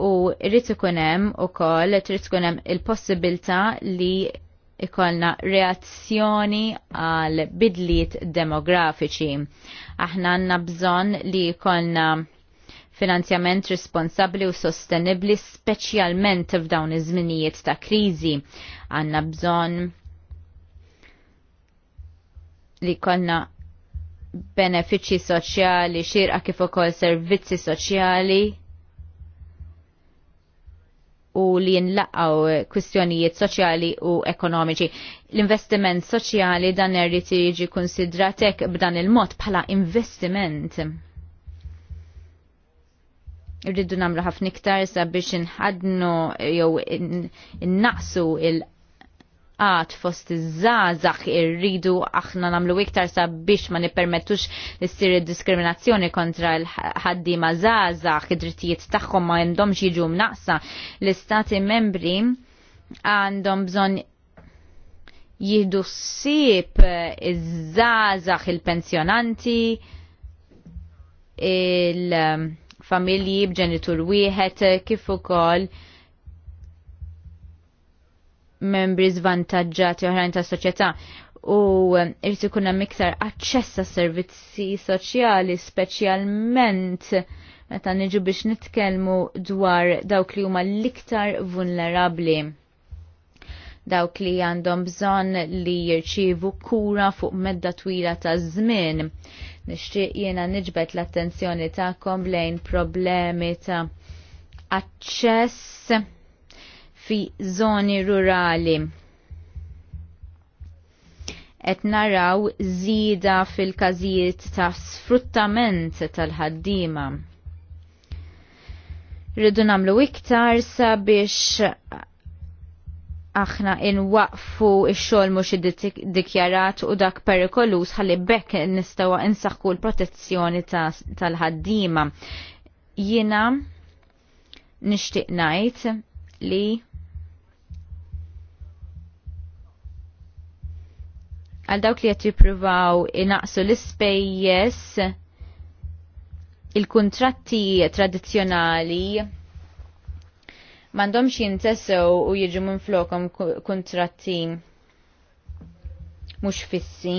u rrit hemm ukoll trid tkun hemm il possibilità li ikolna reazzjoni għal bidliet demografiċi. Aħna għanna bżon li ikolna finanzjament responsabli u sostenibli speċjalment f'dawn iż-żminijiet ta' kriżi. Għandna bżonn li konna benefiċċji soċjali, xirqa kif ukoll servizzi soċjali u li nlaqgħu kwistjonijiet soċjali u ekonomiċi. L-investiment soċjali dan irrid jiġi konsidratek hekk b'dan il-mod bħala investiment rridu namlu ħafna iktar sabiex inħadnu jew innaqsu il għat fost iż-żazax irridu aħna namlu iktar sabiex ma nippermettux li id diskriminazzjoni kontra l-ħaddi ma żazax id-drittijiet tagħhom ma għandhomx jiġu mnaqsa l-istati membri għandhom bżonn jihdu s-sib iż-żazax il-pensjonanti il-, -żazax, il pensjonanti il familji b'ġenitur wieħed kif ukoll membri zvantaġġati oħrajn tas soċjetà u irid ikun hemm iktar aċċess għas servizzi soċjali speċjalment meta niġu biex nitkellmu dwar dawk li huma l-iktar vulnerabbli dawk li għandhom bżonn li jirċievu kura fuq medda twila ta' żmien. Nixtieq jiena niġbet l-attenzjoni tagħkom lejn problemi ta' aċċess fi żoni rurali. Qed naraw zida fil-każijiet ta' sfruttament tal ħaddima Ridu namlu iktar sabiex aħna inwaqfu x-xogħol mhux iddikjarat u dak perikolus ħalli bekk nistgħu insaħħu l-protezzjoni tal-ħaddiema. Jiena nixtieq ngħid li għal dawk li qed jippruvaw inaqsu l-ispejjeż il-kuntratti tradizzjonali mandomx jintessew u jiġu minn flokom kontratti mux fissi.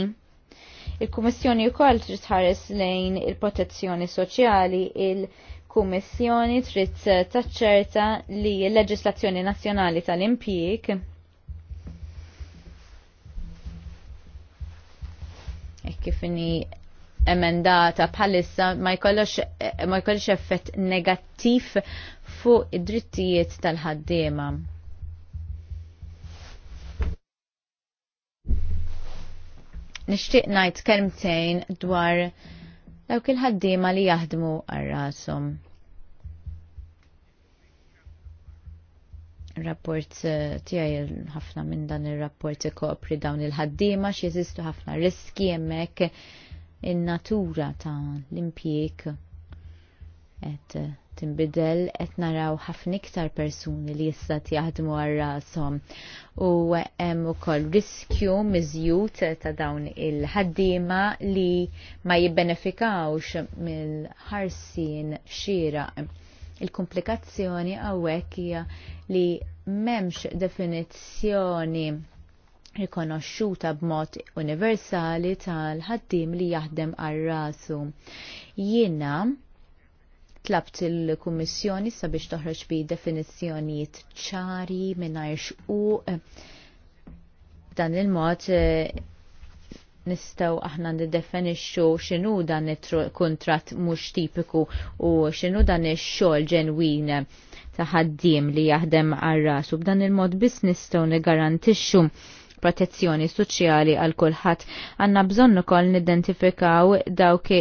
Il-Kummissjoni wkoll trid tħares lejn il-protezzjoni soċjali, il-Kummissjoni trid taċċerta li l-leġislazzjoni nazzjonali tal-impjieg e kif inni emendata bħalissa ma jkollx effett negattiv fuq id-drittijiet tal-ħaddiema. Nixtieq ngħid kermtejn dwar dawk il-ħaddiema li jaħdmu għarrasum. rapport eh, tiegħi ħafna minn dan ir-rapport ikopri dawn il-ħaddiema x'jeżistu ħafna riski hemmhekk in-natura ta' l-impjieg qed tinbidel qed naraw ħafna iktar persuni li issa jaħdmu għal rashom u hemm ukoll riskju miżjud ta' dawn il-ħaddiema li ma jibbenefikawx mill-ħarsien xieraq. Il-komplikazzjoni hawnhekk hija li m'hemmx definizzjoni rikonoxxuta b'mod universali tal-ħaddim li jaħdem għal rasu. Jiena tlabt il-Kummissjoni sabiex toħroġ bi definizzjonijiet ċari mingħajr u dan il-mod eh, nistaw aħna nidefinixxu x'inhu dan il-kuntratt mhux tipiku u x'inhu dan ix-xogħol ġenwin ta' ħaddiem li jaħdem għar rasu b'dan il-mod biss nistgħu nigarantixxu protezzjoni soċjali għal kulħadd. Għandna bżonn ukoll nidentifikaw dawk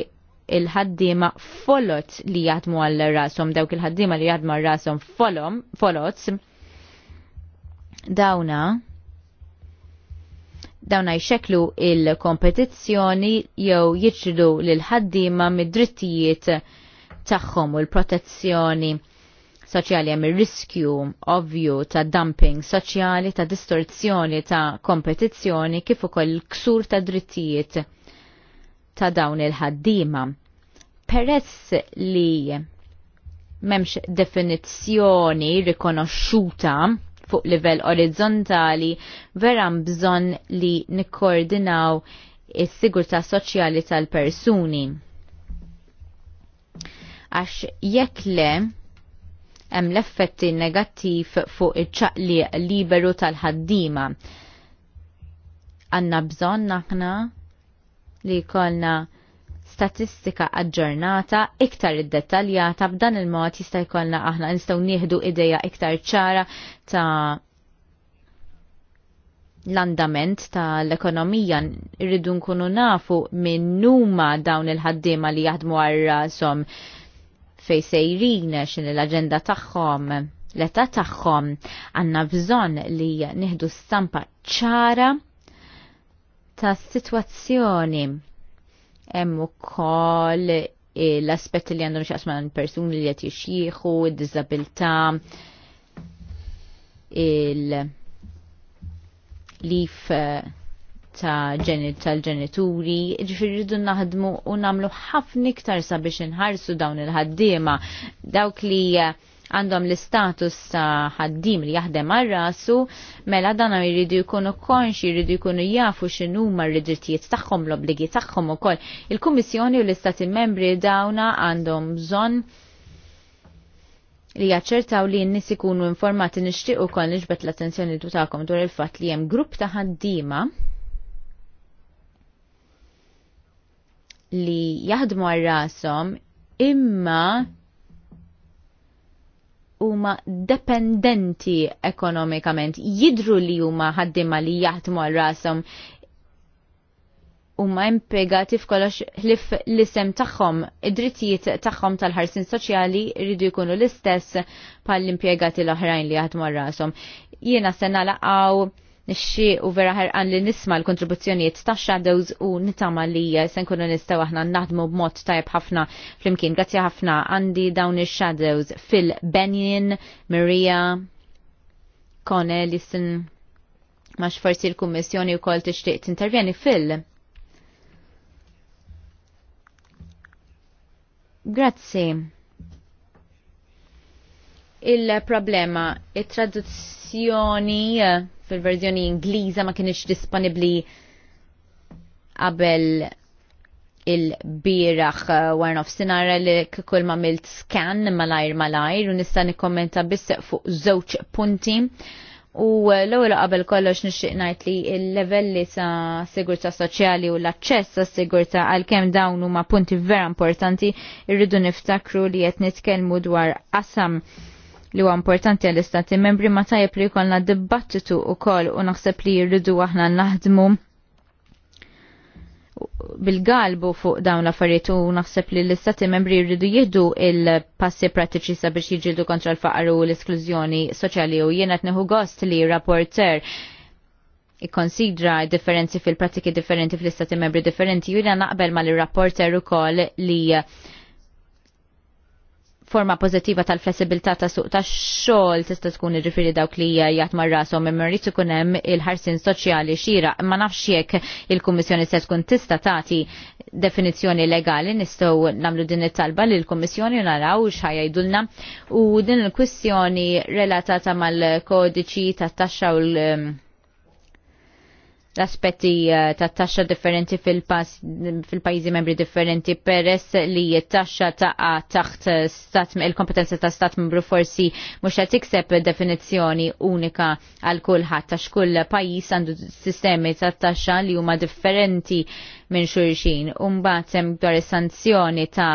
il ħaddiema folot li jadmu għal rasom, dawk il-ħaddima li jadmu għal rasom folom, folot, dawna, dawna jxeklu il-kompetizzjoni jew jiġru l ħaddiema mid-drittijiet tagħhom u l-protezzjoni soċjali hemm ir-riskju ovvju ta' dumping soċjali, ta' distorzjoni ta' kompetizzjoni kif ukoll ksur ta' drittijiet ta' dawn il-ħaddiema. Peress li memx definizzjoni rikonoxxuta fuq livell orizzontali, vera bżonn li nikkoordinaw is-sigurtà soċjali tal-persuni għax jekk le hemm l-effetti negattiv fuq iċ-ċaqli liberu tal-ħaddima. Għanna bżonn aħna li jkollna statistika aġġornata iktar iddettaljata b'dan il-mod jista' jkollna aħna nistgħu nieħdu ideja iktar ċara ta' l-andament tal-ekonomija rridu nkunu nafu minn numa dawn il-ħaddiema li jaħdmu għar rasom fej sejrin xin l-agenda tagħhom l-età tagħhom għandna bżonn li nieħdu stampa ċara ta' situazzjoni hemm ukoll eh, l-aspetti li għandhom xaqsma persuni li qed jixjieħu, id-diżabilità, il-lif uh, eh, ta' ġenit tal-ġenituri, ġifiri rridu naħdmu u namlu ħafna iktar sabiex inħarsu dawn il-ħaddiema, dawk li eh, għandhom l-istatus ta' ħaddim li jaħdem għal rasu, mela dan jridu jkunu konxi, jridu jkunu jafu x'inhuma r-ridrittijiet tagħhom, l-obligi tagħhom ukoll. Il-Kummissjoni u l-Istati Membri dawna għandhom bżonn li jaċċertaw li n-nis ikunu informati nixtieq ukoll niġbet l-attenzjoni tutakom dwar il-fatt li hemm grupp ta' ħaddiema li jaħdmu għal rasom imma huma dependenti ekonomikament, jidru li huma ħaddima li jaħdmu għal rasom huma impjegati f'kollox ħlif l-isem tagħhom, id-drittijiet tagħhom tal-ħarsin soċjali jridu jkunu l-istess bħall impjegati l-oħrajn li jaħdmu għal rashom. Jiena se nalaqgħu nixxi u vera ħerqan li nisma l-kontribuzzjonijiet ta' Shadows u nitama li eh, senkunu nistaw aħna naħdmu b'mod tajb ħafna flimkien. Grazzi ħafna għandi dawn il-Shadows fil Benjen, Maria, Kone, Listen, maċ forsi l-Kummissjoni u kol tixtieq intervjeni fil? Grazzi. Il-problema, il traduzzjoni edizzjoni fil-verżjoni Ingliża ma kienx disponibbli qabel il-biraħ uh, warna sinara li kikul ma milt scan malajr malajr u nista nikkommenta biss fuq żewġ punti. U uh, l-ewwel qabel kollox nixtieq ngħid li l levelli ta' sigurta soċjali u l-aċċess ta' sigurtà għalkemm dawn huma punti vera importanti, irridu niftakru li qed nitkellmu dwar qasam li huwa importanti għall-istati membri ma tajjeb li jkollna dibattitu wkoll u naħseb li jirridu aħna naħdmu bil-galbu fuq dawn l-affarijiet u naħseb li l-istati membri jridu jieħdu il-passi pratiċi sabiex jiġildu kontra l-faqar u l-esklużjoni soċjali u jiena neħu gost li rapporter ikkonsidra differenzi fil-pratiki differenti fl-istati membri differenti u jiena naqbel ma l-rapporter ukoll li, li forma pozittiva tal-flessibilità ta' suq ta' xogħol tista' tkun irriferi dawk li jgħat marrasom imma rrid ikun hemm il-ħarsin soċjali xira ma nafx jekk il-Kummissjoni se tkun tista' tagħti definizzjoni legali nistgħu nagħmlu din it-talba lil kummissjoni naraw jdulna u din il-kwistjoni relatata mal-kodiċi tat-taxxa u l- l-aspetti eh, ta' taxxa differenti fil-pajjiżi membri differenti peress li taxxa taqa taħt eh, stat il-kompetenza ta' stat membru forsi mhux qed tikseb definizzjoni unika għal kulħadd għax kull pajjiż għandu sistemi ta' taxxa li huma differenti minn xulxin. Umbagħad hemm dwar is-sanzjoni ta'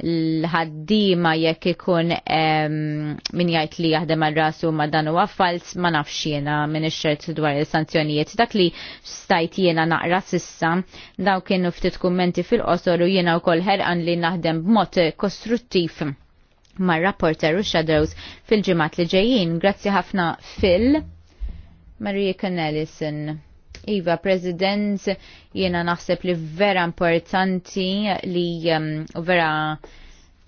l-ħaddima jekk ikun min jgħid li jaħdem għal rasu ma dan huwa fals ma nafx jiena minn ix-xert dwar il-sanzjonijiet. Dak li stajt jiena naqra sissa daw kienu ftit kummenti fil-qosor u jiena wkoll ħerqan li naħdem b'mod kostruttiv mar rapporter u shadows fil ġimgħat li ġejjin. Grazzi ħafna fil Marie Connellison. Iva, President, jiena naħseb li vera importanti li um, vera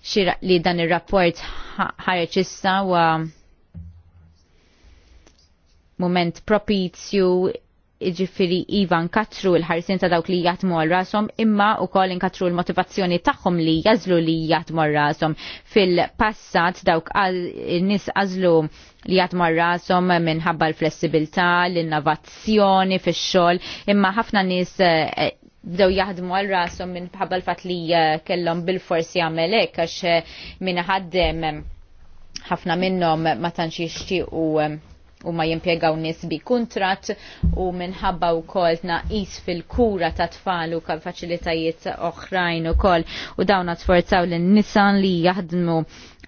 xira, li dan il-rapport ħareċ issa wa moment propizju iġifiri Ivan Katru l-ħarsin ta' dawk li jatmu rasom imma u kol inkatru l-motivazzjoni tagħhom li jazlu li jatmu rasom fil-passat dawk nis għazlu li jatmu rasom minħabba l-flessibilità, l-innovazzjoni fix-xogħol, imma ħafna nis bdew eh, eh, jaħdmu għal rasom minn bħabba l-fat li eh, kellhom bil-forsi għamelek għax minn ħaddem ħafna minnhom ma tantx jixtiequ u ma jimpiegaw nis bi kontrat u minħabba u kol naqis fil-kura ta' tfal u kal faċilitajiet oħrajn u kol u dawna tforzaw l-nisan li jaħdmu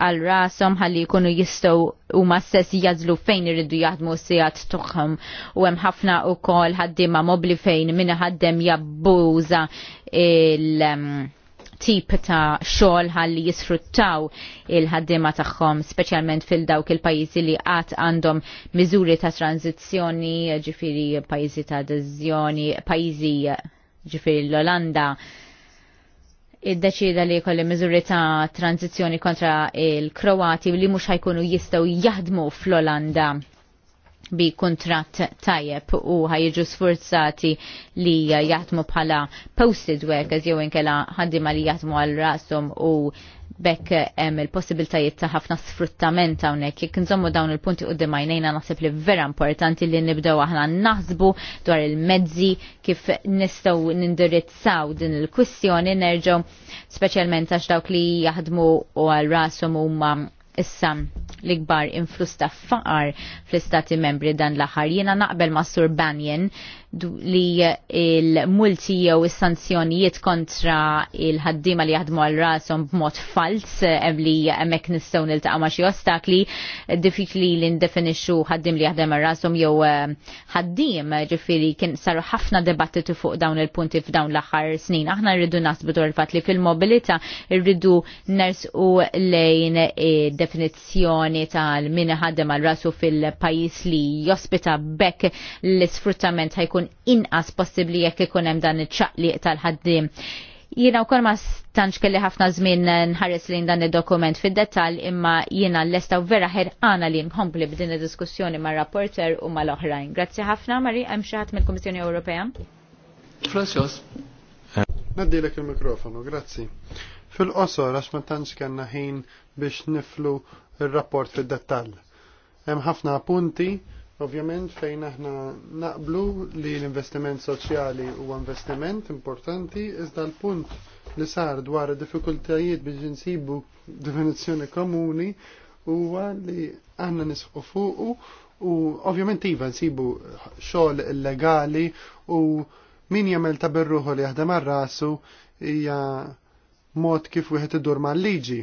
għal rasom ħalli jkunu jistow u ma stess jazlu fejn irridu jaħdmu sijat tuħħom u hemm ħafna u kol ħaddima mobli fejn minna ħaddem jabbuża il- um, tip ta' xogħol ħalli jisfruttaw il-ħaddiema tagħhom, speċjalment fil-dawk il-pajjiżi li qatt għandhom miżuri ta' tranzizzjoni, ġifieri pajjiżi ta' adeżjoni, pajjiżi ġifieri l-Olanda id-deċida li kolli miżuri ta' tranzizzjoni kontra il-Kroati li mhux ħajkunu jistgħu jaħdmu fl-Olanda bi kontrat tajjeb u ħajġu sforzati li jaħdmu bħala posted workers jew inkela ħaddima li jaħdmu għal rasom u bekk hemm il-possibiltajiet ta' ħafna sfruttament hawnhekk. Jekk nżommu dawn il-punti qudiem għajnejna naħseb li vera importanti li nibdew aħna naħsbu dwar il-mezzi kif nistgħu nindirizzaw din il-kwistjoni nerġgħu speċjalment għax dawk li jaħdmu u għal rashom huma Issa, l-ikbar influs ta' faqar fl-istati membri dan l-aħħar jiena naqbel ma' Sur Banyan li il-multi jew is-sanzjonijiet kontra il ħaddima li jaħdmu għal rashom b'mod fals eh, li hemmhekk nistgħu niltaqgħu ma' xi ostakli diffiċli li ndefinixxu ħaddim li jaħdem għal rasom jew eh, ħaddim, ġifieri kien saru ħafna debattitu fuq dawn il-punti f'dawn l-aħħar snin. Aħna rridu naħsbu dwar il-fatt li fil-mobilità rridu nersqu lejn eh, definizzjoni tal mini ħaddem għal rasu fil-pajjiż li jospita bekk l-isfruttament ħajkun inqas possibbli jekk ikun hemm dan iċ-ċaqliq tal-ħaddiem. Jiena wkoll ma stanx kelli ħafna żmien nħares lejn dan id-dokument fid-dettall imma jiena l estaw vera ħerqana li nkompli b'din id-diskussjoni mar-rapporter u mal-oħrajn. Grazzi ħafna Mari, hemm xi ħadd mill-Kummissjoni Ewropea?
Francios. Naddilek il-mikrofonu, grazzi. Fil-qosor għax ma tantx kellna ħin biex niflu ir-rapport fid-dettall. Hemm ħafna punti Ovvjament fejn aħna naqblu li l-investiment soċjali huwa investiment importanti, iżda l-punt li sar dwar diffikultajiet biex insibu definizzjoni komuni huwa li aħna nisħu fuqu u ovvjament iva nsibu xogħol illegali u min jagħmel taberruħu li jaħdem ar-rasu hija mod kif wieħed idur mal-liġi.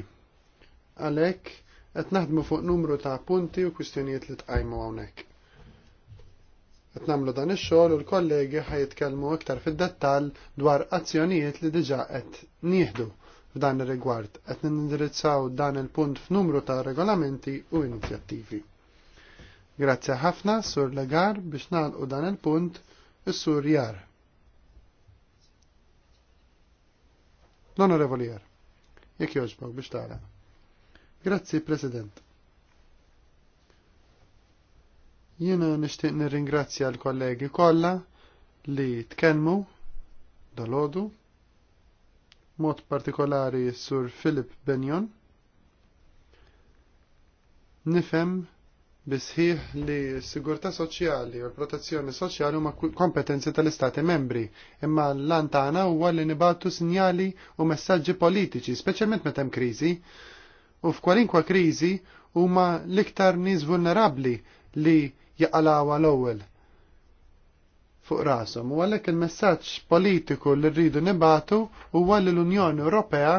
Għalhekk qed naħdmu fuq numru ta' punti u kwistjonijiet li tqajmu hawnhekk. Qed nagħmlu dan ix-xogħol u l-kollegi ħajitkellmu iktar fid-dettall dwar azzjonijiet li diġà qed nieħdu f'dan ir-rigward qed nindirizzaw dan il-punt f'numru ta' regolamenti u inizjattivi. Grazzi ħafna Sur Legar biex nagħlqu dan il-punt is-Sur Jar. L-Onorevoli Jar, jekk jogħġbok biex tara. Grazzi President. Jiena nixtieq nirringrazzja l-kollegi kollha li tkellmu dalodu, mod partikolari sur Filip Benjon. Nifhem bisħiħ li s-sigurta soċjali u l-protezzjoni soċjali huma kompetenzi tal-Istati membri, imma l-antana huwa li nibaltu sinjali u messaġġi politiċi, speċjalment meta hemm kriżi, u f'kwalinkwa kriżi huma l-iktar nies vulnerabbli li jaqalawa l-ewwel fuq rashom. U għalhekk il-messaġġ politiku li rridu nibatu huwa li l-Unjoni Ewropea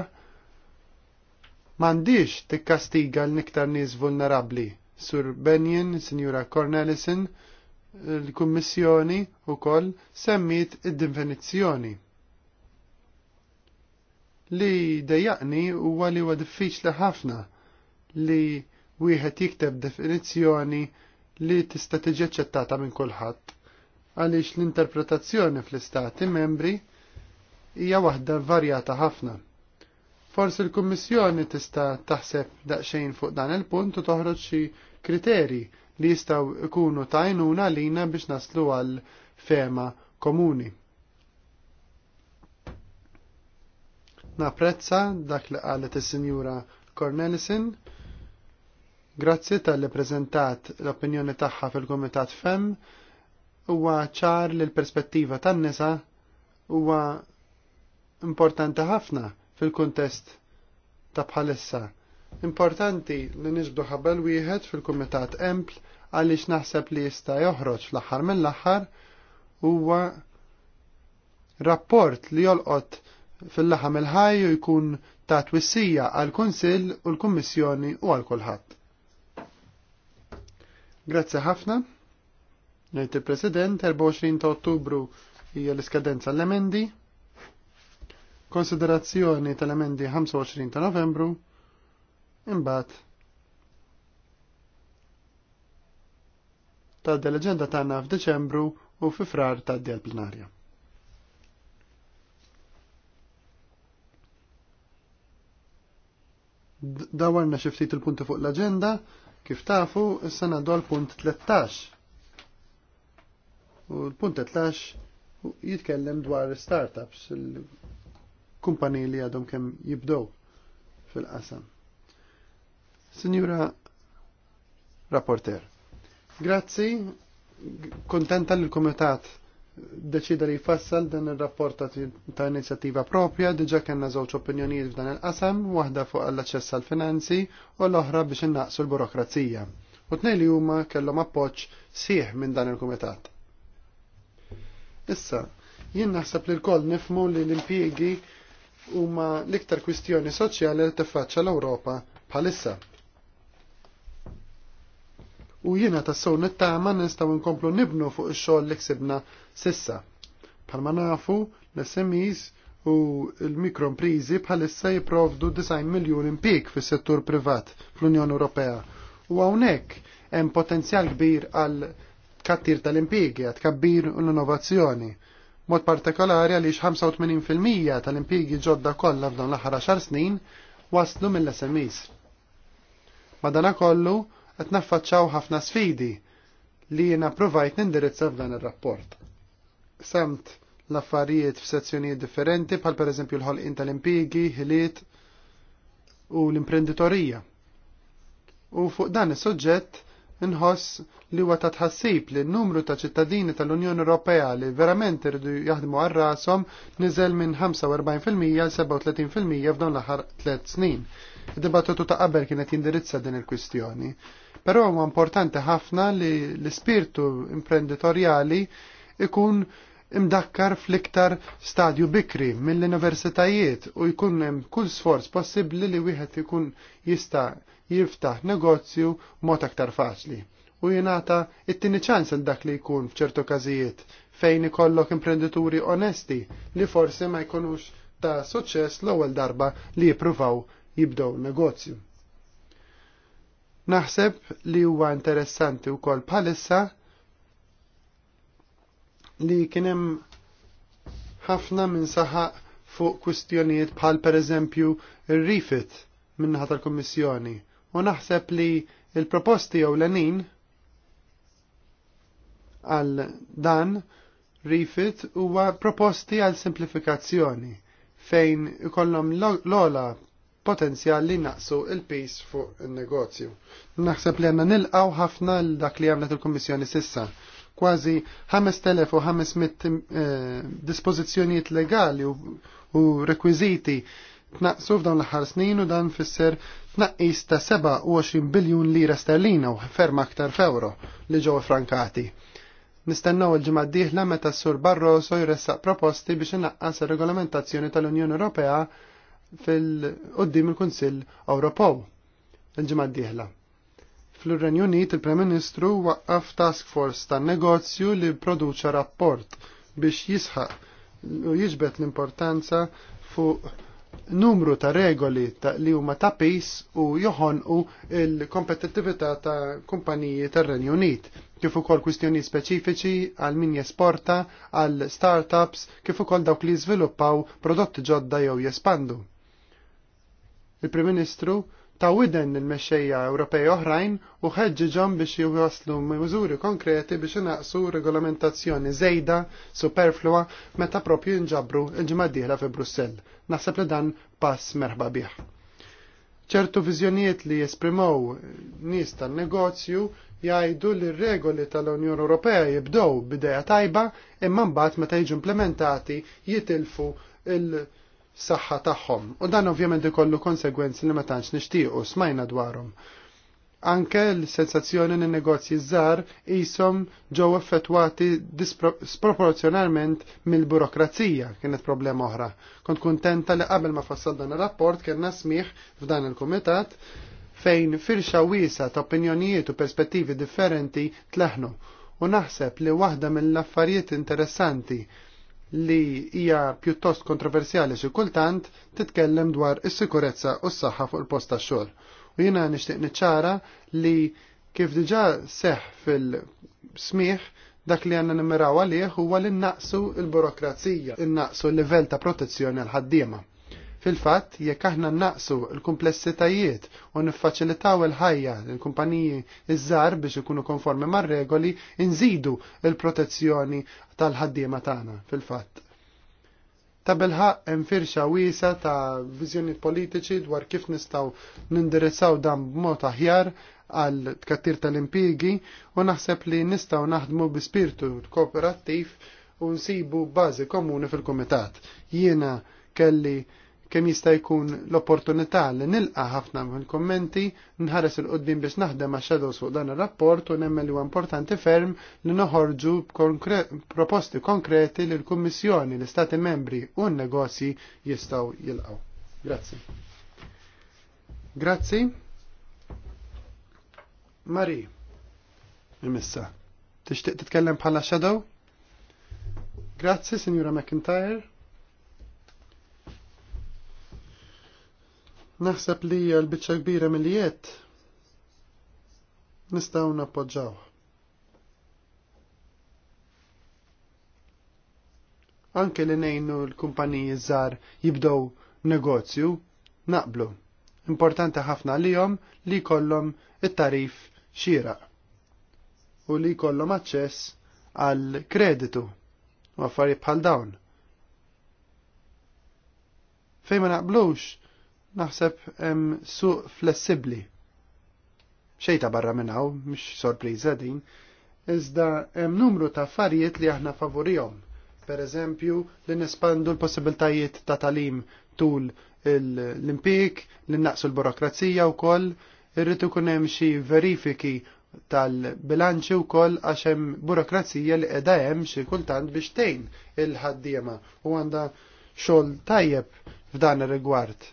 m'għandix tikkastiga l niktar nies vulnerabbli. Sur Benjen, Sinjura Cornelison, l-Kummissjoni wkoll semmit id-definizzjoni li dejjaqni huwa li huwa diffiċli ħafna li wieħed jikteb definizzjoni li tista' tiġi aċċettata minn kulħadd għaliex l-interpretazzjoni fl-istati membri hija waħda varjata ħafna. Forsi l-Kummissjoni tista' taħseb daqsxejn fuq dan il-punt u toħroġ xi kriteri li jistgħu ikunu tajnuna lina biex naslu għal fema komuni. Naprezza dak li qalet is-Sinjura Cornelison Grazzi tal-li prezentat l-opinjoni tagħha fil-Kumitat FEM huwa ċar li l-perspettiva tan-nisa huwa importanti ħafna fil-kuntest ta' bħalissa. Importanti li niġbdu ħabel wieħed fil-Kumitat Empl għaliex naħseb li jista' joħroġ l-aħħar mill-aħħar huwa rapport li jolqot fil-laħam il-ħaj u jkun ta' twissija għal-Kunsill u l-Kummissjoni u għal kulħadd. Grazzi ħafna. Ngħid il-President 24 ta' Ottubru hija l-iskadenza l-emendi. Konsiderazzjoni tal-emendi 25 ta' Novembru. Imbagħad ta' deleġenda tagħna f'Deċembru u fi frar ta' d plenarja. Dawarna xi ftit il-punti fuq l-aġenda, Kif tafu, issa ngħaddu għal punt 13. U l-punt 13 jitkellem dwar startups, il-kumpaniji li għadhom kemm jibdow fil-qasam. Signora Rapporter, grazzi, kontenta l-Komitat deċida li jfassal dan ir-rapport ta' inizjattiva propja, diġa kellna żewġ opinjonijiet f'dan il-qasam, waħda fuq l-aċċess għal finanzi u l-oħra biex innaqsu l-burokrazija. U tnej li huma kellhom appoġġ sieħ minn dan il-kumitat. Issa, jien naħseb li l-koll nifmu li l-impjiegi huma l-iktar kwistjoni soċjali li tiffaċċa l-Ewropa bħalissa u jiena tassew nittama nistgħu nkomplu nibnu fuq ix-xogħol li ksibna sissa. Palma nafu l-SMEs u l-mikroimprizi bħalissa jipprovdu 9 miljun impik fis-settur privat fl-Unjoni Ewropea. U hawnhekk hemm potenzjal kbir għal kattir tal-impigi, għat kabbir l-innovazzjoni. Mod partikolari għaliex 85% tal-impigi ġodda kollha f'dawn l-aħħar 10 snin waslu mill-SMEs. Madana kollu, qed naffaċċaw ħafna sfidi li jiena provajt nindirizza f'dan ir-rapport. Semt l-affarijiet f'sezzjonijiet differenti bħal pereżempju l-ħolqien tal-impjiegi, ħiliet u l-imprenditorija. U fuq dan is-suġġett nħoss li huwa ta' tħassib li n-numru ta' ċittadini tal-Unjoni Ewropea li verament irridu jaħdmu għal rasom niżel minn 45% l 37% f'dawn l-aħħar tliet snin. Id-dibattitu ta' qabel kienet jindirizza din il-kwistjoni. Però huwa importanti ħafna li l-ispirtu imprenditorjali ikun imdakkar fl-iktar stadju bikri mill-universitajiet u jkun hemm kull sforz possibbli li wieħed ikun jista' jiftaħ negozju mod aktar faċli u jingħata it-tieni ċans għal dak li jkun f'ċertu każijiet fejn ikollok imprenditori onesti li forsi ma jkunux ta' suċċess l-ewwel darba li jippruvaw jibdow negozju. Naħseb li huwa interessanti wkoll bħalissa li kien hemm ħafna minn saħa fuq kwistjonijiet bħal pereżempju ir-rifit minn tal-Kummissjoni u naħseb li il-proposti lenin għal dan rifit huwa proposti għal simplifikazzjoni fejn ikollhom l-ola potenzjal li naqsu il-pis fuq il-negozju. Naħseb li għanna nilqaw ħafna l-dak li għamlet il-Kommissjoni sissa. Kważi 5500 eh, dispozizjoniet legali u rekwiziti tnaqsu f'dawn l-ħar snin u dan fisser tnaqqis ta' 27 biljun lira sterlina u ferma aktar f'euro li ġew frankati. Nistennaw il-ġimgħa d-dieħla meta s-sur Barroso jressaq proposti biex inaqqas ir-regolamentazzjoni tal-Unjoni Ewropea fil-qoddim il-Kunsill Ewropew il-ġimgħa d-dieħla. Fl-Renju Unit il-Prem Ministru waqqaf task force tan-negozju li produċa rapport biex jisħaq u jiġbet l-importanza fuq numru ta' regoli ta' li huma ta' pis u joħonqu il-kompetittività ta' kumpaniji tar-Renju Unit kif ukoll kwistjoni speċifiċi għal min jesporta, għal startups, kif ukoll dawk li jiżviluppaw prodotti ġodda jew jespandu. Il-Prim Ministru ta' widen il-mexxejja Ewropej oħrajn u ħeġġiġhom biex jwaslu miżuri konkreti biex inaqsu regolamentazzjoni żejda superflua meta propju jinġabru l-ġimgħa dieħla fi Brussell. Naħseb li dan pass merħba bih. ċertu viżjonijiet li jesprimow nies tan-negozju jgħidu li r-regoli tal-Unjoni Ewropea jibdew bidejja tajba imma mbagħad meta jiġu implementati jitilfu il- saħħa tagħhom. U dan ovvjament ikollu konsegwenzi li ma tantx nixtiequ smajna dwarhom. Anke l-sensazzjoni li negozji żgħar ishom ġew effettwati sproporzjonalment mill-burokrazija kienet problema oħra. Kont kuntenta li qabel ma fassal dan ir-rapport kien smih f'dan il-kumitat fejn firxa wiesa ta' opinjonijiet u perspettivi differenti tleħnu u naħseb li waħda mill-affarijiet interessanti li hija pjuttost kontroversjali xi kultant titkellem dwar is-sikurezza u s-saħħa fuq il-post tax-xogħol. U jiena nixtieq niċċara li kif diġà seħ fil-smieħ dak li għandna nimmiraw għalih huwa li nnaqsu l-burokrazija, innaqsu l-livell ta' protezzjoni għal ħaddiema Fil-fatt, jekk aħna naqsu l-kumplessitajiet u niffaċilitaw il-ħajja l-kumpaniji iż-żar biex ikunu konformi mar-regoli, inżidu l protezzjoni tal-ħaddiema tagħna fil-fatt. Ta' bilħaq hemm firxa wiesa ta' viżjonijiet politiċi dwar kif nistgħu nindirizzaw dan b'mod aħjar għal tkattir tal-impigi u naħseb li nistgħu naħdmu bi spirtu kooperattiv u nsibu bażi komuni fil-kumitat. Jiena kelli kemm jista' jkun l-opportunità li nilqa' ħafna mill-kommenti nħares il qoddim biex naħdem ma' shadows fuq dan ir-rapport u nemmel huwa importanti ferm li noħorġu proposti konkreti li l-Kummissjoni, l-Istati membri u n-negozji jistgħu jilqgħu. Grazzi. Grazzi. Mari, imissa, tixtieq titkellem bħala shadow? Grazzi, Signora McIntyre. naħseb li hija l-biċċa kbira mill-jiet nistgħu nappoġġaw. Anke li ngħinu l-kumpaniji żgħar jibdew negozju, naqblu. Importanti ħafna lihom li jkollhom it-tarif xieraq u li jkollhom aċċess għal kreditu u affarijiet bħal dawn. Fejn ma naqblux, naħseb suq flessibli. Xejta barra minnaw, mhix sorpriża din, iżda hemm numru ta' affarijiet li aħna favorijom. Per eżempju, li nespandu l-possibiltajiet ta' talim tul l-impik, li naqsu l-burokrazija wkoll, irrid ikun hemm xi verifiki tal-bilanċi u koll għaxem burokrazija li edha hemm xi kultant biex tgħin il-ħaddiema u għandha xogħol tajjeb f'dan ir-rigward.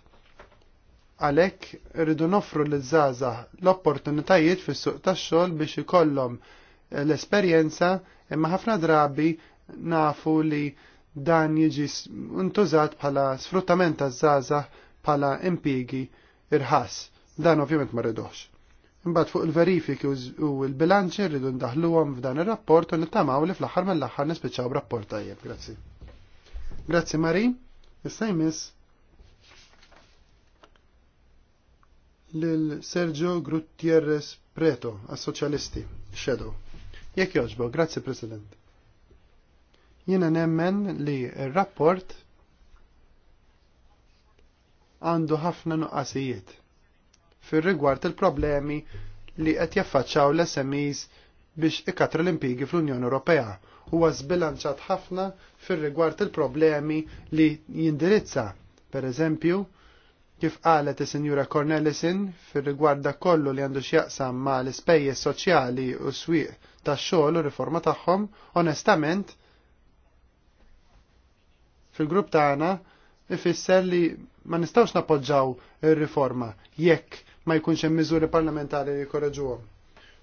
Għalhekk rridu nofru l żaza l-opportunitajiet fis-suq tax-xogħol biex ikollhom eh, l-esperjenza imma ħafna drabi nafu li dan jiġi intużat bħala sfruttament taż żaza bħala impigi irħas. Dan ovvjament ma rridux. Imbagħad fuq il-verifiki u l-bilanċi rridu ndaħluhom f'dan ir-rapport u nittamaw li fl-aħħar mill-aħħar nispiċċaw b'rapport tajjeb. Grazzi. Grazzi Mari, issa jmiss lil Sergio Gutierrez Preto, a soċjalisti Shadow. Jekk joġbo, grazie President. Jiena nemmen li r-rapport għandu ħafna nuqqasijiet fir-rigward il-problemi li qed jaffaċċaw l-SMEs biex ikatru l-impigi fl-Unjoni Ewropea huwa għazbilanċat ħafna fir-rigward il-problemi li jindirizza, per eżempju, Kif qalet is-Sinjura Cornelison fir-rigwarda kollu li għandu x'jaqsam ma l-ispejjeż soċjali u swieq tax-xogħol u riforma tagħhom, onestament fil-grupp tagħna ifisser li ma nistgħux nappoġġaw ir-riforma jekk ma jkunx hemm miżuri parlamentari li jkorreġuhom.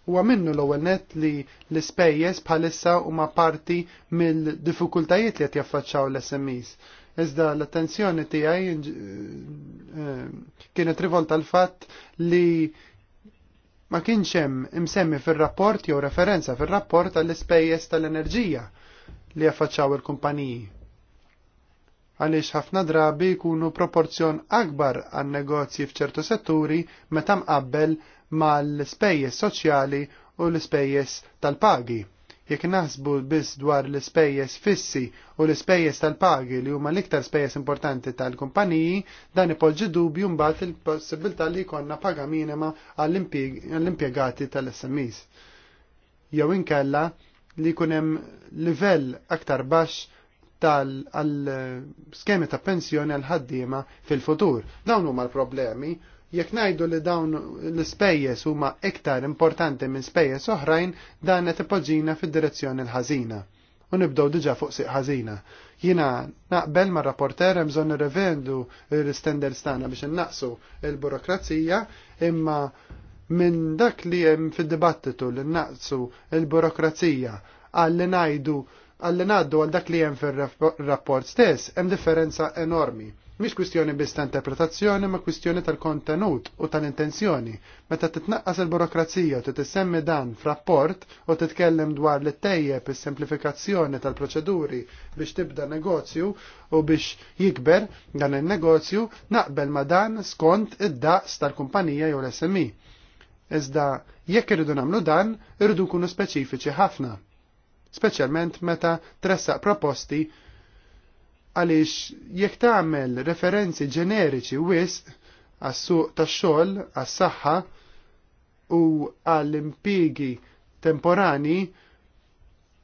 Huwa minnu l-ewwel nett li l-ispejjeż bħalissa huma parti mill-diffikultajiet li qed jaffaċċaw l-SMEs Iżda l-attenzjoni tiegħi eh, eh, kienet rivolta l fatt li ma kienx hemm imsemmi fir-rapport jew referenza fir-rapport għall-ispejjeż tal-enerġija li affaċċaw il-kumpaniji. Għaliex ħafna drabi jkunu proporzjon akbar għan negozji f'ċertu setturi meta mqabbel mal-ispejjeż soċjali u l-ispejjeż tal-pagi. Jekk naħsbu biss dwar l-ispejjeż fissi u l-ispejjeż tal-pagi li huma l-iktar spejjeż importanti tal-kumpaniji, dan ipoġġi dubju mbagħad il-possibilità li jkollna paga minima għall-impjegati tal-SMEs. Jew inkella li jkun hemm livell aktar baxx tal-skemi ta' pensjoni għal ħaddiema fil-futur. Dawn huma l-problemi Jekk ngħidu li dawn l-ispejjeż huma iktar importanti minn spejjes oħrajn, dan qed ipoġġina fid-direzzjoni l-ħażina. U nibdew diġà fuq siq ħażina. Jiena naqbel ma' rapporter hemm bżonn irrevendu l-standards tagħna biex innaqsu l-burokrazija, imma minn dak li hemm fid-dibattitu li naqsu l-burokrazija għalli ngħidu għalli ngħaddu għal dak li hemm fir-rapport stess hemm differenza enormi Mhix kwistjoni biss ta' interpretazzjoni ma' kwistjoni tal-kontenut u tal-intenzjoni. Meta titnaqqas il-burokrazija u titissemmi dan f'rapport u titkellem dwar li tejjeb is-semplifikazzjoni tal-proċeduri biex tibda negozju u biex jikber dan il-negozju naqbel ma' dan skont id-daqs tal-kumpanija jew l-SMI. Iżda jekk irridu nagħmlu dan, irridu kunu speċifiċi ħafna. Speċjalment meta tressaq proposti għaliex jekk tagħmel referenzi ġeneriċi wisq għas-suq tax-xogħol, għas-saħħa u għall-impigi temporani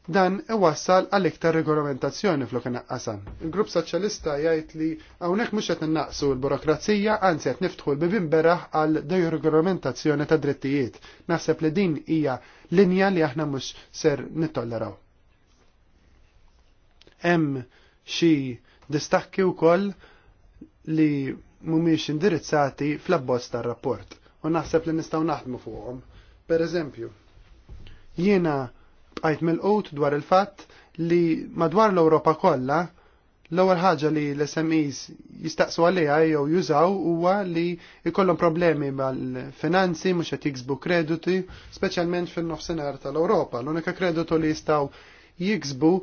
dan iwassal għal iktar regolamentazzjoni flok naqqasan. Il-Grupp Soċjalista jgħid li hawnhekk mhux qed innaqsu l-burokrazija, anzi qed niftħu l-bibin beraħ għal deregolamentazzjoni ta' drittijiet. Naħseb li din hija linja li aħna mhux ser nittolleraw. Hemm xi distakki wkoll li mhumiex indirizzati fl-abbozz tar-rapport u naħseb li nistgħu naħdmu fuqhom. Per eżempju, jiena bqajt mill-qut dwar il-fatt li madwar l-Ewropa kollha l-ewwel ħaġa li l-SMEs jistaqsu għalija jew jużaw huwa li jkollhom problemi mal-finanzi mhux qed jiksbu krediti, speċjalment fin-nofsinhar tal-Ewropa. L-unika kreditu li jistgħu jiksbu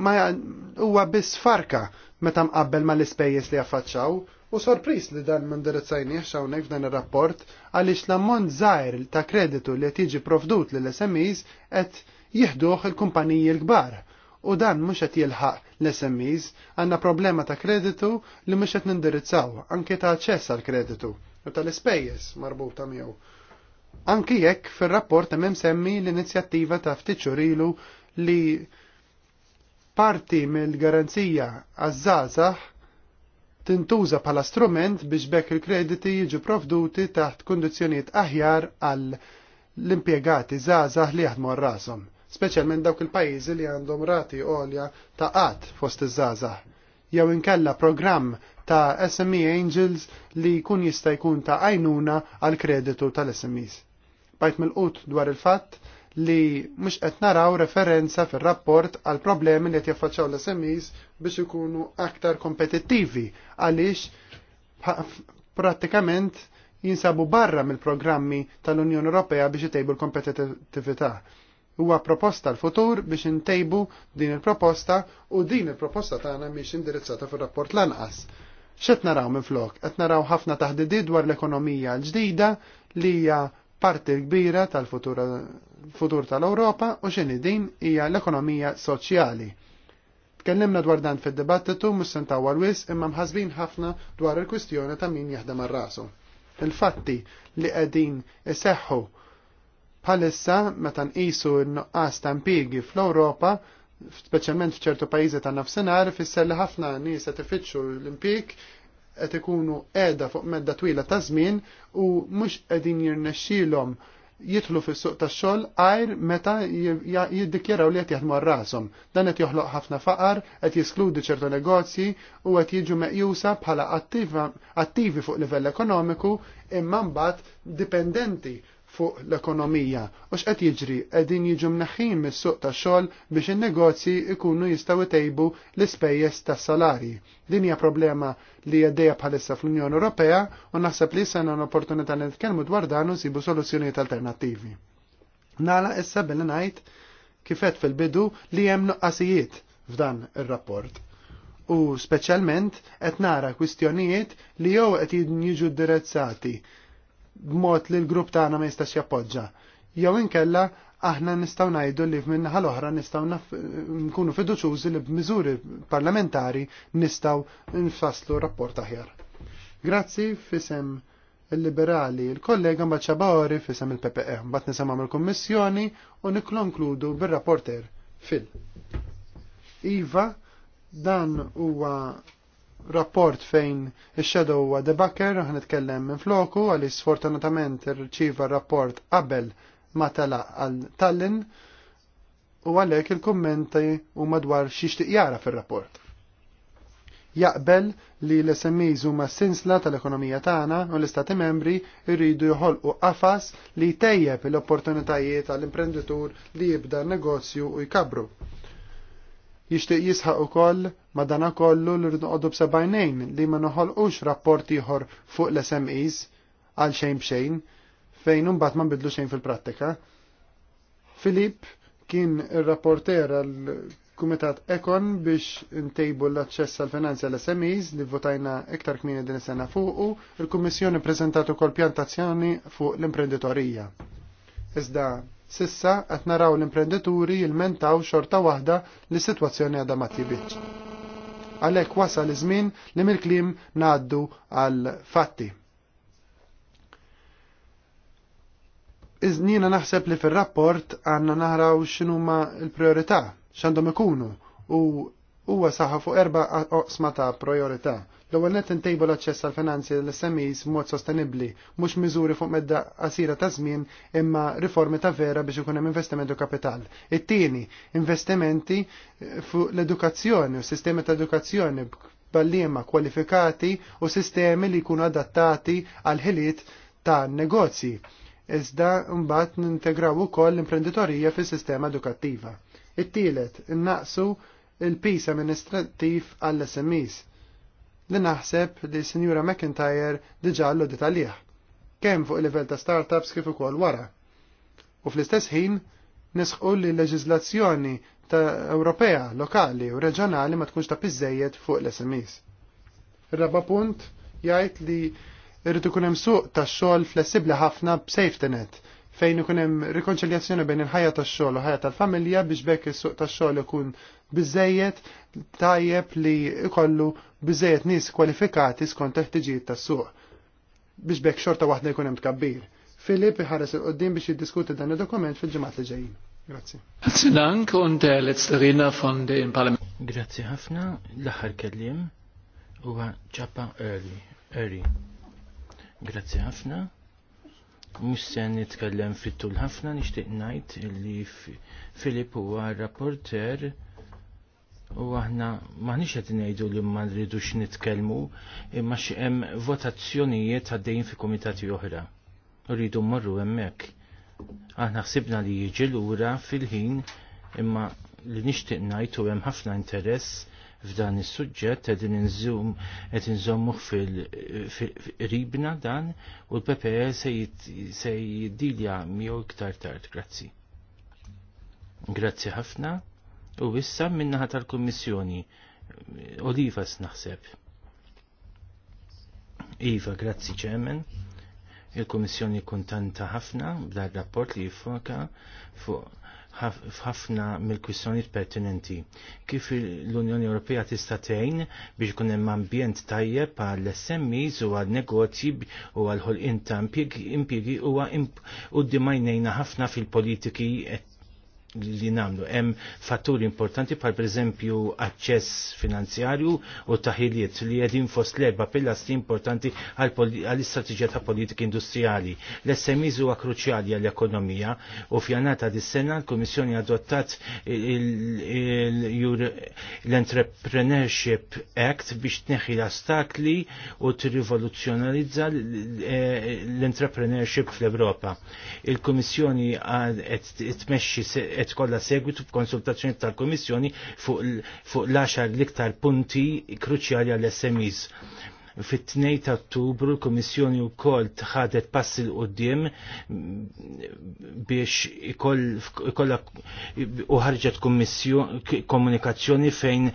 ma huwa biss farka meta mqabbel ma l-ispejjeż li affaċċaw u sorpris li dan mandirizzajni hawnhekk f'dan ir-rapport għaliex l-ammont żgħir ta' kreditu li tiġi provdut lill SMEs qed jieħduh il-kumpaniji l-kbar u dan mhux qed jilħaq l-SMEs għandna problema ta' kreditu li mhux qed nindirizzaw anke ta' aċċess għal kreditu u tal-ispejjeż marbuta miegħu. Anki jekk fir-rapport hemm semmi l-inizjattiva ta' ftit ilu li parti mill-garanzija għaż tintuża bħala strument biex bekk il-krediti jiġu provduti taħt kondizjoniet aħjar għal l-impjegati żgħażagħ li jaħdmu rashom, speċjalment dawk il-pajjiżi li għandhom rati għolja ta' qatt fost iż-żgħażagħ jew inkella programm ta' SME Angels li jkun jista' jkun ta' għajnuna għal kreditu tal-SMEs. Bajt mill-qut dwar il-fatt li mhux qed naraw referenza fir-rapport għal problemi li qed jaffaċċaw l-SMEs biex ikunu aktar kompetittivi għaliex prattikament jinsabu barra mill-programmi tal-Unjoni Ewropea biex jtejbu l-kompetittività. Huwa proposta l-futur biex intejbu din il-proposta u din il-proposta tagħna mhix indirizzata fir-rapport lanqas xet naraw minn flok? Et naraw ħafna taħdidi dwar l-ekonomija l-ġdida li hija parti kbira tal-futur tal-Ewropa u xini din hija l-ekonomija soċjali. Tkellimna dwar dan fid-dibattitu mhux sentaw għal-wis imma mħasbin ħafna dwar il-kwistjoni ta' min jaħdem ar-rasu. Il-fatti li qegħdin iseħħu bħalissa meta nqisu n-nuqqas ta' impjiegi fl-Ewropa speċjalment f'ċertu pajjiżi ta' nafsinhar fisser li ħafna nies qed ifittxu l-impik qed ikunu qiegħda fuq medda twila ta' żmien u mhux qegħdin jirnexxielhom jitlu fis-suq tax-xogħol għajr meta jiddikjaraw li qed jaħdmu rashom. Dan qed joħloq ħafna faqar, qed jiskludi ċertu negozji u qed jiġu meqjusa bħala attivi fuq livell ekonomiku imma mbagħad dipendenti fuq l-ekonomija u x'qed jiġri qegħdin jiġu mneħħin mis-suq tax-xogħol biex in-negozji ikunu jistgħu tejbu l-ispejjeż tas-salarji. Din hija problema li għaddejja bħalissa fl-Unjoni Ewropea u naħseb li sena l-opportunità li nitkellmu dwar dan u sibu soluzzjonijiet alternattivi. Nala issa billi ngħid kifet fil-bidu li hemm nuqqasijiet f'dan ir-rapport. U speċjalment qed nara kwistjonijiet li jew qed jiġu direzzati b'mod li l-grupp tagħna ma jistax jappoġġa. Jew inkella aħna nistgħu ngħidu li min-naħa l-oħra nistgħu nkunu fiduċużi li b'miżuri parlamentari nistgħu nfasslu rapport aħjar. Grazzi fisem il-liberali, il-kollega Maċabori fisem il-PPE, bat nisamam mill kummissjoni u nikkonkludu bir rapporter fil. Iva, dan huwa rapport fejn il-shadow huwa għan itkellem minn floku, għalli sfortunatament irċiva rapport qabel ma tala għal Tallinn, u għalek il-kommenti u madwar xiextiq jara fil-rapport. Jaqbel li l-SMEs huma sinsla tal-ekonomija tagħna u l-Istati membri jridu joħolqu qafas li tejjeb l-opportunitajiet għall-imprenditur li jibda negozju u jkabru jixtieq jisħaq ukoll madana kollu li rnoqogħdu b'sebajnejn li ma noħolqux rapport ieħor fuq l-SMEs għal xejn b'xejn fejn imbagħad ma nbidlu xejn fil-prattika. Filip kien il rapporter għal Kumitat Ekon biex ntejbu l-aċċess għal finanzja l-SMEs li votajna iktar kmini din sena fuqu, il-Kummissjoni prezentatu ukoll pjantazzjoni fuq l-imprenditorija. Iżda Sissa qed naraw l-imprenditori jilmentaw xorta waħda li sitwazzjoni għadha ma tibitx. Għalhekk wasal iż-żmien li mill-kliem ngħaddu għal fatti. Iżnina naħseb li fir rapport għanna naħraw x'inhuma l-priorità, x'għandhom ikunu u huwa saħa fuq erba' oqsma ta' priorità. L-ewwel net intejbu l-aċċess għall finanzi l smis mod sostenibbli, mhux miżuri fuq medda qasira ta' żmien imma riformi ta' vera biex ikun hemm investiment u kapital. It-tieni, investimenti fuq l-edukazzjoni u sistemi ta' edukazzjoni b'allima kwalifikati u sistemi li jkunu adattati għal ħiliet ta' negozji. Iżda mbagħad nintegraw ukoll l-imprenditorija fis-sistema edukattiva. It-tielet, innaqsu il-pis amministrativ għall-SMEs li naħseb li Sinjura McIntyre diġa l-lodit għalih, kemm fuq il-livell ta' startups kif ukoll wara. U fl-istess ħin nisħu li l-leġizlazzjoni ta' Ewropea, lokali u reġjonali ma tkunx ta' pizzejiet fuq l-SMEs. Ir-raba punt jgħid li irrid ikun hemm suq tax-xogħol flessibbli ħafna b'safety net fejn ikun hemm rikonċiljazzjoni bejn il-ħajja tax-xogħol u ħajja tal-familja biex bekk is-suq tax-xogħol ikun bizzejiet tajjeb li ikollu bizzejiet nis kwalifikati skont teħtiġijiet tas-suq biex bekk xorta waħda jkun hemm tkabbir. Filip iħares il-qoddim biex jiddiskuti dan id-dokument fil-ġimgħat li ġejjin. Grazzi. Grazzi dank und der letzte Redner Parlament. Grazzi
ħafna l-aħħar kellim huwa ċappa Early. Early. Grazzi ħafna. Mux se nitkellem fit-tul ħafna nixtieq ngħid li Filip huwa rapporter u aħna maħniex qed ngħidu li ma nridux nitkellmu imma xi votazzjonijiet għaddejjin fi komitati oħra. Rridu mmorru hemmhekk. Aħna ħsibna li jiġi lura fil-ħin imma li nixtieq ngħid u hemm ħafna interess f'dan is-suġġett qed inżum qed inżommu fil-ribna dan u l-PPE se jiddilja miegħu iktar tard. Grazzi. Grazzi ħafna. U issa minnaħa tal-Kommissjoni, Olivas naħseb. Iva, grazzi ċemen. Il-Kommissjoni kontanta ħafna dar rapport li jiffoka fuq f'ħafna mill-kwistjonijiet pertinenti. Kif l-Unjoni Ewropea tista' tgħin biex ikun hemm ambjent tajjeb għall SMEs u għal negozji u għal ħolqien ta' impjiegi huwa u dimajnejna ħafna fil-politiki li namlu. Hemm fatturi importanti par preżempju aċċess finanzjarju u taħiliet li qegħdin fost l-erba' pilastri importanti għall istrategġa ta' politika industrijali. L-SMEs huwa kruċjali għall-ekonomija u fjanata dis-sena l-Kummissjoni adottat l-Entrepreneurship Act biex tneħħi l-astakli u tirrivoluzzjonalizza l-entrepreneurship fl-Ewropa. Il-Kummissjoni qed tmexxi qed kollha segwitu f'konsultazzjoni tal-Kummissjoni fuq l-10 l-iktar punti kruċjali għall-SMEs fit-2 ta' Ottubru l-Kummissjoni wkoll ħadet pass il qudiem biex ikollha u ħarġet komunikazzjoni fejn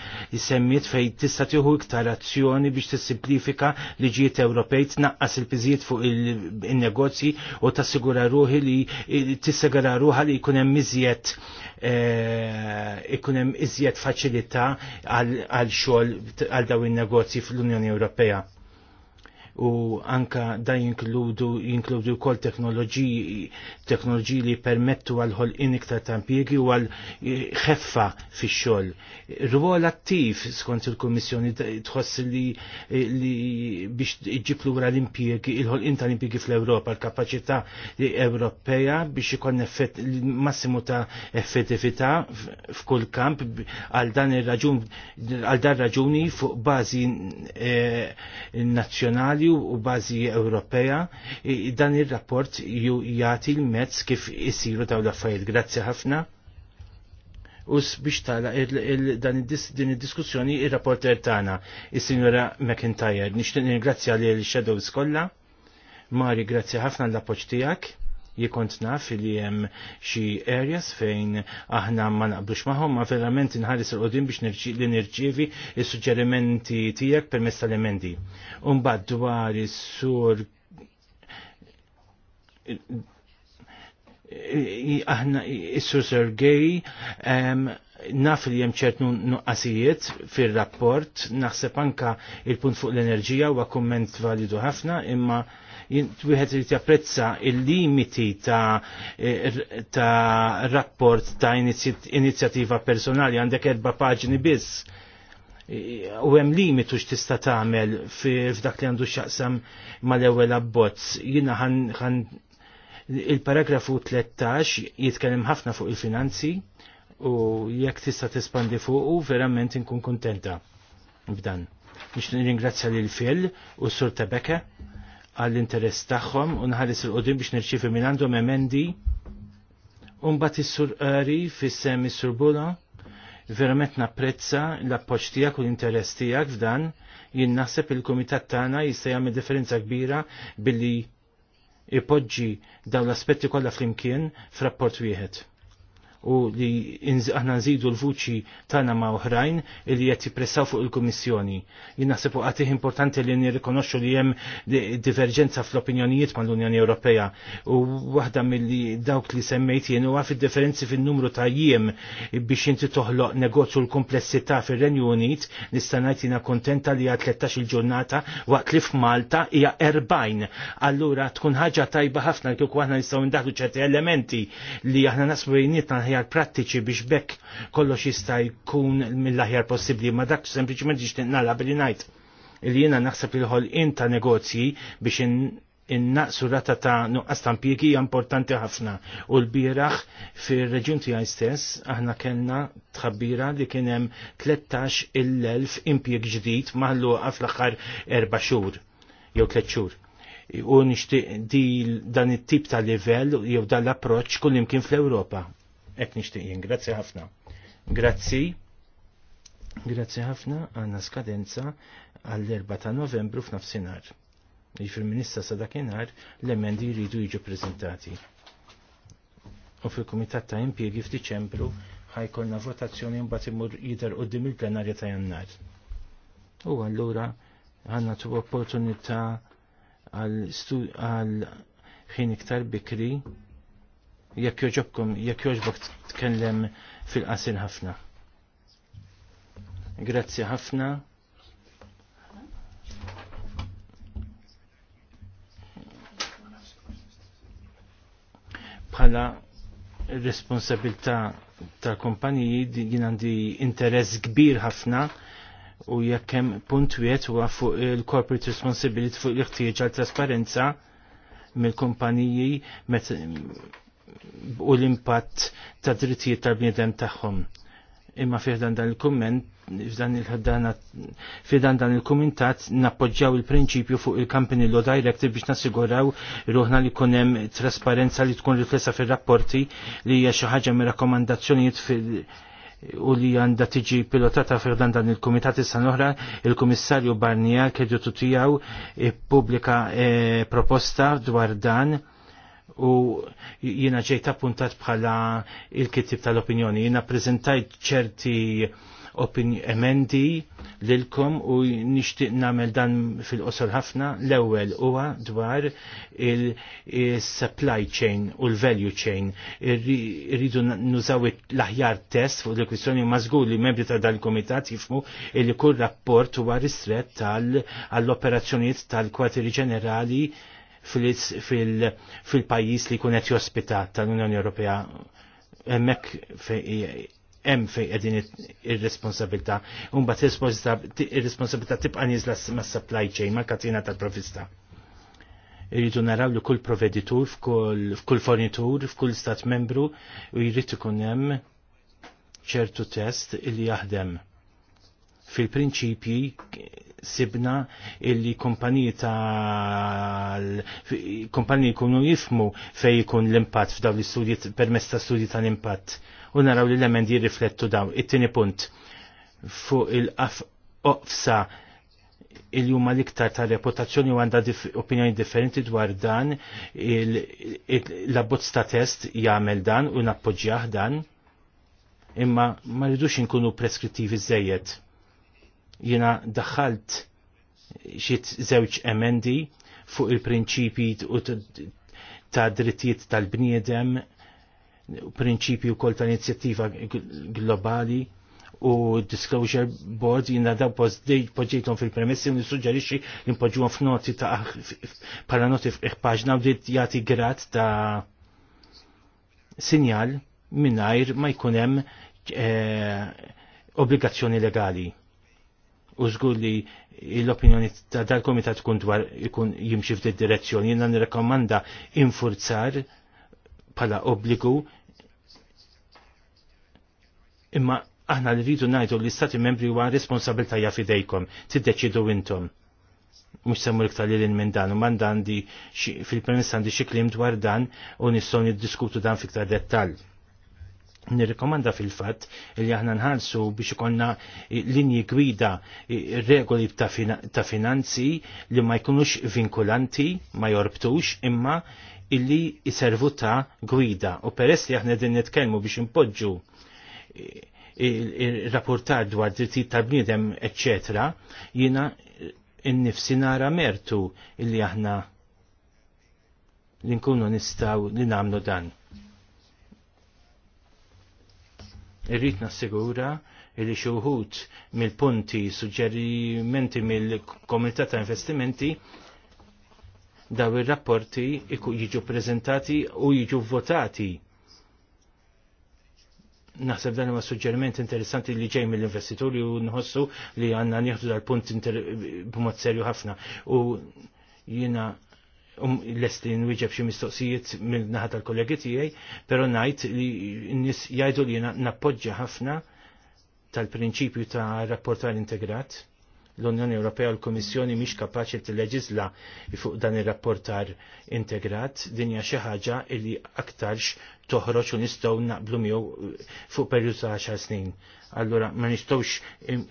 semmiet fejn tista' tieħu iktar azzjoni biex tissimplifika liġijiet Ewropej tnaqqas il-piżijiet fuq il-negozji u tassigura ruħi li tissegara ruħa li jkun hemm miżjed Eh, ikun hemm iżjed faċilità għal xogħol għal dawn in-negozji fl-Unjoni Ewropea u anka da jinkludu jinkludu kol teknoloġiji teknoloġiji li permettu għal ħol iniktar tampiegi u għal e, ħeffa fi xol. Rwol attiv skont il-Komissjoni tħoss li, e, li biex iġiblu wara l-impiegi il-ħol inta l-impiegi fl-Ewropa, l-kapacità Ewropea biex ikon massimu ta' effettività f'kull kamp għal dan ir-raġun għal dan raġuni fuq bażi e, nazzjonali nazzjonali u bazi Ewropea dan ir-rapport jagħti l-mezz kif isiru taw l-affarijiet. Grazzi ħafna. U biex tala dan din id-diskussjoni il rapporter tagħna, il sinjora McIntyre. Nixtieq ningrazzja li l-Shadows kollha. Mari, grazzi ħafna l-appoġġ tiegħek jikont naf li hemm xi areas fejn aħna ma naqblux magħhom ma verament nħaris l qudiem biex li nirċievi is-suġġerimenti tiegħek permezz tal-emendi. Imbagħad dwar is-sur aħna il sur Sergej naf li hemm ċertnu nuqqasijiet fir-rapport, naħseb anka il-punt fuq l-enerġija huwa għakumment validu ħafna, imma wieħed irid japprezza il-limiti ta', eh, ta rapport ta' inizjattiva personali għandek erba' paġni biss u hemm limitu x'tista' tagħmel f'dak li għandu x'jaqsam mal-ewwel abbozz. Jiena ħan il-paragrafu 13 jitkellem ħafna fuq il-finanzi u jekk tista' tispandi u verament inkun kuntenta b'dan. Nix ringrazzja lil Fil u s-Sur Tebeke għall-interess tagħhom u nħares il-qudiem biex nirċifi minn għandhom emendi u mbagħad is-sur qari fis-sem is-sur Bula verament napprezza l-appoġġ tiegħek u l-interess tiegħek f'dan jien naħseb il-kumitat tagħna jista' jagħmel differenza kbira billi ipoġġi dawn l-aspetti kollha flimkien f'rapport wieħed u li aħna nżidu l-vuċi tagħna ma' oħrajn li qed jippressaw fuq il-Kummissjoni. Jien naħseb għatih importanti li nirrikonoxxu li hemm diverġenza fl-opinjonijiet mal-Unjoni Ewropea u waħda milli dawk li semmejt jien huwa fid-differenzi fin-numru ta' jiem biex inti toħloq negozju l-komplessità fir-Renju Unit nista' ngħid kontenta li hija 13 il-ġurnata waqt li f'Malta hija 40. Allura tkun ħaġa tajba ħafna kieku aħna nistgħu ndaħlu ċerti elementi li aħna nasbu jinietna l aħjar prattiċi biex bekk kollox jista' jkun mill-aħjar possibbli, ma dak sempliċement biex tinqala billi ngħid li jiena naħseb li ħolqien ta' negozji biex in-naqsu rata ta' nuqqas tampiki hija importanti ħafna. U l-bieraħ fir-reġjun tiegħi stess aħna kellna tħabbira li kien hemm 13 il-elf impjieg ġdid maħluqa fl-aħħar erba' xhur jew tliet xhur. U nixtieq dan it-tip ta' livell jew dan l-approċċ kull imkien fl-Ewropa qed nixtieq jien. Grazzi ħafna. Grazzi. Grazzi ħafna għandna skadenza għall-4 ta' Novembru f'nafsinhar. Jifir minista sa dakinhar l-emendi jridu jiġu prezentati. U fil-Kumitat ta' Impjegi f'Diċembru ħajkolna votazzjoni mbagħad imur jidher qudiem il-plenarja ta' Jannar. U allura għandna tu opportunità għal ħin iktar bikri jekk joġobkom, jekk joġbok tkellem fil qasin ħafna. Grazzi ħafna. Bħala responsabilità tal-kumpaniji jien għandi interess kbir ħafna u jekk hemm punt wieħed huwa fuq il-corporate responsibility fuq l-ħtieġ għal trasparenza mill-kumpaniji u l-impatt ta' drittijiet tal-bniedem tagħhom. Imma fih dan il kumment f'dan il-ħaddana, f'idan dan il kumentat nappoġġaw il-prinċipju fuq il-Company Law Direct biex nassiguraw ruħna li kunem trasparenza li tkun riflessa fil-rapporti li hija xi ħaġa mir rakkomandazzjonijiet fil- u li għanda tiġi pilotata fiħdan dan il komitati issa l-oħra, il-komissarju Barnier kħedju tutijaw publika eh, proposta dwar dan u jiena ġejt appuntat bħala il-kittib tal-opinjoni. Jiena prezentajt ċerti emendi lilkom u nixtieq nagħmel dan fil-qosor ħafna l-ewwel huwa dwar il-supply chain u l-value chain. Irridu nużaw l-aħjar test fuq il-kwistjoni ma żgur li membri ta' dal-kumitat jifmu li kull rapport huwa ristret tal-operazzjonijiet tal-kwatri ġenerali fil-pajis li kunet jospita tal-Unjoni Ewropea. Emmek hemm fejn qegħdin ir-responsabilità. Umba ir-responsabilità tibqa' nieżla mas-supply chain mal-katina tal-provista. Irridu naraw li kull proveditur, f'kull fornitur, f'kull stat membru u jrid ikun hemm ċertu test li jaħdem fil-prinċipji sibna illi kumpaniji tal kumpaniji jkunu jifmu fej jkun l-impatt f'daw l-istudji permess ta' studji tal-impatt u naraw li l-emendi jirriflettu daw. It-tieni punt fuq il-qafsa il-jumma iktar ta' reputazzjoni u għanda opinjoni differenti dwar dan l-abbozz ta' test jagħmel dan u nappoġġjah dan imma ma rridux inkunu preskrittivi żejjed. Jina daħalt xiet zewċ emendi fuq il-prinċipi u ta' drittijiet tal-bniedem, prinċipi u kol ta' inizjattiva globali u Disclosure Board jina daw poġġejtom fil-premessi u nissuġġerixi jimpoġġuhom f'noti ta' bħala noti f'paġna u dit jagħti grad ta' sinjal mingħajr ma jkun hemm eh, obbligazzjoni legali u żgur li l-opinjoni ta' dal-komitat tkun dwar ikun jimxi f'din direzzjoni. Jiena nirrakkomanda infurzar bħala obbligu imma aħna li rridu ngħidu li stati membri huwa responsabilta f'idejkom, tiddeċidu intom mux l iktar li minn dan, u mandan di fil-premis għandi xiklim dwar dan u nissoni niddiskutu dan fiktar dettal nirrikomanda fil-fat li aħna nħarsu biex ikonna linji gwida regoli ta' finanzi li ma jkunux vinkulanti, ma jorbtux, imma illi jiservu ta' gwida. U peress li aħna din nitkellmu biex impoġġu il-rapportar dwar dritti tal-bniedem, eccetera, jiena innifsi nara mertu illi aħna li nkunu nistaw li namlu dan. Irrid nassigura li xi wħud mill-punti suġġerimenti mill-Komunità ta' Investimenti daw ir-rapporti jiġu prezentati u jiġu votati. Naħseb dan huwa suġġeriment interessanti li ġej mill-investituri u nħossu li għandna nieħdu dal-punt b'mod serju ħafna. U jiena um, l-estin wieġeb xi mistoqsijiet mill-naħa tal-kollegi tiegħi, però ngħid li n-nies jgħidu li nappoġġja ħafna tal-prinċipju ta' rapportar integrat. L-Unjoni Ewropea u l-Kummissjoni mhix kapaċi tilleġisla fuq dan ir-rapportar integrat, din hija xi ħaġa li aktarx toħroġ u nistgħu naqblu miegħu fuq perjodu ta' 10 snin. Allura ma nistgħux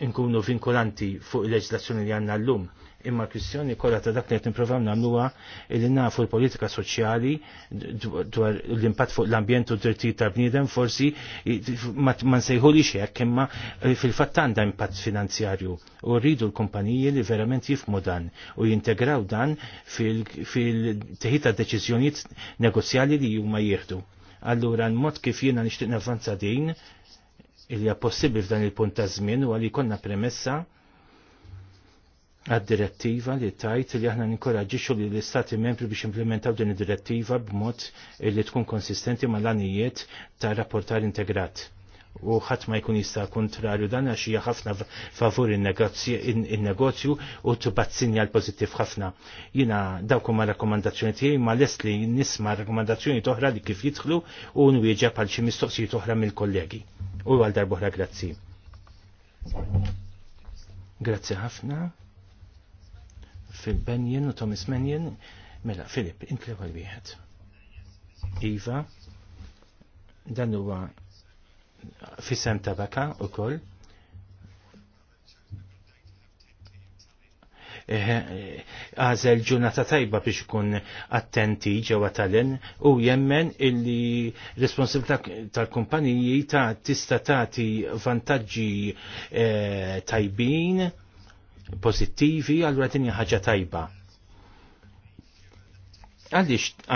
nkunu vinkolanti fuq il-leġislazzjoni li għandna llum imma kwistjoni kollha ta' dak li qed nippruvaw nagħmluha li nafu l-politika soċjali dwar l-impatt fuq l-ambjent u d-drittijiet tal-bniedem forsi ma nsejħulix hekk imma fil-fatt għandha impatt finanzjarju u rridu l-kumpaniji li verament jifmu dan u jintegraw dan fil-teħid ta' deċiżjonijiet negozjali li huma jieħdu. Allura n-mod kif jiena nixtieq navvanza din il possibbli f'dan il-punt ta' żmien u għalli konna premessa għad-direttiva li tajt li aħna ninkoraġġixu li l-istati membri biex implementaw din id-direttiva b'mod li tkun konsistenti mal-għanijiet ta' rapportar integrat u ħadd ma jkun jista' kontrarju dan għax hija ħafna favur in-negozju u tibgħat sinjal pożittiv ħafna. Jiena dawk huma rakkomandazzjoni tiegħi ma lest li nisma' rakkomandazzjoni toħra li kif jidħlu u nwieġeb għal xi mistoqsijiet oħra mill-kollegi. U għal darbohra grazzi. Grazzi ħafna fil-Benjen u Thomas Menjen, mela Filip, inti l-ewwel wieħed. Iva, dan huwa fisem tabaka u koll. Eh, eh, għazel ġurnata tajba biex ikun attenti ġewa tal-in u jemmen illi responsabilità tal-kumpaniji ta' tista' tagħti vantaġġi eh, tajbin pozittivi, allura din ħaġa tajba. Għaliex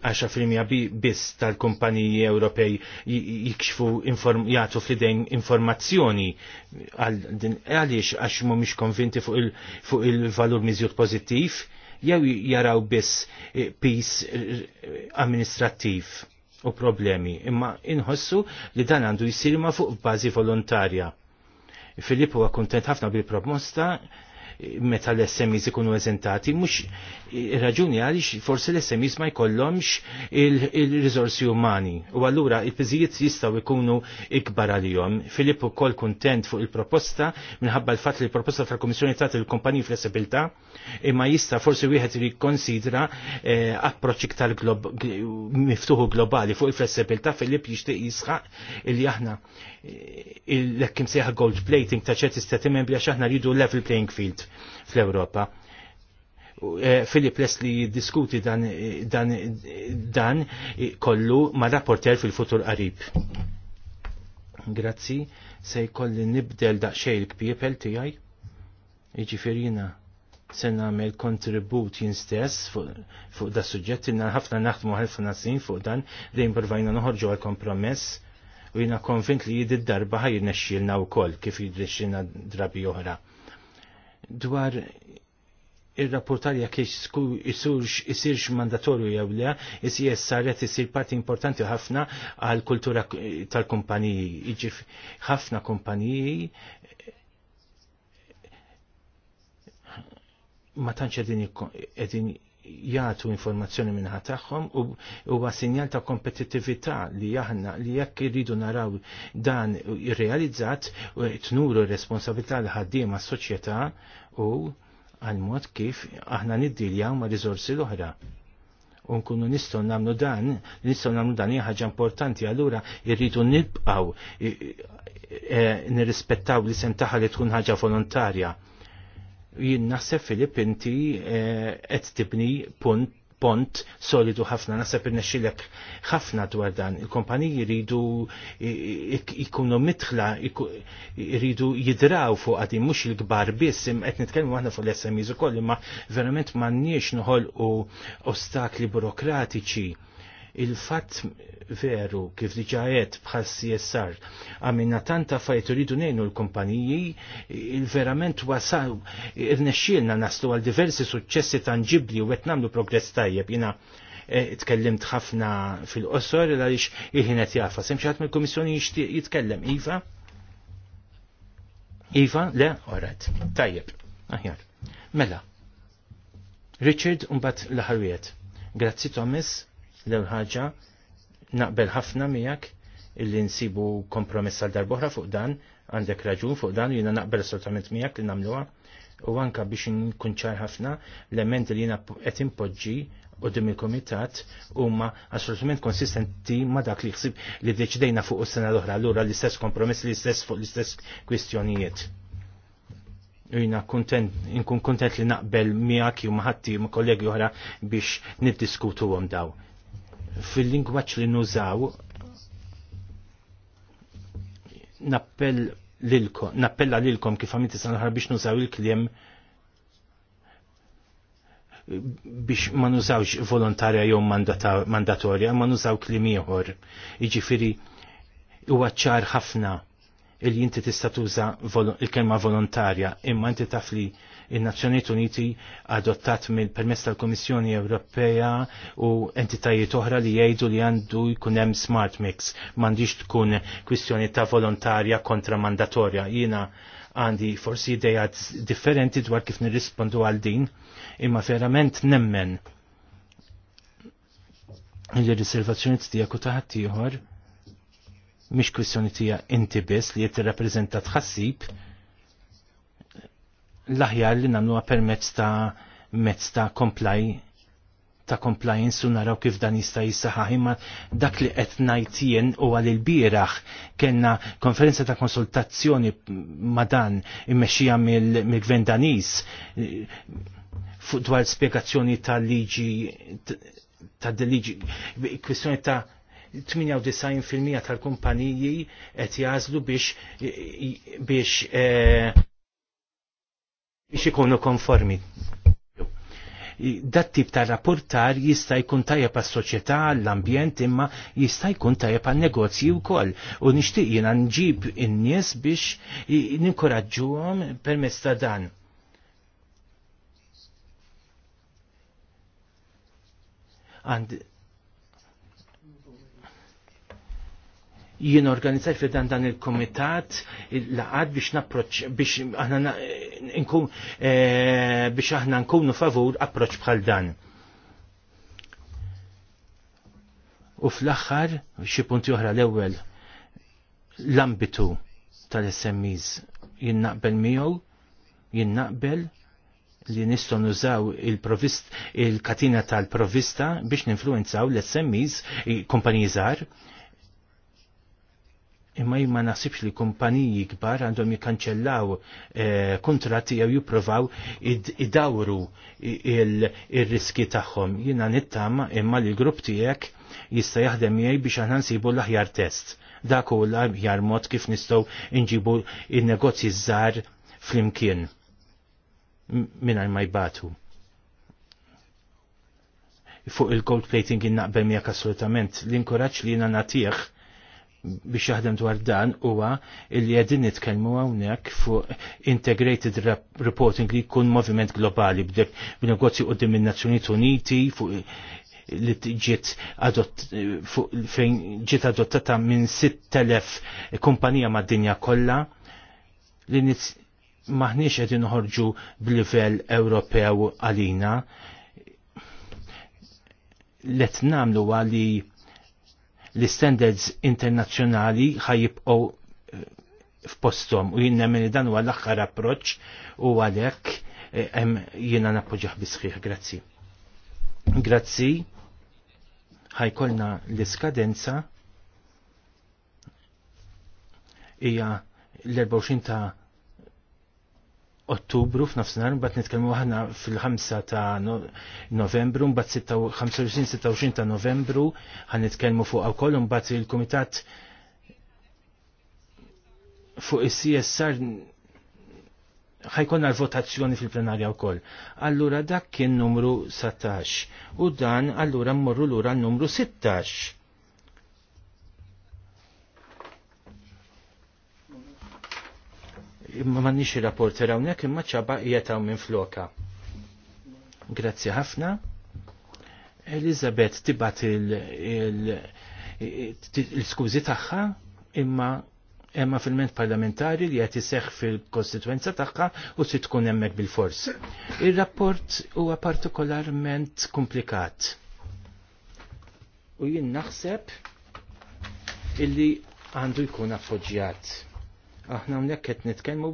10% biss tal-kumpaniji Ewropej jikxfu jagħtu fl-idejn informazzjoni għaliex għax mhumiex konvinti fuq il-valur miżjud pożittiv jew jaraw biss eh, pis eh, amministrattiv u problemi, imma inħossu li dan għandu jisir ma fuq bazi volontarja. Filipp huwa kuntent ħafna bil-proposta meta l-SMIs ikunu eżentati, mux raġuni għalix forse l-SMIs ma jkollomx il-rizorsi il umani. U għallura il-pizijiet jistaw ikunu ikbar għalijom. Filippo kol kontent fuq il-proposta, minħabba l-fat li l-proposta tal-Komissjoni tagħti il-kompanji flessibilta, imma jista forse wieħed rikonsidra eh, approċċ iktar -glob miftuħu globali fuq il-flessibilta, Filipp jixtieq jisħaq li aħna l kim seħ gold plating ta' ċerti stati membri għax aħna rridu level playing field fl-Ewropa. Filip, eh, Leslie diskuti dan, dan, dan kollu ma' rapporter fil-futur qarib. Grazzi, se jkolli nibdel daqxej il-kpiepel tijaj. firina, se nagħmel kontribut jien stess fuq da suġġett inna ħafna naħdmu ħelfna sin fuq dan dejn provajna noħorġu għal kompromess u jina konvint li jidid darba ħaj nexxilna u kol kif jidrexxilna drabi oħra. Dwar il-rapportarja jak isirx mandatorju jew le, isir saret jisir parti importanti ħafna għal kultura tal-kumpaniji. Iġif ħafna kumpaniji ma tantx qegħdin jgħatu informazzjoni minnħa tagħhom u huwa sinjal ta' kompetittività li aħna li jekk irridu naraw dan irrealizzat u tnuru responsabilità l ħaddiema s-soċjetà u għal mod kif aħna niddiljaw ma' riżorsi l-oħra. U nkunu nistgħu nagħmlu dan, nistgħu nagħmlu dan hija ħaġa importanti, allura irridu nibqgħu eh, nirrispettaw li sem taħħa li tkun ħaġa volontarja jien naħseb Filip inti eh, qed tibni punt pont solidu ħafna, nasab il-nexilek ħafna dwar dan. Il-kompaniji jridu ikunu mitħla, jridu jidraw fuq għadi, mux il-gbar biss, qed nitkellmu għahna fuq l-SMIs u koll, imma verament m'għandniex nix u ostakli burokratiċi il-fatt veru kif diġajet bħal CSR għamilna tanta fajt uridu nejnu l-kumpaniji il-verament wasaw irnexxielna naslu għal diversi suċċessi tangibli u qed nagħmlu progress tajjeb jina eh, tkellimt ħafna fil-qosor għaliex il-ħinet jafa. Semxħat mill-Komissjoni jitkellem. Iva? Iva? Le? Orat. Tajjeb. Aħjar. Mela. Richard, un l laħarujet Grazzi Thomas l ħaġa naqbel ħafna miegħek illi nsibu kompromess għal darbohra fuq dan, għandek raġun fuq dan, jina naqbel assolutament miegħek li nagħmluha u anka biex nkun ċar ħafna l-element li jina qed impoġġi qudiem il-komitat huma assolutament konsistenti ma dak li ħsib li deċidejna fuq is-sena l-oħra allura l-istess kompromess l-istess fuq l-istess kwistjonijiet jina kontent, inkun kontent li naqbel miak ju ħatti ma kollegi oħra biex niddiskutu għom daw fil-lingwaċ li nużaw nappell nappella lilkom kif għamilt sanħar biex nużaw il-kliem biex ma nużawx volontarja jew mandatorja, ma nużaw kliem ieħor. Jiġifieri huwa ċar ħafna il jinti tista' tuża il-kelma volontarja, imma inti taf li in-Nazzjonijiet Uniti adottat mill-permess tal-Komissjoni Ewropea u entitajiet oħra li jgħidu li għandu jkun hemm smart mix, m'għandix tkun kwistjoni ta' volontarja kontra mandatorja. Jiena għandi forsi idejat differenti dwar kif nirrispondu għal din, imma verament nemmen il-riservazzjoni tiegħek u taħat ieħor Mhix kwistjoni tija inti biss li qed rappresenta tħassib l-aħjar li nagħmluha permezz ta' mezz ta' comply ta' compliance u naraw kif dan jista' jissaħħaħ imma dak li qed ngħid jien u għal il kellna konferenza ta' konsultazzjoni ma' dan immexxija mill-Gvern Danis eh, fuq dwar spjegazzjoni ta' liġi ta' liġi kwistjoni ta' 98% tal-kumpaniji qed jażlu biex biex e, biex ikunu konformi. Dat tip ta' rapportar jista' jkun tajjeb għas-soċjetà, l-ambjent, imma jista' jkun tajjeb għan-negozji wkoll. U nixtieq jiena nġib in-nies biex ninkoraġġuhom permezz ta' dan. Għand jien organizzaj fi dan dan il-komitat laqad biex naproċ biex aħna nkun eh, biex aħna nkunu favur approċ bħal dan. U fl-aħħar xi punti oħra l-ewwel l-ambitu tal-SMEs jien naqbel miegħu jien naqbel li nistgħu nużaw il-katina il tal-provista biex ninfluenzaw l-SMEs kumpaniji żgħar imma jimma nasibx li kumpaniji kbar għandhom jikanċellaw e, eh, kontratti jew jipprovaw id idawru il-riski taħħom. tagħhom. Jiena nittama imma li l-grupp tiegħek jista' jaħdem miegħi biex aħna nsibu l-aħjar test. Dak u l ħjar mod kif nistgħu inġibu il-negozji fl flimkien mingħajr ma jbatu. Fuq il-gold plating jinnaqbem miegħek assolutament l inkoraċ li jina nagħtih biex jaħdem dwar dan huwa li qegħdin nitkellmu hawnhekk fuq integrated reporting li jkun moviment globali bdek b'negozju qudiem in-Nazzjonijiet Uniti fuq li ġiet adott, fejn ġiet adottata minn 6000 kumpanija mad-dinja kollha li maħniex qegħdin noħorġu b'livell Ewropew għalina let namlu għali l-standards internazzjonali ħajibqgħu eh, f'postom u jien nemmen dan huwa l-aħħar approċċ u għalhekk eh, jiena nappoġġjah bisħiħ. Grazzi. Grazzi ħajkolna l-iskadenza hija l-24 ta' Ottubru f'nafsinhar mbagħad nitkellmu aħna fil-5 ta' Novembru, mbagħad 25-26 ta' Novembru ħan nitkellmu fuq ukoll mbagħad il-Kumitat fuq is-CSR ħajkonna l-votazzjoni fil-plenarja wkoll. Allura dak kien numru 17 u dan allura mmorru lura numru 16 ma nix il rapport hawnhekk imma ċaba qiegħed hawn minn floka. Grazzi ħafna. Elizabeth tibat il-skużi tagħha imma emma fil-ment parlamentari li qed iseħħ fil-kostituenza tagħha u si tkun hemmhekk bil-fors. Ir-rapport huwa partikolarment komplikat. U jien naħseb illi għandu jkun appoġġjat Aħna hawnhekk qed nitkellmu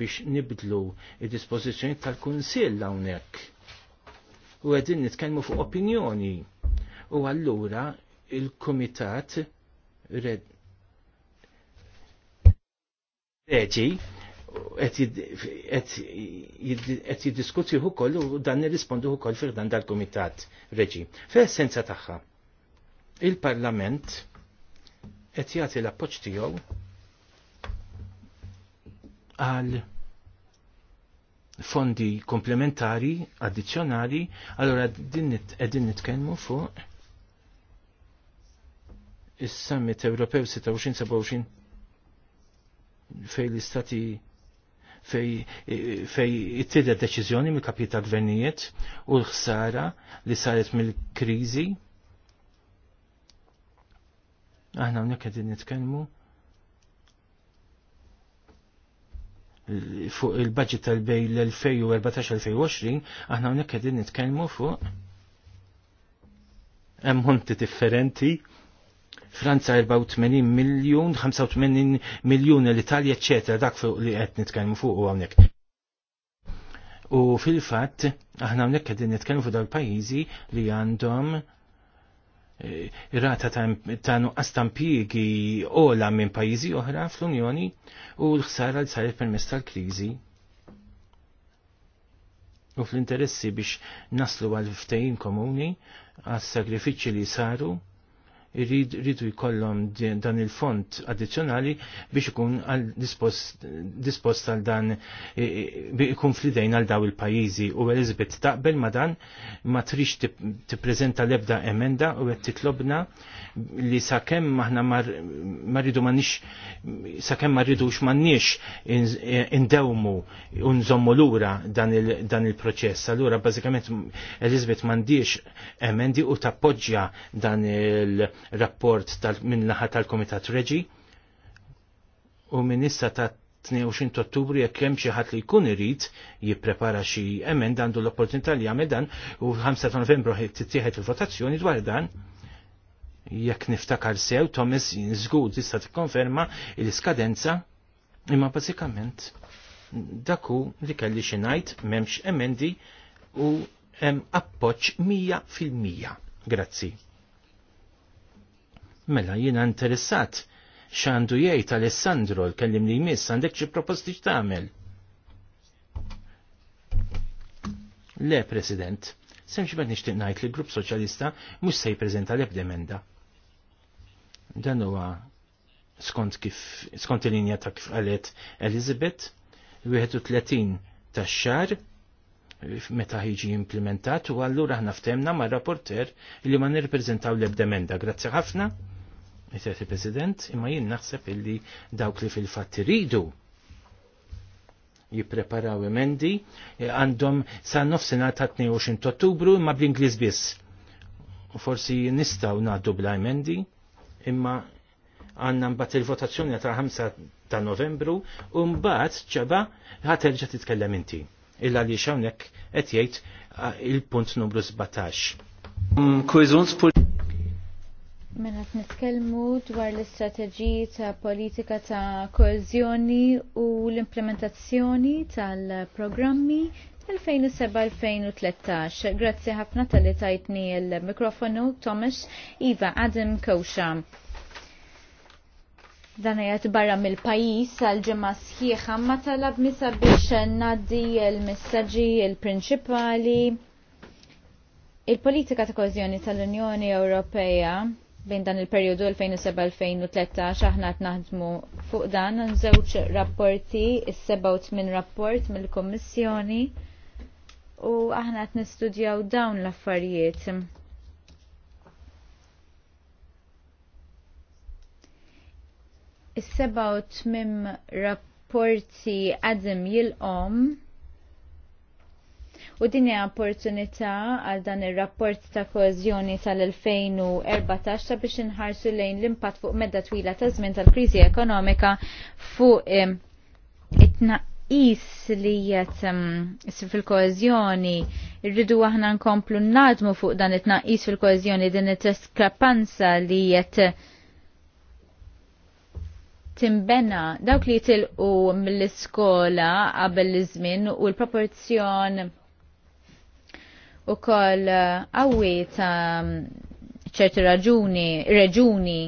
biex nibdlu id-dispożizzjoni tal-Kunsill hawnhekk. U qegħdin nitkellmu fuq opinjoni. U allura il-Kumitat red reġi qed jiddiskuti ukoll u dan nirrispondu ukoll fir dan dal-kumitat reġi. F'essenza essenza tagħha, il-Parlament qed jagħti l-appoġġ tiegħu għal fondi komplementari, addizzjonali, allora din nitkellmu fuq is-Summit Ewropew 26-27 fej l-istati fej, fej it-tida deċizjoni mill kapita gvernijiet u l-ħsara li saret mill-krizi. Aħna unnek għedin nitkellmu. fuq il-budget tal-bej l-2014-2020, aħna unik għedin nitkelmu fuq emmonti differenti. Franza 84 miljon, 85 miljon l-Italja, etc. dak fuq li qed nitkellmu fuq u hawnhekk. U fil-fatt aħna hawnhekk għedin nitkellmu fuq dal-pajjiżi li għandhom Eh, rata ta' nuqqas tampigi ola minn pajjiżi oħra fl-Unjoni u l-ħsara li saret permezz tal-kriżi. U fl-interessi biex naslu għal ftehim komuni għas sagrifiċċji li saru rridu jkollhom dan il-font addizzjonali biex ikun dispost għal dan ikun flidejn għal daw il-pajjiżi u Elizabeth taqbel ma dan ma trix tippreżenta l-ebda emenda u qed titlobna li sakemm aħna ma rridu ma nix sakemm ma rridux ma nix indewmu u nżommu lura dan il-proċess. Allura bażikament Elizabeth m'għandix emendi u tappoġġja dan il- rapport min-laħa tal-Komitat Reġi u minn issa ta' 22 ottubru jekk hemm xi ħadd li jkun irid jipprepara xi emenda għandu l-opportunità li jagħmel dan u 5 ta' Novembru tittieħed il-votazzjoni dwar dan jekk niftakar sew Thomas żgur tista' tikkonferma l-iskadenza imma bażikament daku li kelli xi ngħid m'hemmx emendi u hemm appoġġ mija fil-mija. Grazzi. Mela jiena interessat x'għandu jgħid Alessandro l-kellim li jmiss għandek xi proposti x'tagħmel. Le, President, semxibet nixtieq ngħid li l-Grupp Soċjalista mhux se jippreżenta l-ebda emenda. Dan huwa skont kif skont il-linja ta' kif qalet Elizabeth 31 tax-xar meta ħiġi implementat u allura ħna ftemna ma' rapporter li ma nirrepreżentaw l-ebda emenda. Grazzi ħafna. Jisajt president imma jien naħseb illi dawk li fil-fat iridu jipreparaw emendi eh, għandhom sa' nofsinhar ta' 22 Ottubru imma bl-Ingliż biss. Forsi nistgħu ngħaddu bla emendi imma għandna mbagħad il-votazzjoni ta' 5 ta' Novembru u mbagħad ċaba ħaterġa' titkellem inti. Illa li hawnhekk qed jgħid ah, il-punt numru 17.
Mela nitkellmu dwar l-istrateġiji ta' politika ta' koezjoni u l-implementazzjoni tal-programmi 2007-2013. Grazzi ħafna tal-li tajtni l mikrofonu Thomas Iva Adam Kosha. Dan jgħat barra mill-pajis għal-ġemma sħiħa ma talab misa biex naddi l messagġi l prinċipali Il-politika ta' koezjoni tal-Unjoni Ewropea bejn dan il-periodu 2007-2013 aħna qed naħdmu fuq dan żewġ rapporti, is-seba' rapport mill-Kummissjoni u aħna qed nistudjaw dawn l-affarijiet. Is-seba' tmim rapporti għadim jilqom u din hija opportunità għal dan ir-rapport ta' koeżjoni tal-2014 biex inħarsu lejn l-impatt fuq medda twila ta' żmien tal-kriżi ekonomika fuq it-tnaqqis is li jett fil-koezjoni irridu aħna nkomplu nadmu fuq dan it tnaqqis fil-koezjoni din it-diskrepanza li jett timbenna dawk li jitilqu mill-iskola qabel iż-żmien u l-proporzjon u kol eh, għawi ta' ċerti raġuni, reġuni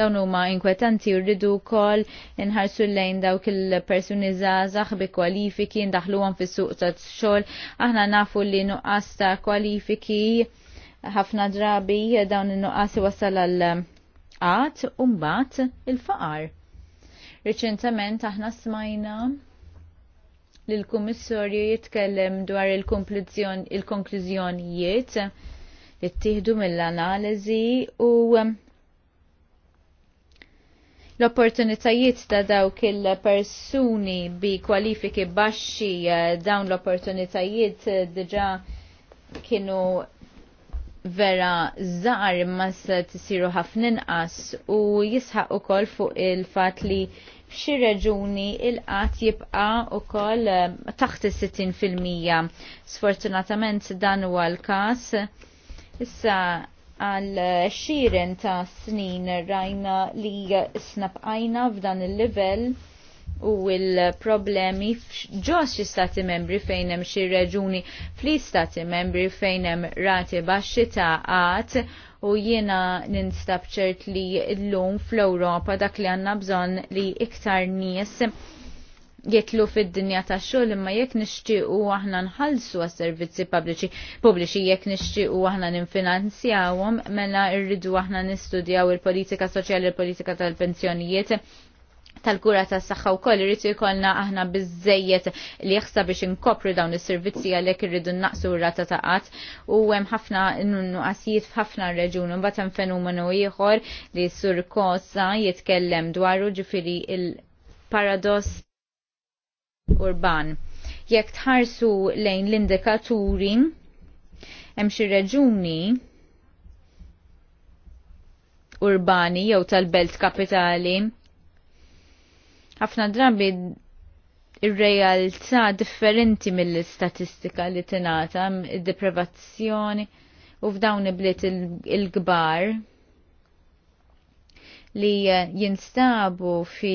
dawn huma inkwetanti u rridu wkoll inħarsu lejn dawk il-persuni zazax bi kwalifiki ndaħluhom fis-suq tax-xogħol. Aħna nafu li nuqqas ta' kwalifiki ħafna drabi dawn il nuqqas wasal għal qatt u mbagħad il-faqar. Reċentament aħna smajna li l-Kummissarju jitkellem dwar il-konklużjonijiet li ttieħdu mill-analiżi u um, l-opportunitajiet ta' dawk il-persuni bi kwalifiki baxxi uh, dawn l-opportunitajiet diġa kienu vera żgħar ma se tisiru ħafna inqas u jisħaq ukoll fuq il-fatt li f'xi reġuni il-qatt jibqa' ukoll eh, taħt is-60 fil-mija. Sfortunatament dan huwa l-każ. Issa għal eh, xiren ta' snin rajna li snabqajna f'dan il-livell u il-problemi ġos xi stati membri fejn hemm xi reġuni fl-istati membri fejn hemm rati baxxi ta' u jiena ninstab ċert li l-lum fl-Ewropa dak li għanna bżon li iktar nies jitlu fid-dinja ta' xogħol imma jekk nixtiequ aħna nħallsu għas-servizzi pubbliċi pubbliċi jekk nixtiequ aħna ninfinanzjawhom mela rridu aħna nistudjaw il-politika soċjali il-politika tal-pensjonijiet tal-kura tas saħħa wkoll irid jkollna aħna bizzejiet li jaxsa biex inkopru dawn is-servizzi għalhekk irridu naqsu rata ta' għat u hemm ħafna għasijiet f'ħafna reġun un hemm fenomenu ieħor li sur kosa jitkellem dwaru ġifiri il-paradoss urban. Jekk tħarsu lejn l-indikaturi hemm xi reġuni urbani jew tal-belt kapitali ħafna drabi ir-realtà differenti mill-istatistika li tingħata id-deprivazzjoni u f'dawn ibliet il-kbar li jinstabu fi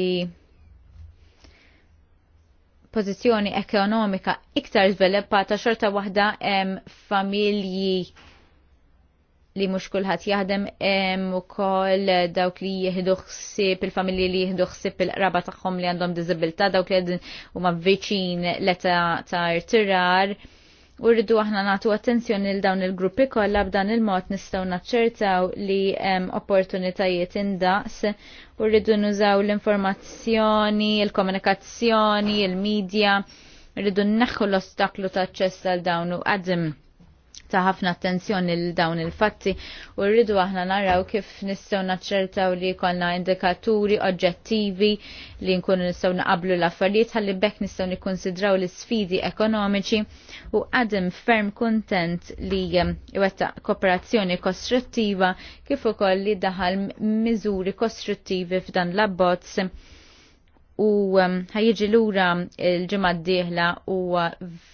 pożizzjoni ekonomika iktar zveleppata xorta waħda hemm familji li mhux kulħadd jaħdem hemm ukoll dawk li jieħdu ħsieb il-familji li jieħdu ħsieb il-qraba tagħhom li għandhom diżibilità dawk li u huma viċin leta ta' irtirar. U rridu aħna nagħtu attenzjoni l dawn il-gruppi kollha b'dan il-mod nistgħu naċċertaw li hemm opportunitajiet indaqs u rridu nużaw l-informazzjoni, il-komunikazzjoni, il-medja, rridu naħħu l-ostaklu ta' għal dawn u għadim ta' ħafna attenzjoni l dawn il-fatti u rridu aħna naraw kif nistgħu naċċertaw li jkollna indikaturi oġġettivi li nkunu nistgħu naqablu l-affarijiet ħalli bekk nistgħu nikkonsidraw l-isfidi ekonomiċi u għadem ferm kuntent li jwetta ehm, kooperazzjoni kostruttiva kif ukoll li daħal miżuri kostruttivi f'dan l-abbozz u l um, lura l-ġimgħa d-dieħla u uh,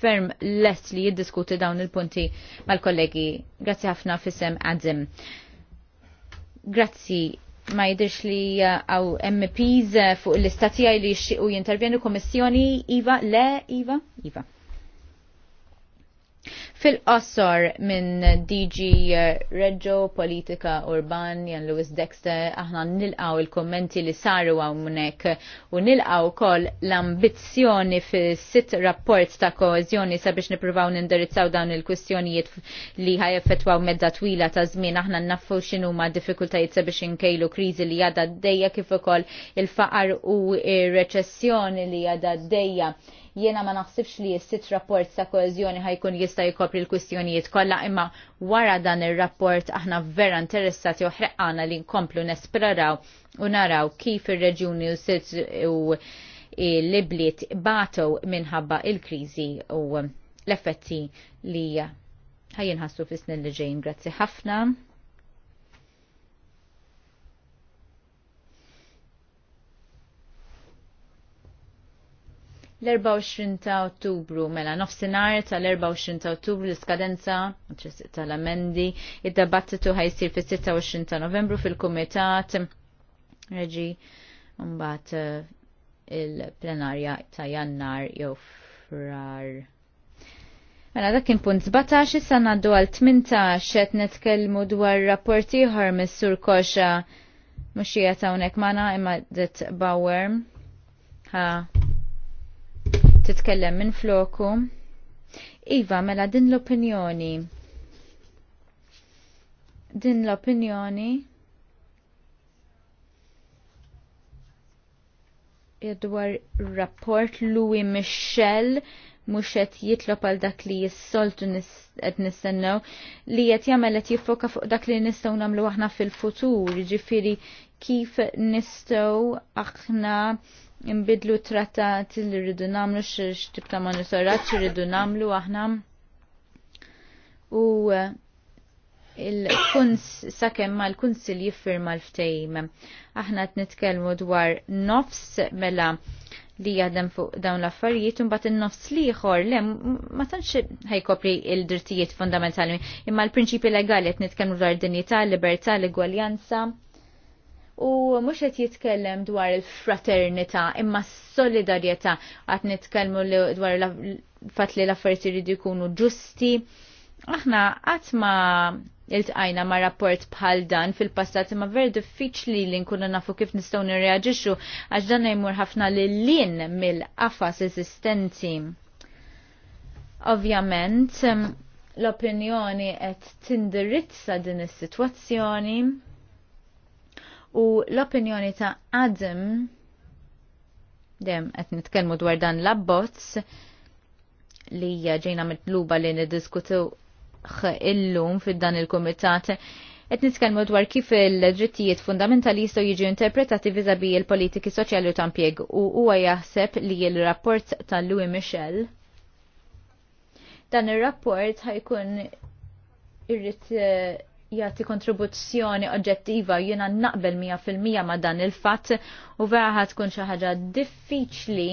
ferm lest li jiddiskuti dawn il-punti mal-kollegi. Grazzi ħafna fisem għadzim. Grazzi ma jidirx li uh, għaw MPs uh, fuq l-istatijaj li jixxiqu jintervjenu komissjoni Iva, le Iva, Iva. Fil-qossor minn DG eh, Reggio Politika Urban Jan Lewis Dexter aħna nilqaw il-kommenti li saru għawnek u nilqaw kol l-ambizzjoni fil sitt rapport ta' koezjoni sabiex nipruvaw nindirizzaw dawn il kwestjonijiet li effettwaw medda twila ta' żmien aħna naffu xinu ma' diffikultajiet sabiex inkejlu kriżi li għadha d-dejja kif ukoll il-faqar u il reċessjoni li għadha d-dejja Jiena ma naħsibx li s-sitt rapport sa' koezjoni ħajkun jista' jkopri l-kwistjonijiet kollha imma wara dan ir-rapport aħna vera interessati u ħreqqana li nkomplu nesploraw u naraw kif ir-reġjuni u sitt u l bliet batow minħabba il-kriżi u l-effetti li ħajjinħassu fis-snin li ġejjin. Grazzi ħafna. l-24 ta' ottubru, mela nofsinar tal-24 ta' ottubru l-iskadenza tal-amendi, id-dabattitu ħajsir fil-26 ta' novembru fil-komitat, reġi mbat eh, il-plenarja ta' jannar jew frar. Mela dak kien punt 17 issa ngħaddu għal 18 qed netkellmu dwar rapporti ieħor mis-sur Koxa mhux hija hawnhekk magħna imma Det Bauer. Ha, titkellem minn floku. Iva, mela din l-opinjoni. Din l-opinjoni. Edwar rapport Louis Michel muxet qed jitlob għal dak li jissoltu qed nistennew li qed jagħmel qed jiffoka fuq dak li nistgħu nagħmlu aħna fil-futur, ġifiri kif nistgħu aħna imbidlu trattat li rridu namlu x-tip ta' monitorat xi rridu namlu aħna. U eh, il-kuns sakemm ma l-kunsil jiffirma l-ftejm. Aħna qed nitkellmu dwar nofs mela li jaħdem fuq dawn l-affarijiet u mbagħad in-nofs liħor le ma tantx ħajkopri l-drittijiet fundamentali imma l-prinċipi legali qed nitkellmu dwar dinjità, libertà, l-egwaljanza u mhux qed jitkellem dwar il-fraternità imma s-solidarjetà għad nitkellmu dwar fat li l-affarijiet iridu jkunu ġusti. Aħna qatt ma iltqajna ma' rapport bħal dan fil-passat imma ver diffiċli li nkunu nafu kif nistgħu nirreaġixxu għax dan jmur ħafna lil mill-qafas eżistenti. Ovvjament, l-opinjoni qed tindirizza din is-sitwazzjoni u l-opinjoni ta' Adam dem qed nitkellmu dwar dan l-abbozz li hija ġejna mitluba li niddiskutu illum fid-dan il-kumitat qed nitkellmu dwar kif il-drittijiet fundamentali jistgħu jiġu interpretati viżabi l-politiki soċjali u tampjeg u huwa jaħseb li l-rapport tal Louis Michel dan ir-rapport ħajkun irrid eh, jati kontribuzzjoni oġġettiva jiena naqbel 100% ma' dan il-fatt u vera tkun xi ħaġa diffiċli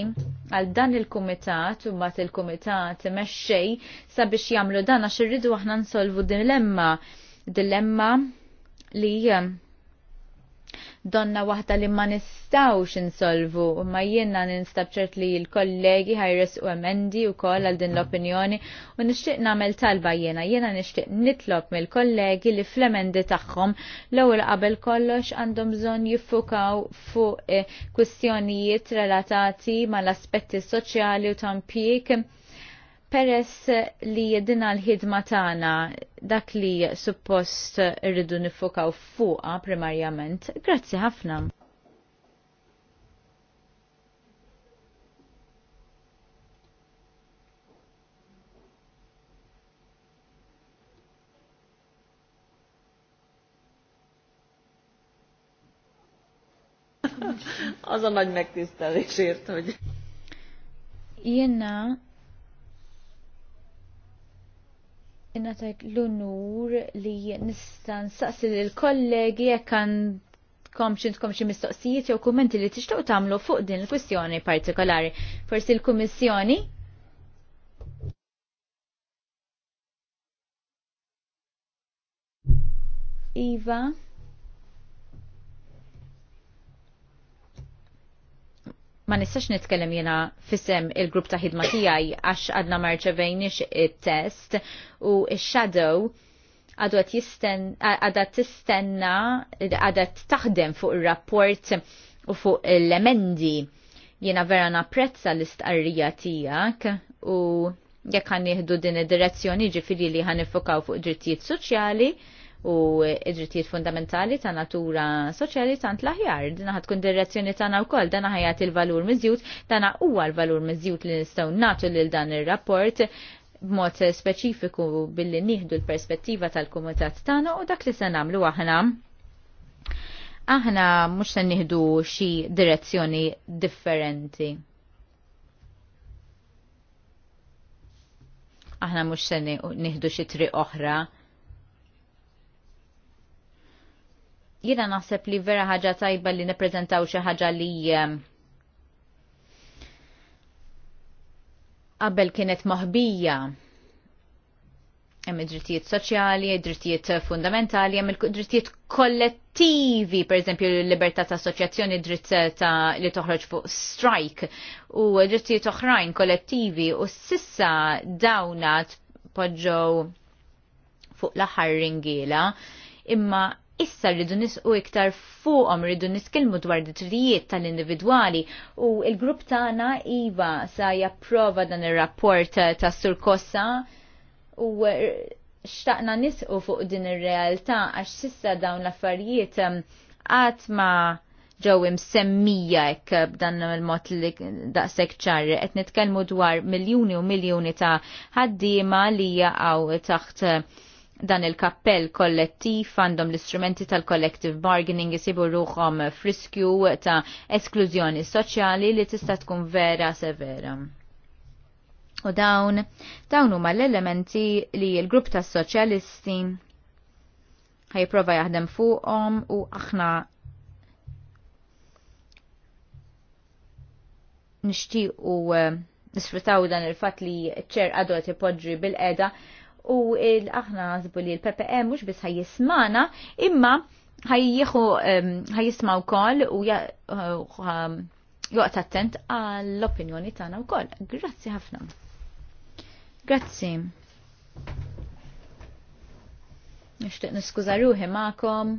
għal dan il-kumitat u mbagħad il-kumitat mexxej sabiex jagħmlu dan għax irridu aħna nsolvu dilemma dilemma li eh, donna waħda li ma nistawx insolvu u ma jienna ninstabċert li l-kollegi ħajres u emendi u koll għal din l-opinjoni u nishtiq namel talba jiena jiena nishtiq nitlob mill-kollegi li fl-emendi tagħhom l-ewwel qabel kollox għandhom bżonn jiffukaw fuq eh, kwistjonijiet relatati mal-aspetti soċjali u tampik Peress li jedina l-ħidma tagħna dak li suppost irridu nifokaw fuqa primarjament, grazzi ħafna.
Az a nagy megtisztelésért, hogy...
Jenna, Innatajt l-unur li nista' nsaqsi l-kollegi jekk għandkom xintkom xi mistoqsijiet jew kummenti li tixtiequ tagħmlu fuq din il-kwistjoni partikolari. Forsi l-Kummissjoni Iva. ma nistax nitkellem jena fisem il-grupp ta' ħidma tijaj għax għadna marċevejnix il-test u il-shadow għadu għadha tistenna, għadha taħdem fuq il-rapport u fuq l-emendi jena vera napprezza l-istqarrija tijak u jekk għan din id-direzzjoni ġifiri li għan fuq drittijiet soċjali u id-drittijiet fundamentali ta' natura soċjali tant l-aħjar. Dina ħatkun direzzjoni tagħna wkoll dana ħajat il-valur miżjut, dana huwa l-valur miżjut li nistgħu nagħtu lil dan ir-rapport b'mod speċifiku billi nieħdu l-perspettiva tal-kumitat tagħna u dak li se nagħmlu aħna aħna mux se nieħdu xi direzzjoni differenti. Aħna mux se nieħdu xi triq oħra Jiena naħseb li vera ħaġa tajba li neprezentaw xi ħaġa li ehm, qabel kienet maħbija hemm id-drittijiet soċjali, id-drittijiet fundamentali, hemm id-drittijiet kollettivi, pereżempju l-libertà ta' assoċjazzjoni, dritt ta' li toħroġ fuq strike u drittijiet oħrajn kollettivi u sissa dawna tpoġġow fuq l-aħħar ringiela imma issa rridu nisqu iktar fuqhom rridu niskilmu dwar trijiet tal-individwali u il-grupp tagħna iva sa japprova dan ir-rapport ta' Sur Kossa u xtaqna nisqu fuq din ir-realtà għax sissa dawn l-affarijiet qatt um, ma ġew semmija hekk b'dan il-mod li daqshekk ċar qed nitkellmu dwar miljuni u miljuni ta' ħaddiema li jaqgħu taħt dan il-kappell kollettiv għandhom l-istrumenti tal-collective bargaining jisibu ruħom friskju ta' esklużjoni soċjali li tista' tkun vera severa. U dawn, dawn huma l-elementi li l-grupp tas soċjalisti ħajprova jaħdem fuqhom u aħna nixtiequ eh, nisfrutaw dan il-fatt li ċer għadu ipoġġi bil eda u aħna naħsbu li l-PPM e mhux biss ħajjismana imma ħaj jismaw kol u uh, um, joqgħod attent għall-opinjoni tagħna wkoll. Grazzi ħafna. Grazzi. Nixtieq niskuża ruħi ma'kom.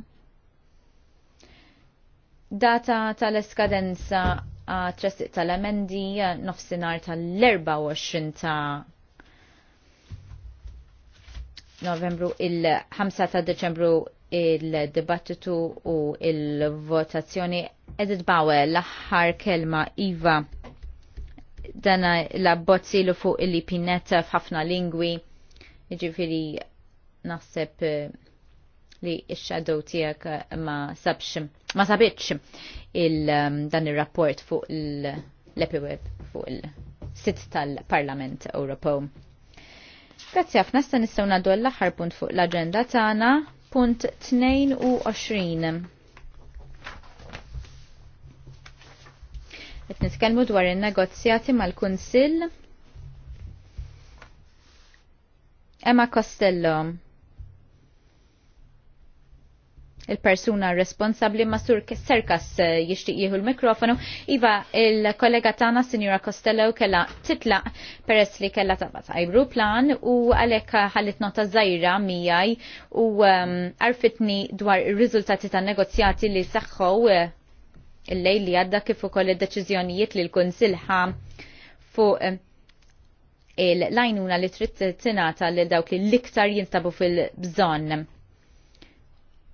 Data tal-eskadenza għat-tressiq tal-emendi nofsinhar tal-24 ta' novembru il-5 ta' deċembru il-dibattitu u il-votazzjoni Edith Bauer l-aħħar kelma Iva dana la bozzilu fuq il-lipinetta f'ħafna lingwi ġifiri naħseb eh, li x-shadow tijak eh, ma sabx, ma sabitx il-dan eh, il-rapport fuq l-epiweb fuq il-sit tal-Parlament Ewropew. Grazzi ħafna sta nistaw nadu l-aħħar punt fuq l-aġenda tagħna, punt 22. Qed nitkellmu dwar in-negozjati mal-Kunsill Emma Costello il-persuna responsabli ma sur Serkas eh, jishtiq jieħu l-mikrofonu. Iva, il-kollega tana, Signora Costello, kella titlaq peress li kella tabat għajbru plan u għalek ħallit nota zaħira mijaj u ehm, għarfitni dwar il-rizultati ta' negozjati li saħħu eh, il-lejl li għadda kif ukoll id-deċiżjonijiet li l-Kunsil ħa fuq eh, il-lajnuna li trid tingħata lil dawk li l-iktar jintabu fil-bżonn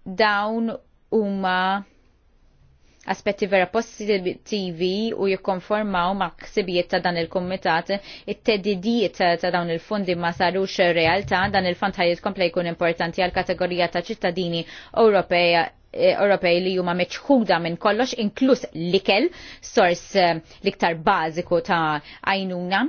dawn huma aspetti vera positivi u jikkonformaw ma' ksibijiet ta' dan il-komitat, it-tedidiet ta' dawn il-fondi ma' sarux realtà, dan il-fond ħajt kompla jkun importanti għal kategorija ta' ċittadini Ewropea eh, Ewropej li huma meċħuda minn kollox, inklus l-ikel, sors eh, l-iktar bażiku ta' għajnuna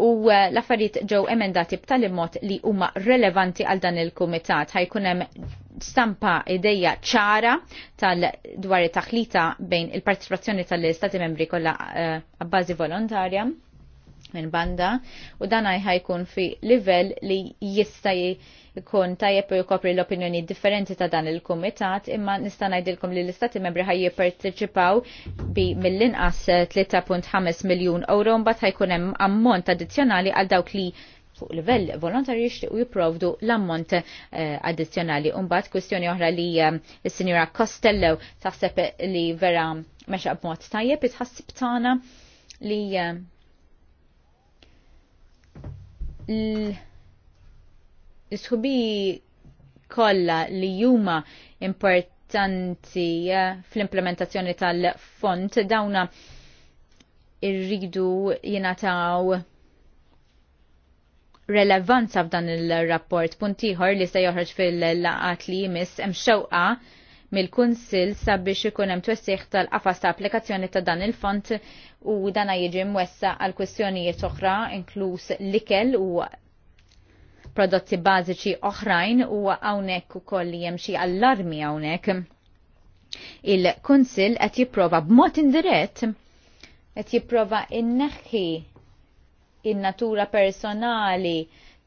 u eh, l-affarijiet ġew emendati b'tali mod li huma relevanti għal dan il-kumitat. Ħajkun hemm stampa ideja ċara tal-dwar taħlita bejn il-partizipazzjoni tal istati membri kollha eh, bażi volontarja minn banda u dan ħajkun fi livell li jista' ikun tajjeb u jkopri l-opinjoni differenti ta' dan il-kumitat imma nista' ngħidilkom li l-istati membri ħaj jipparteċipaw bi mill-inqas 3.5 miljun euro mbagħad ħajkun hemm ammont addizzjonali għal dawk li fuq livell volontarju jixtiequ jipprovdu l-ammont eh, addizzjonali. Umbat, kwistjoni oħra li eh, s-sinjura Costello taħseb li vera mexa b'mod tajjeb itħassib tagħna li eh, isħubi kolla li juma importanti eh, fl-implementazzjoni tal-font dawna irridu jenataw relevanza f'dan il-rapport puntiħor li se joħroġ fil-laqat li jmiss hemm xewqa mill-Kunsil sabiex ikun hemm twessieħ tal-qafas ta' applikazzjoni ta' dan il-font u dana jiġi mwessa għal kwestjonijiet oħra inkluż l-ikel u prodotti bażiċi oħrajn u hawnhekk ukoll li hemm xi allarmi hawnhekk. Il-Kunsill qed jipprova b'mod indirett qed jipprova inneħħi in-natura personali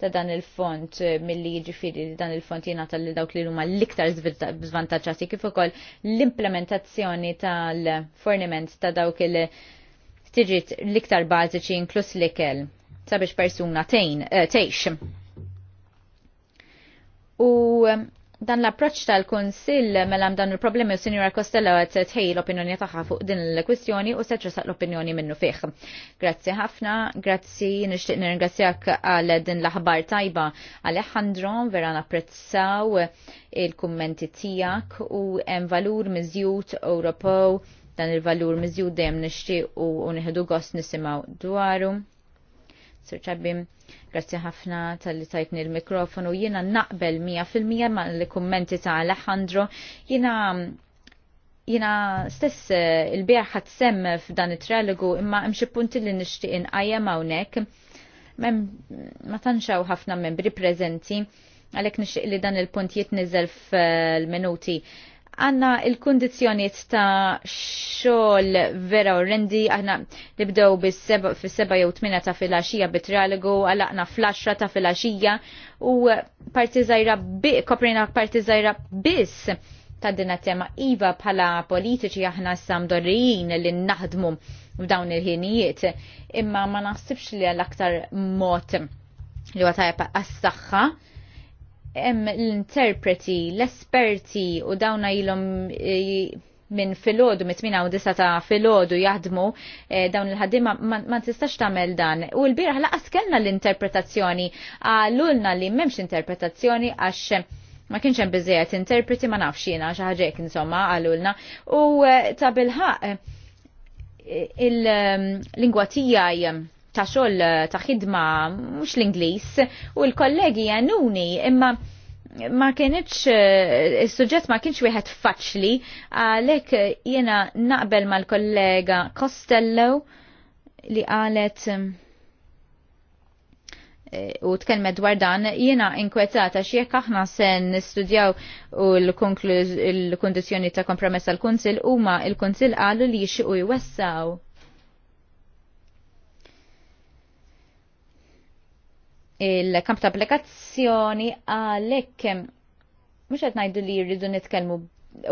ta' dan il-font mill-li jiġifieri li dan il-font jena tal dawk li huma l-iktar zvantagġati kif ukoll l-implementazzjoni tal-forniment ta' dawk il- tiġit l-iktar bażiċi inkluż l-ikel sabiex persuna tejn eh, tgħix. U dan l-approċ tal konsil mela dan il-problemi u Sinjora Costello għed tħej l-opinjoni taħħa fuq din l-kwistjoni u se saq l-opinjoni minnu fiħ. Grazzi ħafna, grazzi nishtiq nirringrazzjak għal din l-aħbar tajba Alejandro, vera napprezzaw il-kummenti tijak u hemm valur mizjut Ewropew dan il-valur miżjud dejjem nixtieq u nħedu gost nisimgħu dwaru. Sir Ċabim, grazzi ħafna tal-li tajtni l-mikrofonu. Jina naqbel 100% ma' l-kommenti ta' Alejandro. Jina jina stess eh, il-bieħ ħat sem f'dan it-tralogu imma imxie punti li nishtiq inqajjem hawnhekk. Ma tanxaw ħafna membri prezenti għalek nishtiq li dan il-punt jitniżel fl minuti Uh, għanna il-kondizjoniet ta' xol vera orrendi, aħna nibdew fis-seba jew tmina ta' filaxija bitraligu, għalaqna flasra ta' filaxija u parti bi, koprina parti bis ta' dinna tema iva bħala politiċi aħna samdorijin li naħdmu f'dawn il-ħinijiet, imma ma naħsibx li għal aktar mot li għatajab għas-saxħa hemm l-interpreti, l-esperti u dawna ilhom eh, minn filodu, mit u disa ta' filodu jaħdmu eh, dawn il-ħaddima ma tistax tagħmel dan. U l bieraħ laqas kellna l-interpretazzjoni għalulna li m'hemmx interpretazzjoni għax eh, ma kienx hemm biżejjed interpreti ma nafx jiena xi ħaġa insomma għalulna. U eh, ta' bilħaq il-lingwa tiegħi ta' xogħol ta' ħidma mhux l-Ingliż u l-kollegi għannuni imma ma kienieċ eh, il-suġġett ma kienx wieħed faċli għalhekk jiena naqbel mal-kollega Costello li qalet eh, u tkellmet dwar dan jiena inkwetata x'jekk aħna se nistudjaw u l-kundizzjoni ta' kompromess tal-Kunsil huma l-Kunsil qalu li jixxiqu jwessaw il-kamp ta' applikazzjoni għalek mux għet najdu li rridu nitkelmu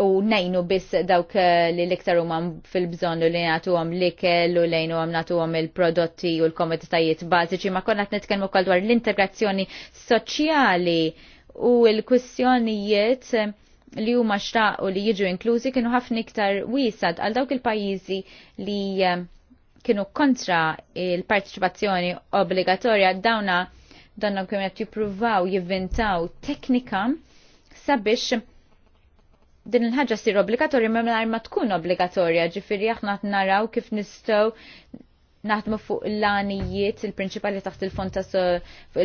u nejnu biss dawk li l-iktar u mam fil-bżon li natu għam l-ikel u lejnu għam natu għam il-prodotti u l-komoditajiet bażiċi ma konna nitkelmu kol dwar l-integrazzjoni soċjali u l-kwistjonijiet li huma xtaq u li jiġu inklużi kienu ħafna iktar wisad għal dawk il-pajjiżi li kienu kontra il-partiċipazzjoni obbligatorja dawna danna kemm qed jippruvaw jivvintaw teknika sabiex din il-ħaġa sir obbligatorja mingħajr ma tkun obbligatorja, ġifieri aħna naraw kif nistgħu naħdmu fuq l-għanijiet il-prinċipali taħt il-fond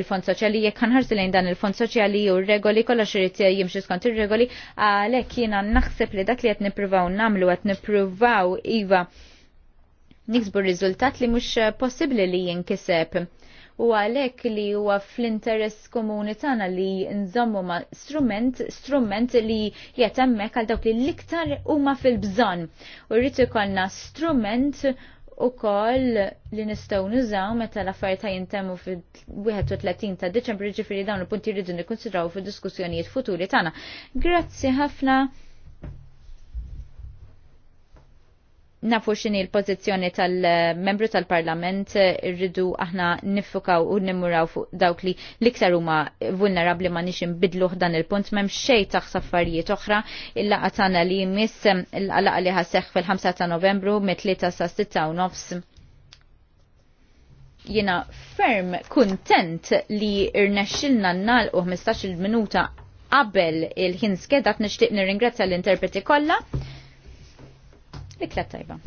il-fond soċjali jekk ħanħarsu lejn dan il-fond soċjali u r-regoli kollox irid jimxi skont ir-regoli għalhekk jiena naħseb li dak li qed nippruvaw nagħmlu qed nippruvaw iva niksbu riżultat li mhux possibbli li jinkiseb u għalhekk li huwa fl-interess komuni tagħna li nżommu ma' strument, strument li jatemmek għal dawk li l-iktar huma fil-bżonn. U rrid ikollna strument u kol li nistaw nużaw meta l-affarijiet ta' jintemmu fil-31 ta' Deċembru ġifieri dawn il-punti rridu nikkonsidraw fid-diskussjonijiet futuri tagħna. Grazzi ħafna. nafu xini l-pozizjoni tal-membru tal-parlament irridu aħna nifukaw u nimmuraw fuq dawk li l-iktar huma vulnerabli ma nix bidluħ dan il-punt mem xej taħs affarijiet oħra il għatana tagħna li miss l laqa li ħasseħ fil-5 ta' Novembru mit-3 sa' 6 u nofs jina ferm kuntent li n nal u 15 minuta qabel il-ħin skedat nixtieq nirringrazzja l-interpreti kollha Ikla tajba.